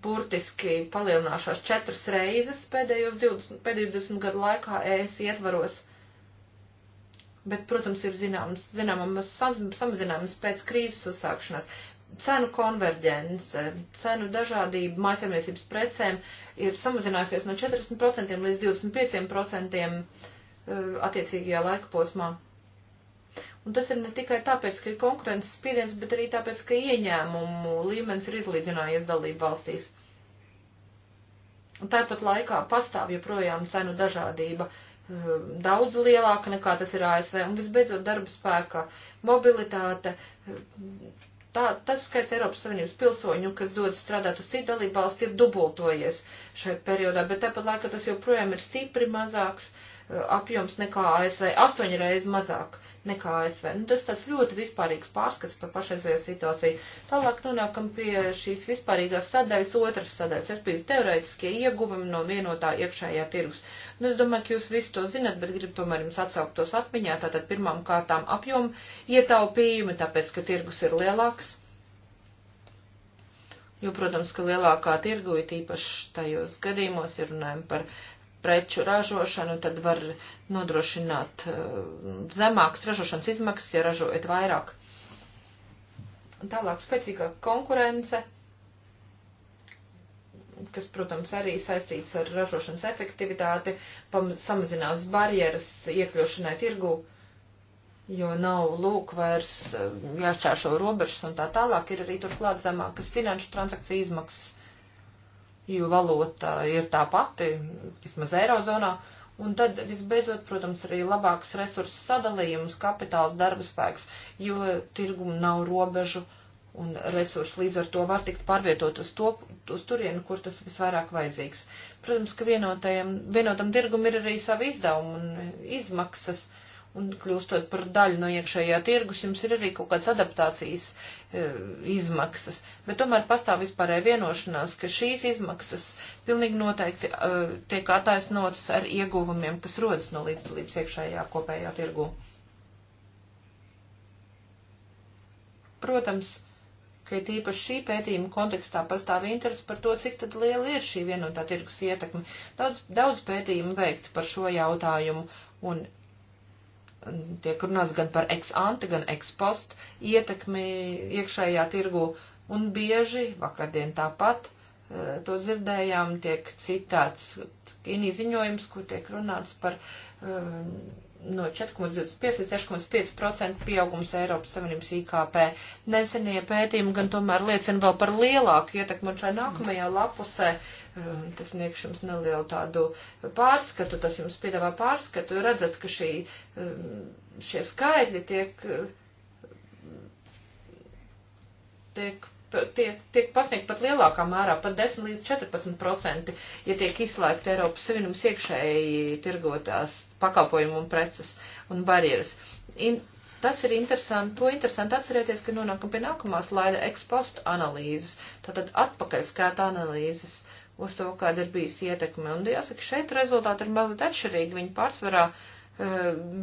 burtiski palielināšās četras reizes pēdējos 20, pēdējos 20 gadu laikā ES ietvaros Bet, protams, ir zināms, zināmas samazinājums pēc krīzes uzsākšanās. Cenu konverģence, cenu dažādība mājasemniecības precēm ir samazinājusies no 40% līdz 25% eh, attiecīgajā laika posmā. Un tas ir ne tikai tāpēc, ka ir konkurences spiediens, bet arī tāpēc, ka ieņēmumu līmenis ir izlīdzinājies dalību valstīs. Un tāpat laikā pastāv joprojām cenu dažādība. Uh, Eh, daudz lielāka nekā tas ir ASV. Un visbeidzot, darba spēka mobilitāte. Eh, tā, tas skaits Eiropas Savienības pilsoņu, kas dodas strādāt uz citu dalību valsti, ir dubultojies šajā periodā, bet tāpat laikā tas joprojām ir stipri mazāks uh, apjoms nekā ASV, astoņi reizi mazāk nekā ASV. Nu, tas tas ļoti vispārīgs pārskats par pašreizējo situāciju. Tālāk nonākam pie šīs vispārīgās sadaļas, otras sadaļas, ar pie teorētiskie ieguvumi no vienotā iekšējā tirgus. Nu, es domāju, ka jūs visi to zinat, bet gribu tomēr jums atsaukt tos atmiņā. Tātad pirmām kārtām apjomu ietaupījumi, tāpēc, ka tirgus ir lielāks. Jo, protams, ka lielākā tirgu ir tīpaši tajos gadījumos, ja runājam par uh, preču ražošanu, tad var nodrošināt eh, zemākas ražošanas izmaksas, ja ražojat vairāk. Tālāk spēcīgāka konkurence, kas, protams, arī saistīts ar ražošanas efektivitāti, samazinās barjeras iekļūšanai tirgū, jo nav lūk vairs eh, jāšķēršo robežas un tā tālāk ir arī turklāt zemākas finanšu transakciju izmaksas jo valota ir tā pati, vismaz Eirozonā. Un tad, visbeidzot, protams, arī labāks resursu sadalījums, kapitāls, darba spēks, jo tirgumu nav robežu un resursu līdz ar to var tikt pārvietot uz, to, uz turienu, kur tas visvairāk vajadzīgs. Protams, ka vienotajam, vienotam tirgum ir arī savi izdevumi un izmaksas. Uh, un kļūstot par daļu no iekšējā tirgus, jums ir arī kaut kādas adaptācijas e, izmaksas. Bet tomēr pastāv vispārēja vienošanās, ka šīs izmaksas pilnīgi noteikti e, tiek attaisnotas ar ieguvumiem, kas rodas no līdzdalības iekšējā kopējā tirgu. Protams, ka ir tīpaši šī pētījuma kontekstā pastāv interesi par to, cik tad liela ir šī vienotā tirgus ietekme. Daudz, daudz pētījumu veikti par šo jautājumu, un tiek runāts gan par ex ante, gan ex post ietekmi iekšējā tirgu, un bieži, vakardien tāpat, eh, to dzirdējām, tiek citāts inī ziņojums, kur tiek runāts par eh, no 4,25 līdz 6,5% pieaugums Eiropas Savienības IKP. Nesenie pētījumi gan tomēr liecina vēl par lielāku ietekmi, un šai nākamajā lapusē uh, Mm, tas sniegšu jums nelielu tādu pārskatu, tas jums piedāvā pārskatu. Redzat, ka šī, mm, šie skaitļi tiek, mm, tiek tiek, tiek pasniegt pat lielākā mērā, pat 10 līdz 14 procenti, ja tiek izslēgta Eiropas Savienības iekšēji tirgotās pakalpojumu un preces un barjeras. In, tas ir interesanti, to interesanti atcerēties, ka nonākam pie nākamā slaida ekspostu analīzes, tātad atpakaļskēta analīzes. Uh, uz to, kāda ir bijusi ietekme. Un jāsaka, šeit rezultāti ir mazliet atšķirīgi. Viņi pārsvarā e,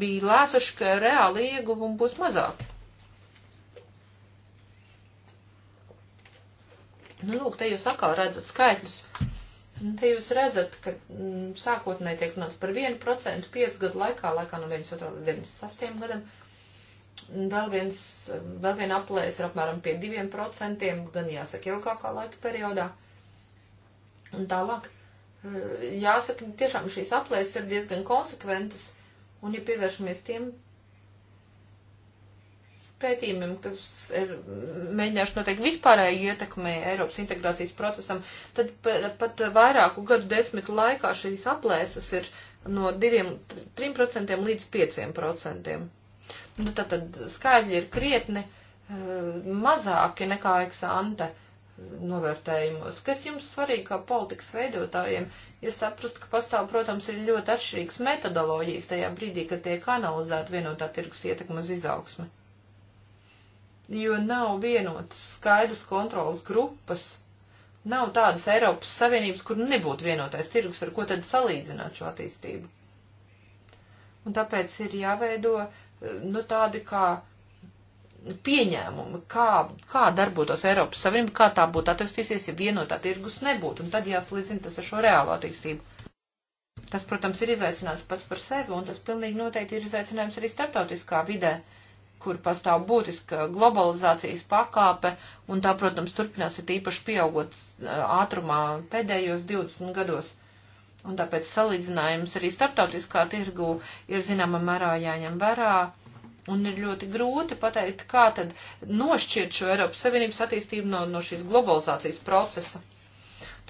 bija lēsuši, ka reāli ieguvumi būs mazāki. Nu, lūk, te jūs atkal redzat skaitļus. Te jūs redzat, ka m, mm, sākotnēji tiek runāts par 1% 5 gadu laikā, laikā no 92. līdz 96. gadam. Vēl, viens, vēl viena aplēs ir apmēram pie 2%, gan jāsaka ilgākā laika periodā. Uh, Un tālāk, e, jāsaka, tiešām šīs aplēses ir diezgan konsekventas, un ja pievēršamies tiem pētījumiem, kas ir mēģinājuši noteikt vispārēju ietekmi Eiropas integrācijas procesam, tad pat vairāku gadu desmitu laikā šīs aplēses ir no 2-3% līdz 5%. Nu, tad, tad skaidri ir krietni uh, mazāki nekā eksante. Uh, novērtējumos, kas jums svarīgi kā politikas veidotājiem, ir saprast, ka pastāv, protams, ir ļoti atšķirīgs metodoloģijas tajā brīdī, kad tiek analizēta vienotā tirgus ietekma uz izaugsmi. Jo nav vienotas skaidras kontrolas grupas, nav tādas Eiropas Savienības, kur nebūtu vienotais tirgus, ar ko tad salīdzināt šo attīstību. Un tāpēc ir jāveido, nu, tādi kā pieņēmumi, kā, kā darbotos Eiropas Savienība, kā tā būtu attīstīsies, ja vienotā tirgus nebūtu, un tad jāslīdzina tas ar šo reālo attīstību. Tas, protams, ir izaicinājums pats par sevi, un tas pilnīgi noteikti ir izaicinājums arī starptautiskā vidē, kur pastāv būtiska globalizācijas pakāpe, un tā, protams, turpinās ir īpaši pieaugot ātrumā pēdējos 20 gados. Un tāpēc salīdzinājums arī starptautiskā tirgu ir zināmā mērā jāņem vērā. Un ir ļoti grūti pateikt, kā tad nošķirt šo Eiropas Savienības attīstību no, no šīs globalizācijas procesa.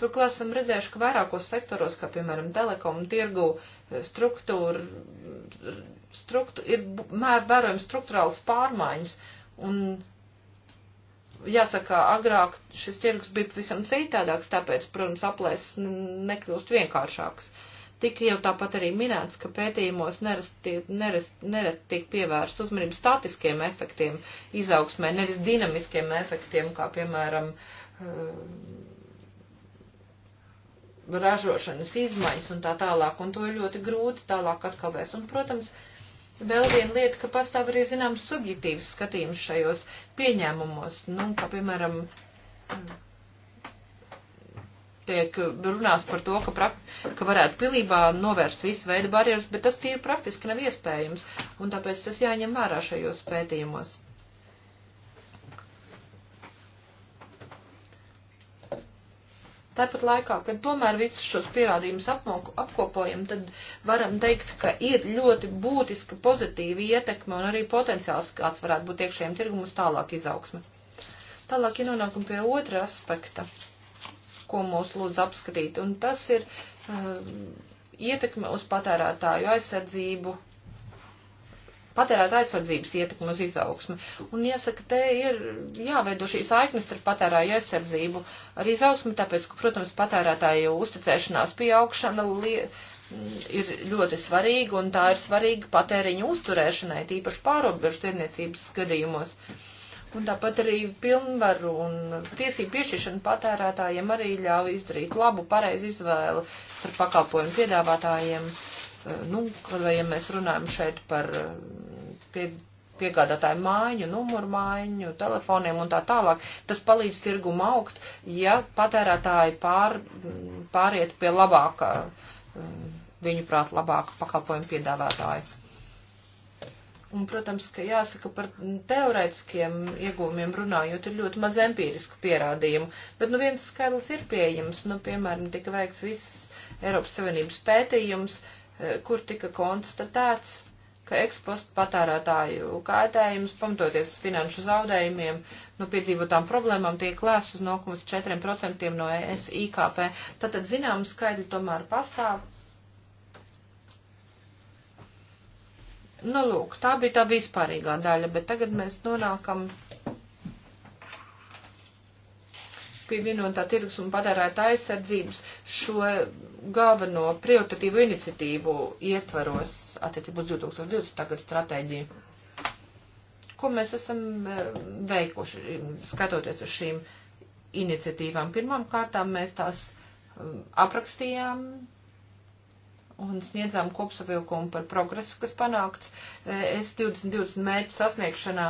Turklāt esam redzējuši, ka vairākos sektoros, kā piemēram telekomu tirgu, struktūra, eh, struktūra, ir vērojams struktūrāls pārmaiņas. Un jāsaka, agrāk šis tirgus bija pavisam citādāks, tāpēc, protams, aplēses nekļūst vienkāršāks. Uh, Tik jau tāpat arī minēts, ka pētījumos nerasti, nerasti, nereti tiek pievērst uzmanību statiskiem efektiem izaugsmē, nevis dinamiskiem efektiem, kā piemēram eh, ražošanas izmaiņas un tā tālāk, un to ir ļoti grūti tālāk atkalvēs. Un, protams, vēl viena lieta, ka pastāv arī, zinām, subjektīvs skatījums šajos pieņēmumos, nu, kā piemēram, tiek runās par to, ka, prak, ka varētu pilnībā novērst visu veidu barjeras, bet tas tīri praktiski nav iespējams, un tāpēc tas jāņem vērā šajos pētījumos. Tāpat laikā, kad tomēr visus šos pierādījumus apkopojam, tad varam teikt, ka ir ļoti būtiska pozitīva ietekme un arī potenciāls, kāds varētu būt iekšējiem tirgumus tālāk izaugsme. Tālāk ir ja nonākam pie otra aspekta. Uh, ko mūs lūdz apskatīt, un tas ir uh, ietekme uz patērētāju aizsardzību, patērēt aizsardzības ietekmi uz izaugsmi. Un jāsaka, te ir jāveido šī saiknes ar patērāju aizsardzību, ar izaugsmi, tāpēc, ka, protams, patērētāju uzticēšanās pieaugšana ir ļoti svarīga, un tā ir svarīga patēriņu uzturēšanai, tīpaši pārobežu tirniecības gadījumos. Uh, Un tāpat arī pilnvaru un tiesību piešķiršana patērētājiem arī ļauj izdarīt labu, pareizu izvēlu starp pakalpojumu piedāvātājiem. Eh, nu, vai ja mēs runājam šeit par eh, pie, piegādātāju mājiņu, numuru mājiņu, telefoniem un tā tālāk, tas palīdz tirgumu augt, ja patērētāji pār, pāriet pie labāka, eh, viņu prāt, labāka pakalpojumu piedāvātāja. Un, protams, ka jāsaka par teorētiskiem iegūmiem runājot, ir ļoti maz empirisku pierādījumu. Bet, nu, viens skaidrs ir pieejams. Nu, piemēram, tika veikts visas Eiropas Savienības pētījums, e, kur tika konstatēts, ka ekspostu patērētāju kaitējums, pamatoties uz finanšu zaudējumiem, no nu, piedzīvotām problēmām tiek lēsts uz 0,4% no ES IKP. Tātad, zinām, skaidri tomēr pastāv Nu, lūk, tā bija tā vispārīgā daļa, bet tagad mēs nonākam pie vienotā tirgus un patērēta aizsardzības šo galveno prioritatīvu iniciatīvu ietvaros attiecībā uz 2020. gadu stratēģiju. Ko mēs esam eh, veikuši, skatoties uz šīm iniciatīvām? Pirmām kārtām mēs tās eh, aprakstījām un sniedzām kopsavilkumu par progresu, kas panākts e, S2020 mērķu sasniegšanā.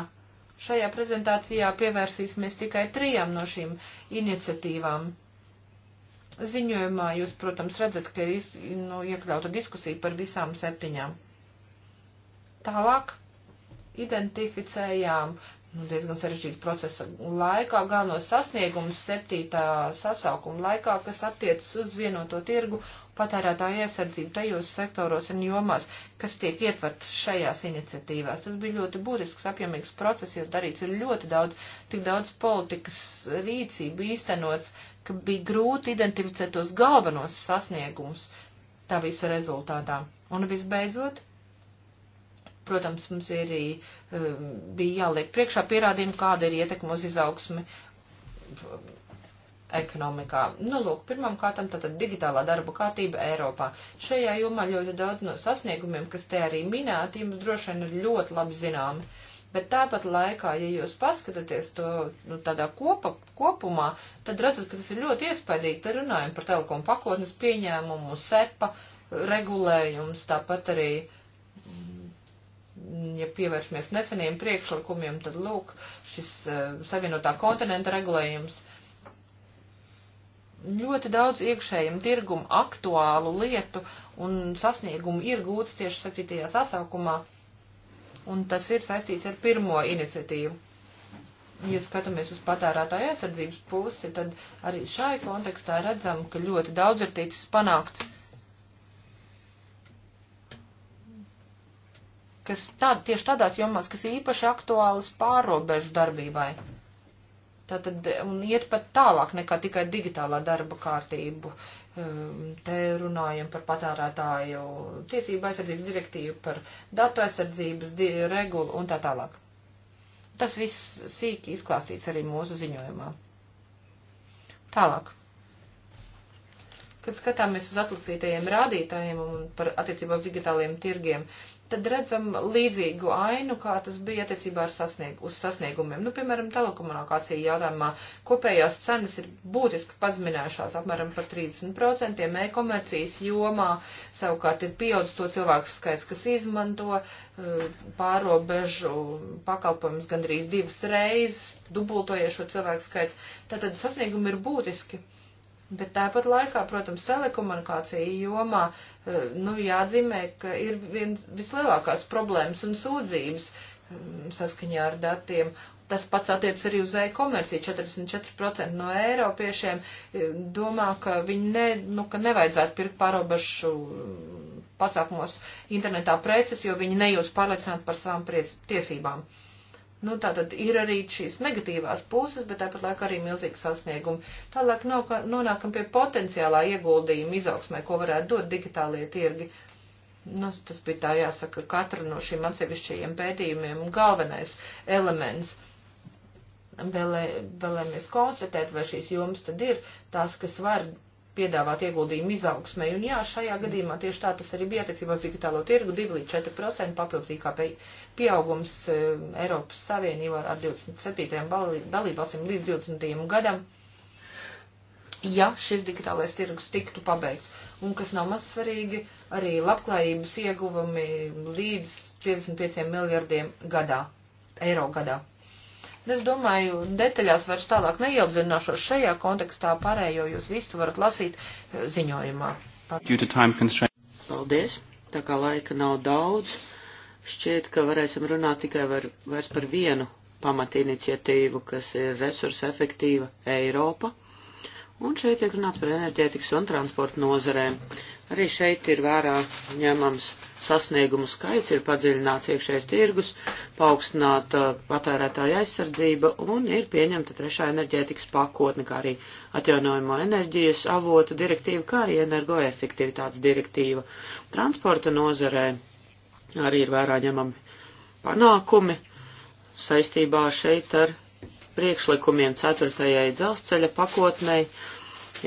Šajā prezentācijā pievērsīsimies tikai trijām no šīm iniciatīvām. Ziņojumā jūs, protams, redzat, ka ir nu, iekļauta diskusija par visām septiņām. Tālāk identificējām nu, diezgan sarežģīta procesa laikā, galvenos sasniegumus septītā sasaukuma laikā, kas attiecas uz vienoto tirgu patērētāju iesardzību tajos sektoros un jomās, kas tiek ietvertas šajās iniciatīvās. Tas bija ļoti būtisks, apjomīgs process, jo darīts ir ļoti daudz, tik daudz politikas rīcību īstenots, ka bija grūti identificēt tos galvenos sasniegumus tā visa rezultātā. Un visbeidzot, protams, mums arī um, bija jāliek priekšā pierādījumi, kāda ir ietekme uz izaugsmi ekonomikā. Nu, lūk, pirmam kārtam tātad digitālā darba kārtība Eiropā. Šajā jomā ļoti daudz no sasniegumiem, kas te arī minēti, jums droši vien ir ļoti labi zināmi. Bet tāpat laikā, ja jūs paskatāties to nu, tādā kopa, kopumā, tad redzat, ka tas ir ļoti iespaidīgi. Te runājam par telekomu pakotnes pieņēmumu, sepa regulējums, tāpat arī mm, ja pievēršamies neseniem priekšlikumiem, tad lūk, šis uh, savienotā kontinenta regulējums, ļoti daudz iekšējiem tirgumu aktuālu lietu un sasniegumu ir gūts tieši 7. sasaukumā, un tas ir saistīts ar pirmo iniciatīvu. Ja skatāmies uz patērētāju aizsardzības pusi, tad arī šai kontekstā redzam, ka ļoti daudz ir ticis panākts. Kas tā, tieši tādās jomās, kas īpaši aktuālas pārobežu darbībai. Tātad, un iet pat tālāk nekā tikai digitālā darba kārtību. Ehm, te runājam par patērētāju tiesību aizsardzību direktīvu, par datu aizsardzības di regulu un tā tālāk. Tas viss sīki izklāstīts arī mūsu ziņojumā. Tālāk kad skatāmies uz atlasītajiem rādītājiem un par attiecībā uz digitāliem tirgiem, tad redzam līdzīgu ainu, kā tas bija attiecībā ar sasnieg, uz sasniegumiem. Nu, piemēram, telekomunikācija jautājumā kopējās cenas ir būtiski pazeminājušās apmēram par 30%, e-komercijas jomā savukārt ir pieaudzis to cilvēku skaits, kas izmanto eh, pārobežu pakalpojumus gandrīz divas reizes, dubultojies šo cilvēku skaits. Tātad sasniegumi ir būtiski. Bet tāpat laikā, protams, telekomunikācija jomā, eh, nu, jāatzīmē, ka ir viens vislielākās problēmas un sūdzības mm, saskaņā ar datiem. Tas pats attiec arī uz e-komerciju. 44% no eiropiešiem eh, domā, ka viņi ne, nu, ka nevajadzētu pirkt pārobežu mm, pasākumos internetā preces, jo viņi nejūs pārliecināti par savām tiesībām. Uh, Nu, tā tad ir arī šīs negatīvās puses, bet tāpat laikā arī milzīgi sasniegumi. Tālāk nonākam pie potenciālā ieguldījuma izaugsmē, ko varētu dot digitālie tirgi. Nu, tas bija tā jāsaka, katra no šīm atsevišķajiem pētījumiem galvenais elements. Vēlē, vēlēmies konstatēt, vai šīs jomas tad ir tās, kas var piedāvāt ieguldījumu izaugsmē. Un jā, šajā gadījumā tieši tā tas arī bija attiecībā uz digitālo tirgu 2 līdz 4% papildus IKP pieaugums eh, Eiropas Savienībā ar 27. dalībvalstīm līdz 20. gadam ja šis digitālais tirgus tiktu pabeigts. Un kas nav maz svarīgi, arī labklājības ieguvumi līdz 55 miljardiem gadā, eiro gadā. Es domāju, detaļās vairs tālāk neiedziļināšos šajā kontekstā, pārējo jūs visu varat lasīt
eh, ziņojumā. Paldies! Tā kā laika nav daudz, šķiet, ka varēsim runāt tikai var, vairs par vienu pamatiniciatīvu, kas ir resursa efektīva Eiropa. Un šeit tiek runāts par enerģētikas un transporta nozarēm. Arī šeit ir vērā ņemams sasniegumu skaits, ir padziļināts iekšējais tirgus, paaugstināta uh, patērētāja aizsardzība un ir pieņemta trešā enerģētikas pakotne, kā arī atjaunojamo enerģijas avotu direktīva, kā arī energoefektivitātes direktīva. Transporta nozarē arī ir vērā ņemami panākumi saistībā šeit ar priekšlikumiem ceturtajai dzelzceļa pakotnei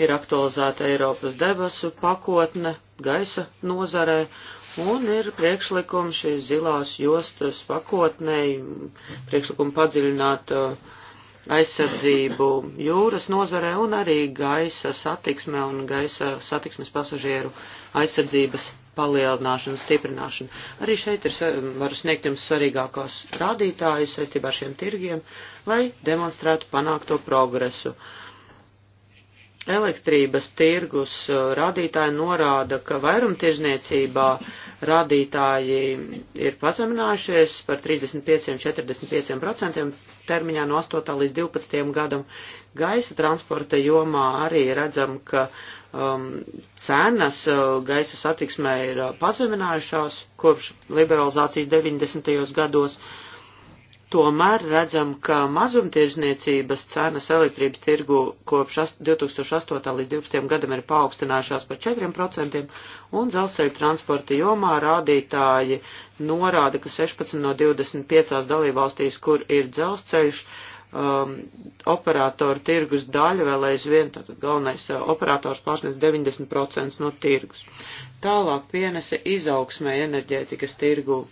ir aktualizēta Eiropas debesu pakotne gaisa nozarē un ir priekšlikums šīs zilās jostas pakotnei, priekšlikumu padziļināt uh, aizsardzību jūras nozarē un arī gaisa satiksme un gaisa satiksmes pasažieru aizsardzības palielināšana, stiprināšana. Arī šeit ir, um, varu sniegt jums svarīgākos rādītājus saistībā ar šiem tirgiem, lai demonstrētu panākto progresu. Uh, Elektrības tirgus uh, rādītāji norāda, ka vairumtirzniecībā rādītāji ir pazeminājušies par 35-45% termiņā no 8. līdz 12. gadam. Gaisa transporta jomā arī redzam, ka um, cenas uh, gaisa satiksmē ir uh, pazeminājušās kopš liberalizācijas 90. gados. Uh, Tomēr redzam, ka mazumtirdzniecības cenas elektrības tirgu kopš 2008. līdz 2012. gadam ir paaugstinājušās par 4%, un dzelzceļa transporta jomā rādītāji norāda, ka 16 no 25 dalībvalstīs, kur ir dzelzceļš, um, operatoru tirgus daļa vēl aizvien, tātad galvenais uh, operators pārsniedz 90% no tirgus. Tālāk pienese izaugsmē enerģētikas tirgu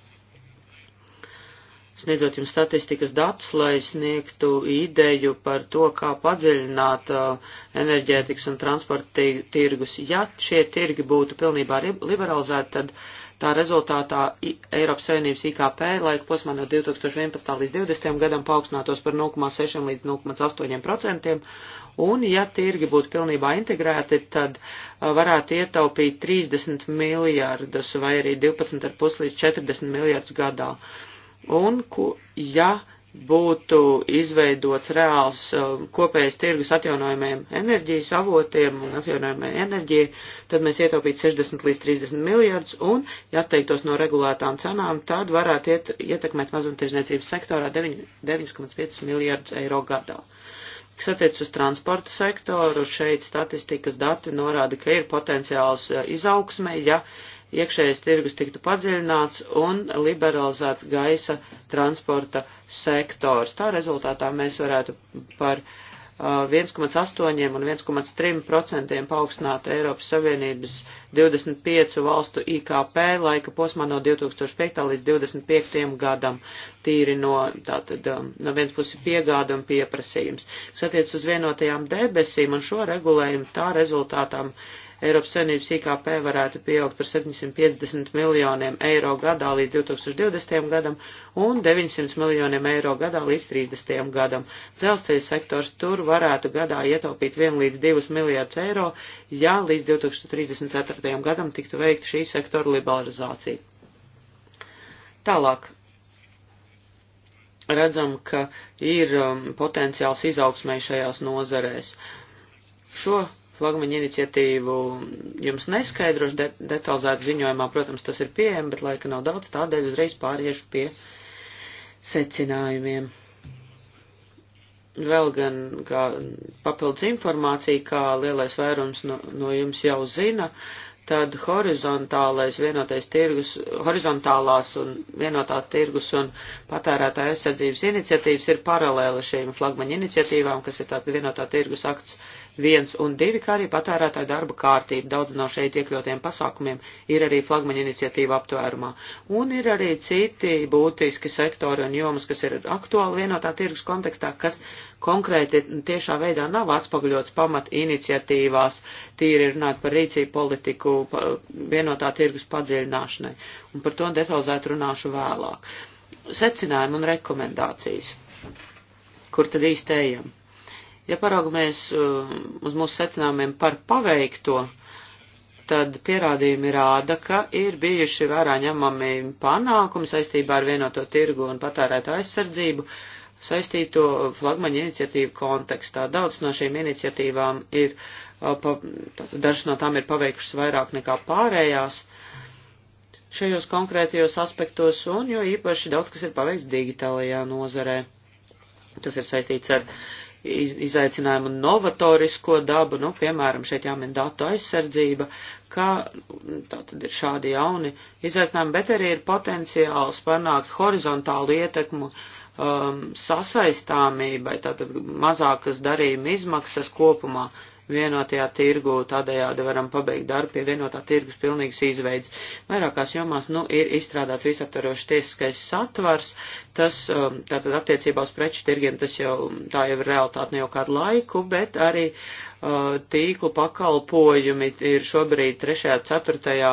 sniedzot jums statistikas datus, lai sniegtu ideju par to, kā padziļināt uh, enerģētikas un transporta tirgus. Ja šie tirgi būtu pilnībā liberalizēti, tad tā rezultātā Eiropas Savienības IKP laika posmā no 2011. līdz 2020. gadam paaugstinātos par 0,6 līdz 0,8 procentiem, un ja tirgi būtu pilnībā integrēti, tad uh, varētu ietaupīt 30 miljārdus vai arī 12,5 līdz 40 miljārdus gadā. Uh, Un, ku, ja būtu izveidots reāls um, uh, kopējs tirgus atjaunojumiem enerģijas avotiem un atjaunojumiem enerģijai, tad mēs ietaupītu 60 līdz 30 miljardus un, ja atteiktos no regulētām cenām, tad varētu iet, ietekmēt mazumtirdzniecības sektorā 9,5 miljardus eiro gadā. Kas attiec uz transporta sektoru, šeit statistikas dati norāda, ka ir potenciāls uh, izaugsme, ja iekšējais tirgus tiktu padziļināts un liberalizēts gaisa transporta sektors. Tā rezultātā mēs varētu par 1,8 uh, un 1,3% paaugstināt Eiropas Savienības 25 valstu IKP laika posmā no 2005. līdz 2025. gadam, tīri no, tātad, um, no viens puses piegāda un pieprasījums. Satiec uz vienotajām debesīm un šo regulējumu tā rezultātām Eiropas Savienības IKP varētu pieaugt par 750 miljoniem eiro gadā līdz 2020. gadam un 900 miljoniem eiro gadā līdz 30. gadam. Dzelzceļa sektors tur varētu gadā ietaupīt 1 līdz 2 miljārdus eiro, ja līdz 2034. gadam tiktu veikta šī sektora liberalizācija. Tālāk redzam, ka ir um, potenciāls izaugsmē šajās nozarēs. Šo flagmaņa iniciatīvu jums neskaidrošu de detalizēt ziņojumā, protams, tas ir pieejami, bet laika nav daudz, tādēļ uzreiz pāriešu pie secinājumiem. Vēl gan kā papildus informācija, kā lielais vairums no, no jums jau zina, tad horizontālais vienotais tirgus, horizontālās un vienotā tirgus un patērētāja aizsardzības iniciatīvas ir paralēli šīm flagmaņa iniciatīvām, kas ir tāda vienotā tirgus akts viens un divi, kā arī patērētāja darba kārtība. Daudz no šeit iekļautiem pasākumiem ir arī flagmaņa iniciatīva aptvērumā. Un ir arī citi būtiski sektori un jomas, kas ir aktuāli vienotā tirgus kontekstā, kas konkrēti tiešā veidā nav atspoguļots pamat iniciatīvās, tīri runāt par rīcību politiku pa, vienotā tirgus padziļināšanai. Un par to detalizēt runāšu vēlāk. Secinājumi un rekomendācijas. Kur tad īstējam? Ja paraugamies uh, uz mūsu secinājumiem par paveikto, tad pierādījumi rāda, ka ir bijuši vērā ņemami panākumi saistībā ar vienoto tirgu un patērētu aizsardzību saistīto flagmaņu iniciatīvu kontekstā. Daudz no šīm iniciatīvām ir, uh, dažas no tām ir paveikušas vairāk nekā pārējās šajos konkrētajos aspektos, un jo īpaši daudz kas ir paveikts digitālajā nozarē. Tas ir saistīts ar izaicinājumu novatorisko dabu, nu, piemēram, šeit jāmin datu aizsardzība, kā nu, tā tad ir šādi jauni izaicinājumi, bet arī ir potenciāls panākt horizontālu ietekmu um, sasaistāmībai, tātad mazākas darījuma izmaksas kopumā vienotajā tirgu, tādējādi varam pabeigt darbu pie vienotā tirgus pilnīgas izveids. Vairākās jomās, nu, ir izstrādāts visaptarošs tiesiskais satvars, tas, um, tātad attiecībā uz preču tirgiem, tas jau, tā jau ir realitāte ne jau kādu laiku, bet arī uh, tīklu pakalpojumi ir šobrīd trešajā, ceturtajā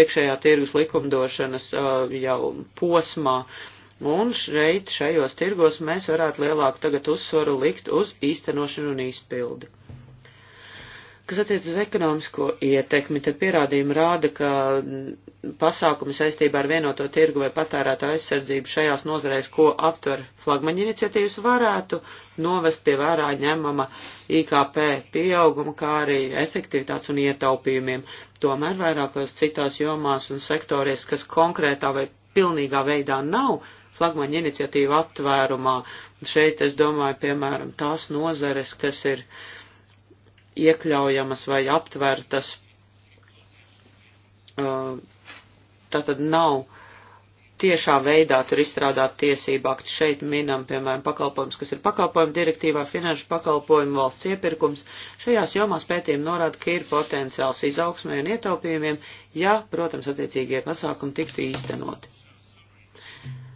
iekšējā tirgus likumdošanas uh, jau posmā. Un šeit, šajos tirgos, mēs varētu lielāku tagad uzsvaru likt uz īstenošanu un izpildi. Kas attiec uz ekonomisko ietekmi, tad pierādījumi rāda, ka pasākumi saistībā ar vienoto tirgu vai patērēto aizsardzību šajās nozarēs, ko aptver flagmaņa iniciatīvas, varētu novest pie vērā ņemama IKP pieauguma, kā arī efektivitātes un ietaupījumiem. Tomēr vairākos citās jomās un sektorēs, kas konkrētā vai pilnīgā veidā nav flagmaņa iniciatīva aptvērumā, šeit es domāju, piemēram, tās nozares, kas ir iekļaujamas vai aptvertas. Uh, Tā tad nav tiešā veidā tur izstrādāt tiesību aktu. Šeit minam, piemēram, pakalpojums, kas ir pakalpojuma direktīvā, finanšu pakalpojumu valsts iepirkums. Šajās jomās pētījumi norāda, ka ir potenciāls izaugsmē un ietaupījumiem, ja, protams, attiecīgie pasākumi tiktu īstenoti.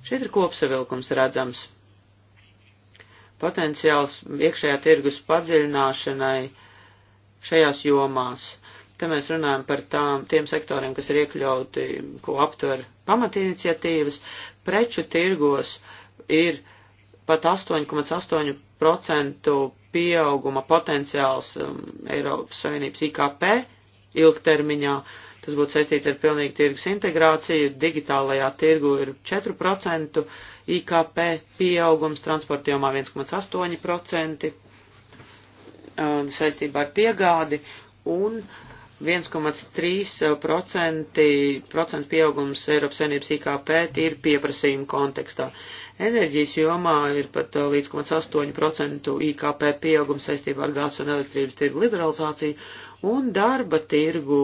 Šeit ir kopsavilkums redzams. Potenciāls iekšējā tirgus padziļināšanai šajās jomās. Te mēs runājam par tām, tiem sektoriem, kas ir iekļauti, ko aptver pamatiniciatīvas. Preču tirgos ir pat 8,8% pieauguma potenciāls um, Eiropas Savienības IKP ilgtermiņā. Tas būtu saistīts ar pilnīgu tirgus integrāciju. Digitālajā tirgu ir 4% IKP pieaugums, transporta jomā 1,8%, saistībā ar piegādi un 1,3% pieaugums Eiropas Savienības IKP ir pieprasījuma kontekstā. Enerģijas jomā ir pat uh, līdz 0,8% IKP pieaugums saistībā ar gāzes un elektrības tirgu liberalizāciju un darba tirgu,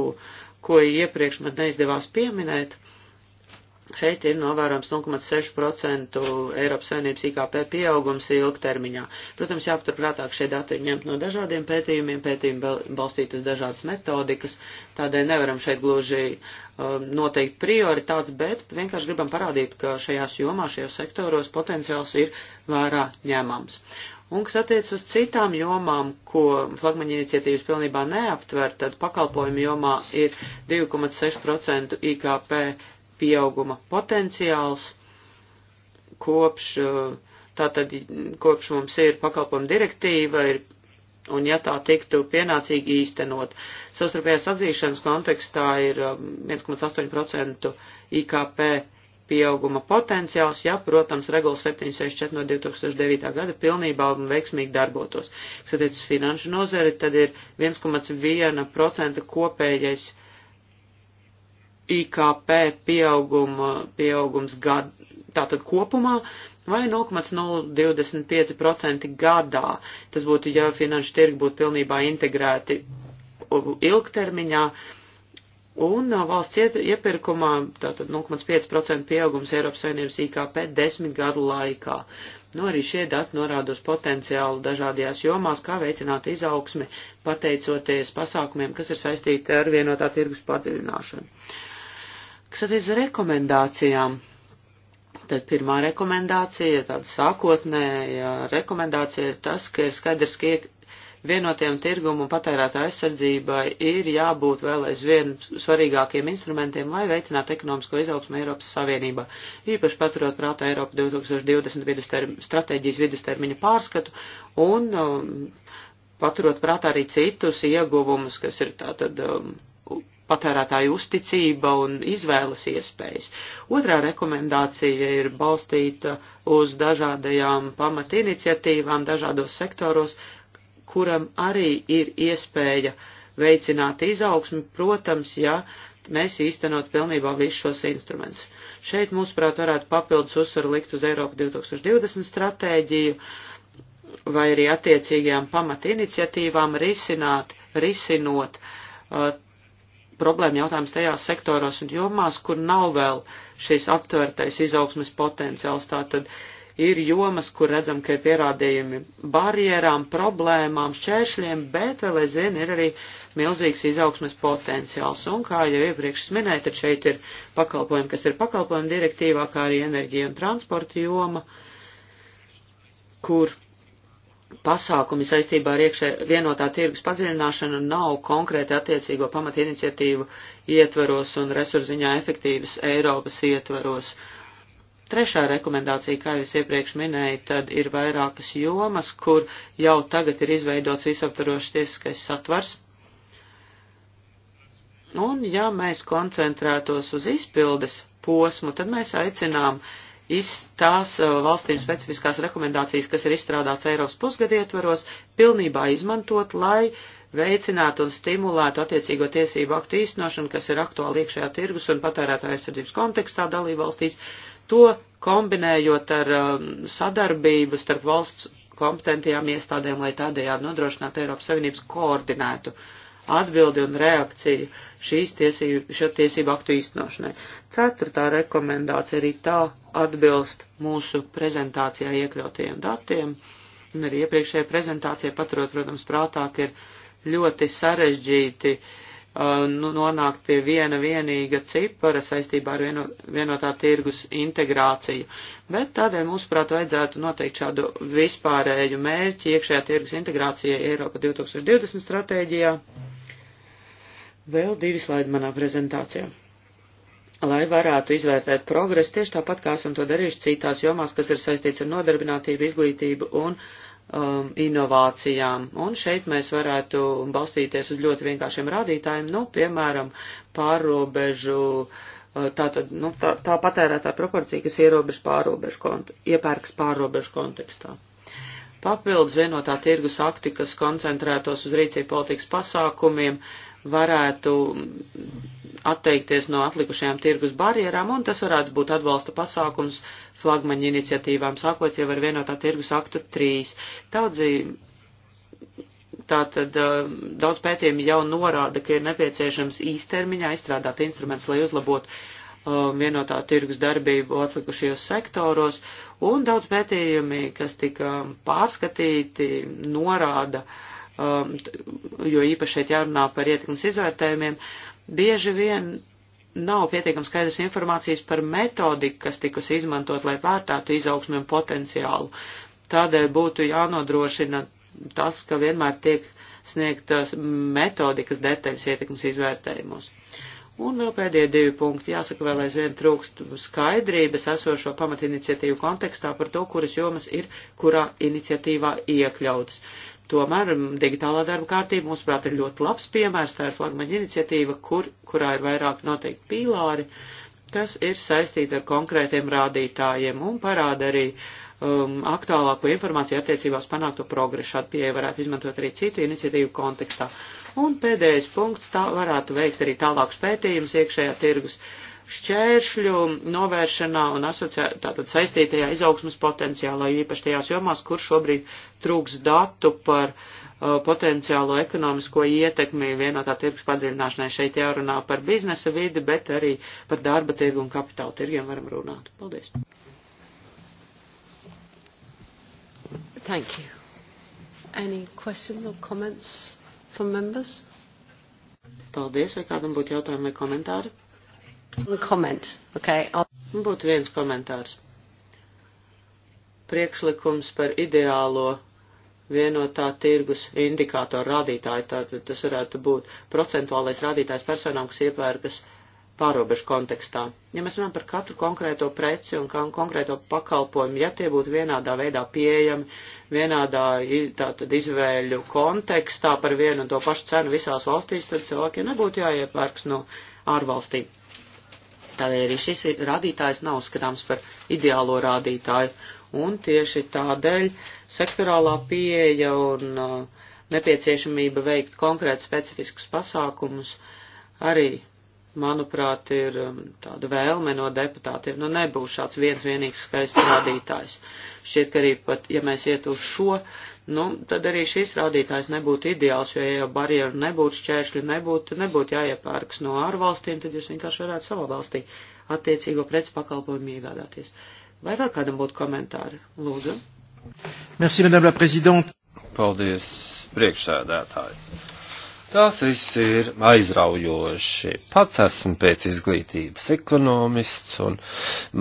ko iepriekš man neizdevās pieminēt. Uh, Šeit ir novērojams 0,6% Eiropas Savienības IKP pieaugums ilgtermiņā. Protams, jāpaturprātāk šie dati ir ņemti no dažādiem pētījumiem, pētījumi balstīt uz dažādas metodikas, tādēļ nevaram šeit gluži um, noteikt prioritātes, bet vienkārši gribam parādīt, ka šajās jomās, šajos sektoros potenciāls ir vērā ņemams. Un, kas attiec uz citām jomām, ko flagmaņa iniciatīvas pilnībā neaptver, tad pakalpojumu jomā ir 2,6% IKP pieauguma potenciāls kopš, uh, tātad, kopš mums ir pakalpojuma direktīva, ir, un ja tā tiktu pienācīgi īstenot. Sastarpējās atzīšanas kontekstā ir 1,8% um, IKP pieauguma potenciāls, ja, protams, regula 764 no 2009. gada pilnībā un veiksmīgi darbotos. Kas attiecas finanšu nozari, tad ir 1,1% kopējais IKP pieauguma, pieaugums gad, tātad kopumā, vai 0,025% gadā. Tas būtu, ja finanšu tirgi būtu pilnībā integrēti ilgtermiņā. Un uh, valsts iepirkumā tātad 0,5% pieaugums Eiropas Savienības IKP desmit gadu laikā. Nu, arī šie dati norāda uz potenciālu dažādajās jomās, kā veicināt izaugsmi, pateicoties pasākumiem, kas ir saistīti ar vienotā tirgus padziļināšanu. Uh, Kas attiec rekomendācijām? Tad pirmā rekomendācija, tāda sākotnēja rekomendācija ir tas, ka ir skaidrs, ka vienotiem tirgumu un patērētāju aizsardzībai ir jābūt vēl aizvien svarīgākiem instrumentiem, lai veicinātu ekonomisko izaugsmu Eiropas Savienībā, īpaši paturot prātā Eiropa 2020 vidusterm, stratēģijas vidustermiņa pārskatu un um, paturot prātā arī citus ieguvumus, kas ir tātad um, patērētāju uzticība un izvēles iespējas. Otrā rekomendācija ir balstīta uz dažādajām pamatiniciatīvām dažādos sektoros, kuram arī ir iespēja veicināt izaugsmi, protams, ja mēs īstenot pilnībā visus šos instrumentus. Šeit, mūsuprāt, varētu papildus uzsvaru likt uz Eiropa 2020 stratēģiju vai arī attiecīgajām pamatiniciatīvām risināt, risinot uh, problēma jautājums tajās sektoros un jomās, kur nav vēl šīs aptvērtais izaugsmes potenciāls. Tātad ir jomas, kur redzam, ka ir pierādījumi barjerām, problēmām, šķēršļiem, bet vēl aizvien ir arī milzīgs izaugsmes potenciāls. Un, kā jau iepriekš minēja, tad šeit ir pakalpojumi, kas ir pakalpojumi direktīvā, kā arī enerģija un transporta joma, kur pasākumi saistībā ar iekšē vienotā tirgus padziļināšanu nav konkrēti attiecīgo pamatiniciatīvu ietveros un resurziņā efektīvas Eiropas ietveros. Trešā rekomendācija, kā jau es iepriekš minēju, tad ir vairākas jomas, kur jau tagad ir izveidots visaptarošs tiesiskais satvars. Un ja mēs koncentrētos uz izpildes posmu, tad mēs aicinām uh, tās uh, valstīm specifiskās rekomendācijas, kas ir izstrādāts Eiropas pusgadu ietvaros, pilnībā izmantot, lai veicinātu un stimulētu attiecīgo tiesību aktu īstenošanu, kas ir aktuāli iekšējā tirgus un patērētāja aizsardzības kontekstā dalībvalstīs, to kombinējot ar um, sadarbību starp valsts kompetentajām iestādēm, lai tādējādi nodrošinātu Eiropas Savienības koordinētu uh, atbildi un reakciju šīs tiesību, šo tiesību aktu īstenošanai. Ceturtā rekomendācija arī tā atbilst mūsu prezentācijā iekļautajiem datiem, un arī iepriekšējā prezentācijā paturot, protams, prātā, ka ir ļoti sarežģīti uh, Uh, nu, nonākt pie viena vienīga cipara saistībā ar vieno, vienotā tirgus integrāciju. Bet tādēļ, mūsuprāt, vajadzētu noteikt šādu vispārēju mērķi iekšējā tirgus integrācijai Eiropa 2020 stratēģijā. Vēl divi slaidi manā prezentācijā. Lai varētu izvērtēt progresu tieši tāpat, kā esam to darījuši citās jomās, kas ir saistīts ar nodarbinātību, izglītību un um, inovācijām. Un šeit mēs varētu balstīties uz ļoti vienkāršiem rādītājiem, nu, piemēram, pārrobežu, uh, tātad, nu, tā, tā patērētā proporcija, kas ierobež pārrobežu kont iepērks pārrobežu kontekstā. Papildus vienotā tirgus akti, kas koncentrētos uz rīcību politikas pasākumiem, uh, varētu atteikties no atlikušajām tirgus barjerām, un tas varētu būt atbalsta pasākums flagmaņa iniciatīvām, sākot jau ar vienotā tirgus aktu 3. Daudzi, tātad daudz pētījumi jau norāda, ka ir nepieciešams īstermiņā izstrādāt instruments, lai uzlabotu um, vienotā tirgus darbību atlikušajos sektoros, un daudz pētījumi, kas tika pārskatīti, norāda, uh, um, jo īpaši šeit jārunā par ietekmes izvērtējumiem, bieži vien nav pietiekams skaidrs informācijas par metodiku, kas tikusi izmantot, lai vērtētu izaugsmi un potenciālu. Tādēļ būtu jānodrošina tas, ka vienmēr tiek sniegtas metodikas detaļas ietekmes izvērtējumos. Un vēl pēdējie divi punkti. Jāsaka, vēl aizvien trūkst skaidrības esošo pamatiniciatīvu kontekstā par to, kuras jomas ir kurā iniciatīvā iekļautas. Tomēr um, digitālā darba kārtība, mūsuprāt, ir ļoti labs piemērs. Tā ir flagmaņa iniciatīva, kur, kurā ir vairāk noteikti pīlāri, kas ir saistīti ar konkrētiem rādītājiem un parāda arī um, aktuālāko informāciju attiecībās panākto progresu. Šādu pieeju varētu izmantot arī citu iniciatīvu kontekstā. Un pēdējais punkts tā varētu veikt arī tālākus pētījumus iekšējā tirgus. Uh, šķēršļu novēršanā un asociā, tātad saistītajā izaugsmas potenciālā, jo īpaši tajās jomās, kur šobrīd trūks datu par uh, potenciālo ekonomisko ietekmi vienotā tirgus padziļināšanai. Šeit jārunā par biznesa vidi, bet arī par darba tirgu un kapitāla tirgiem varam runāt. Paldies. Thank you.
Any questions or comments from members?
Paldies, vai kādam būtu jautājumi vai komentāri? Comment, okay. Būtu viens komentārs. Priekšlikums par ideālo vienotā tirgus indikātoru rādītāju, tātad tas varētu būt procentuālais rādītājs personām, kas iepērkas pārobežu kontekstā. Ja mēs runājam par katru konkrēto preci un konkrēto pakalpojumu, ja tie būtu vienādā veidā pieejami, vienādā tātad, izvēļu kontekstā par vienu un to pašu cenu visās valstīs, tad cilvēkiem nebūtu jāiepērks no ārvalstīm. Tādēļ arī šis rādītājs nav skatāms par ideālo rādītāju, un tieši tādēļ sektorālā pieeja un uh, nepieciešamība veikt konkrēti specifiskus pasākumus arī, manuprāt, ir um, tāda vēlme no deputātiem. Nu, nebūs šāds viens vienīgs skaists rādītājs. Šķiet, ka arī pat, ja mēs iet uz šo nu, tad arī šis rādītājs nebūtu ideāls, jo, ja jau barjeru nebūtu, šķēršļi nebūtu, nebūtu jāiepērks no ārvalstīm, tad jūs vienkārši varētu savā valstī attiecīgo preci pakalpojumu iegādāties. Vai vēl kādam būtu komentāri? Lūdzu.
Merci, madame la présidente.
Paldies, priekšsēdētāji. Tas viss ir aizraujoši. Pats esmu pēc izglītības ekonomists, un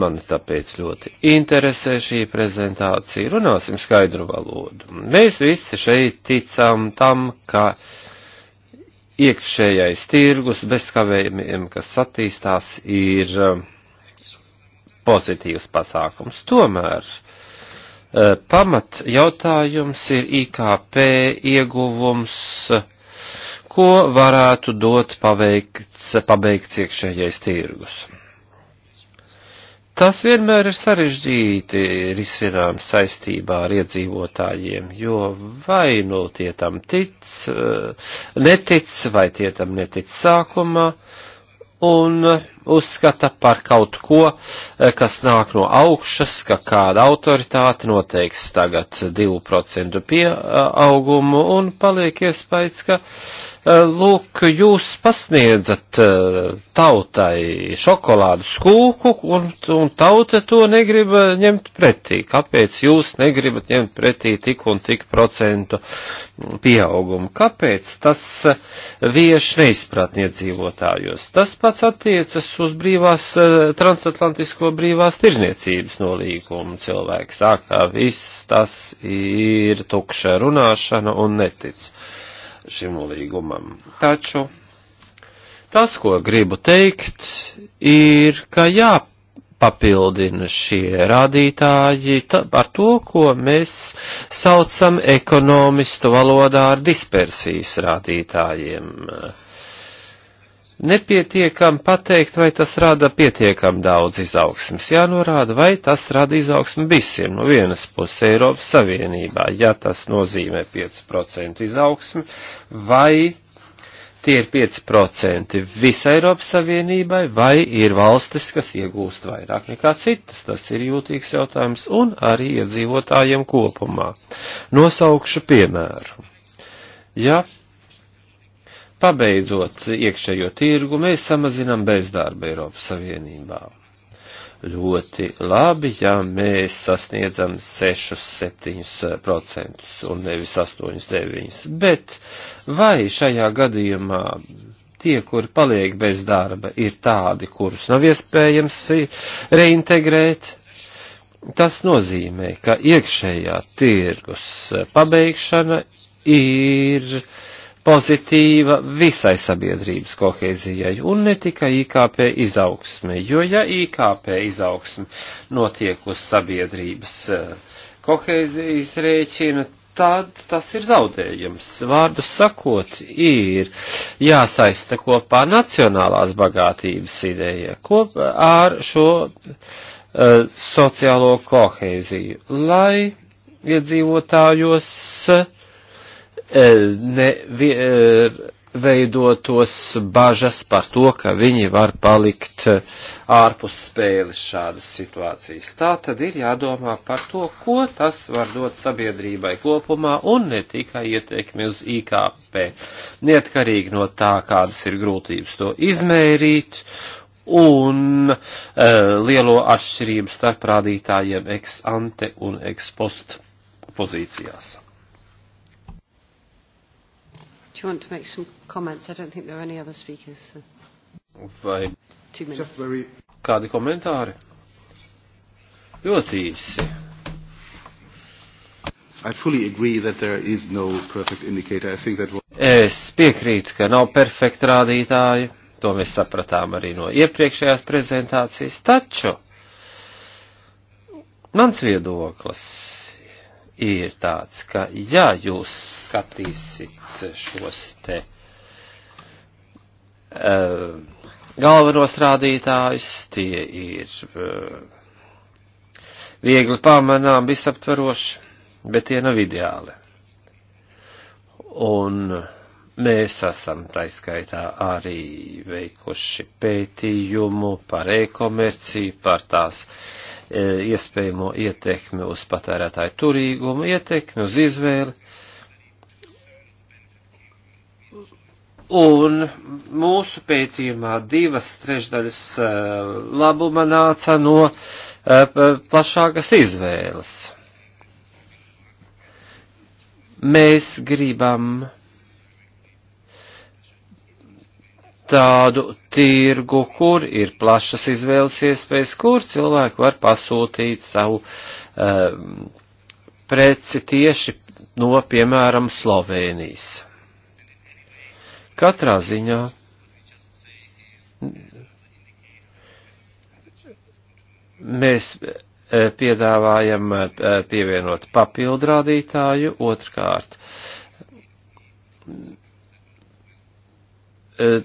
man tāpēc ļoti interesē šī prezentācija. Runāsim skaidru valodu. Mēs visi šeit ticam tam, ka iekšējais tirgus bez kavējumiem, kas attīstās, ir um, pozitīvs pasākums. Tomēr uh, pamat jautājums ir IKP ieguvums ko varētu dot paveikts, pabeigts iekšējais tirgus. Tas vienmēr ir sarežģīti risinām saistībā ar iedzīvotājiem, jo vai nu tie tam tic, eh, netic, vai tie tam netic sākumā, un uh, uzskata par kaut ko, eh, kas nāk no augšas, ka kāda autoritāte noteiks tagad 2% pieaugumu un paliek iespējas, ka, eh, lūk, jūs pasniedzat eh, tautai šokolādu skūku un, un tauta to negrib ņemt pretī. Kāpēc jūs negribat ņemt pretī tik un tik procentu pieaugumu? Kāpēc tas vieš neizpratnie dzīvotājos? Tas pats attiecas uz brīvās, eh, transatlantisko brīvās tirzniecības nolīgumu cilvēks. Sākā viss tas ir tukša runāšana un netic šim nolīgumam. Taču tas, ko gribu teikt, ir, ka jāpārāk papildina šie rādītāji ar to, ko mēs saucam ekonomistu valodā ar dispersijas rādītājiem. Uh, nepietiekami pateikt, vai tas rada pietiekami daudz izaugsmes. Jānorāda, vai tas rada izaugsmu visiem no vienas puses Eiropas Savienībā, ja tas nozīmē 5% izaugsmi, vai tie ir 5% visai Eiropas Savienībai, vai ir valstis, kas iegūst vairāk nekā citas. Tas ir jūtīgs jautājums un arī iedzīvotājiem kopumā. Nosaukšu piemēru. Ja pabeidzot iekšējo tirgu, mēs samazinām bezdarba Eiropas Savienībā. Ļoti labi, ja mēs sasniedzam 6-7% un nevis 8-9%, bet vai šajā gadījumā tie, kuri paliek bez darba, ir tādi, kurus nav iespējams reintegrēt. Tas nozīmē, ka iekšējā tirgus pabeigšana ir pozitīva visai sabiedrības kohēzijai un ne tikai IKP izaugsme, jo ja IKP izaugsme notiek uz sabiedrības eh, kohēzijas rēķina, tad tas ir zaudējums. Vārdu sakot, ir jāsaista kopā nacionālās bagātības ideja kopā ar šo uh, sociālo kohēziju, lai iedzīvotājos uh, E, neveidotos e, bažas par to, ka viņi var palikt ārpus spēles šādas situācijas. Tā tad ir jādomā par to, ko tas var dot sabiedrībai kopumā un ne tikai ietekmi uz IKP. Neatkarīgi no tā, kādas ir grūtības to izmērīt un e, lielo atšķirību starp rādītājiem ex ante un ex post pozīcijās
you want to make some comments, I don't think there are any other speakers.
So.
Vai very... kādi komentāri? Ļoti īsi. I fully agree that there is no perfect indicator. I think that Es piekrītu, ka nav perfekta rādītāja, to mēs sapratām arī no iepriekšējās prezentācijas, taču mans viedoklis ir tāds, ka ja jūs skatīsit šos te uh, galvenos rādītājus, tie ir uh, viegli pamanām, visaptvaroši, bet tie nav ideāli. Un uh, Mēs esam taiskaitā arī veikuši pētījumu par e-komerciju, par tās e, iespējamo ietekmi uz patērētāju turīgumu, ietekmi uz izvēli. Un mūsu pētījumā divas trešdaļas e, labuma nāca no e, plašākas izvēles. Mēs gribam tādu tirgu, kur ir plašas izvēles iespējas, kur cilvēki var pasūtīt savu um, preci tieši no, piemēram, Slovēnijas. Katrā ziņā mēs e, piedāvājam e, pievienot papildrādītāju, otrkārt e,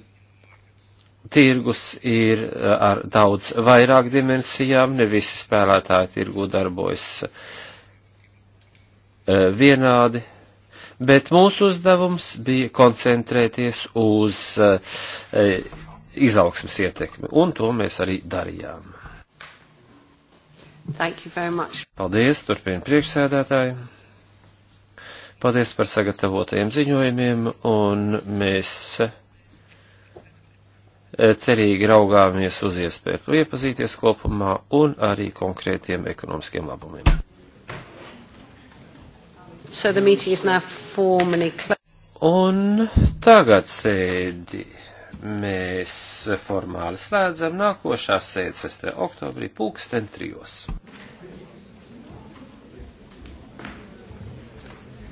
tirgus ir eh, ar daudz vairāk dimensijām, ne visi spēlētāji tirgu darbojas eh, vienādi, bet mūsu uzdevums bija koncentrēties uz eh, izaugsmas ietekmi, un to mēs arī darījām. Thank you very much. Paldies, turpina priekšsēdētāji. Paldies par sagatavotajiem ziņojumiem, un mēs Eh, cerīgi raugāmies uz iespēju iepazīties kopumā un arī konkrētiem ekonomiskiem labumiem.
So
formally...
Un tagad sēdi mēs formāli slēdzam nākošā sēdes 6. oktobrī pulksten trijos.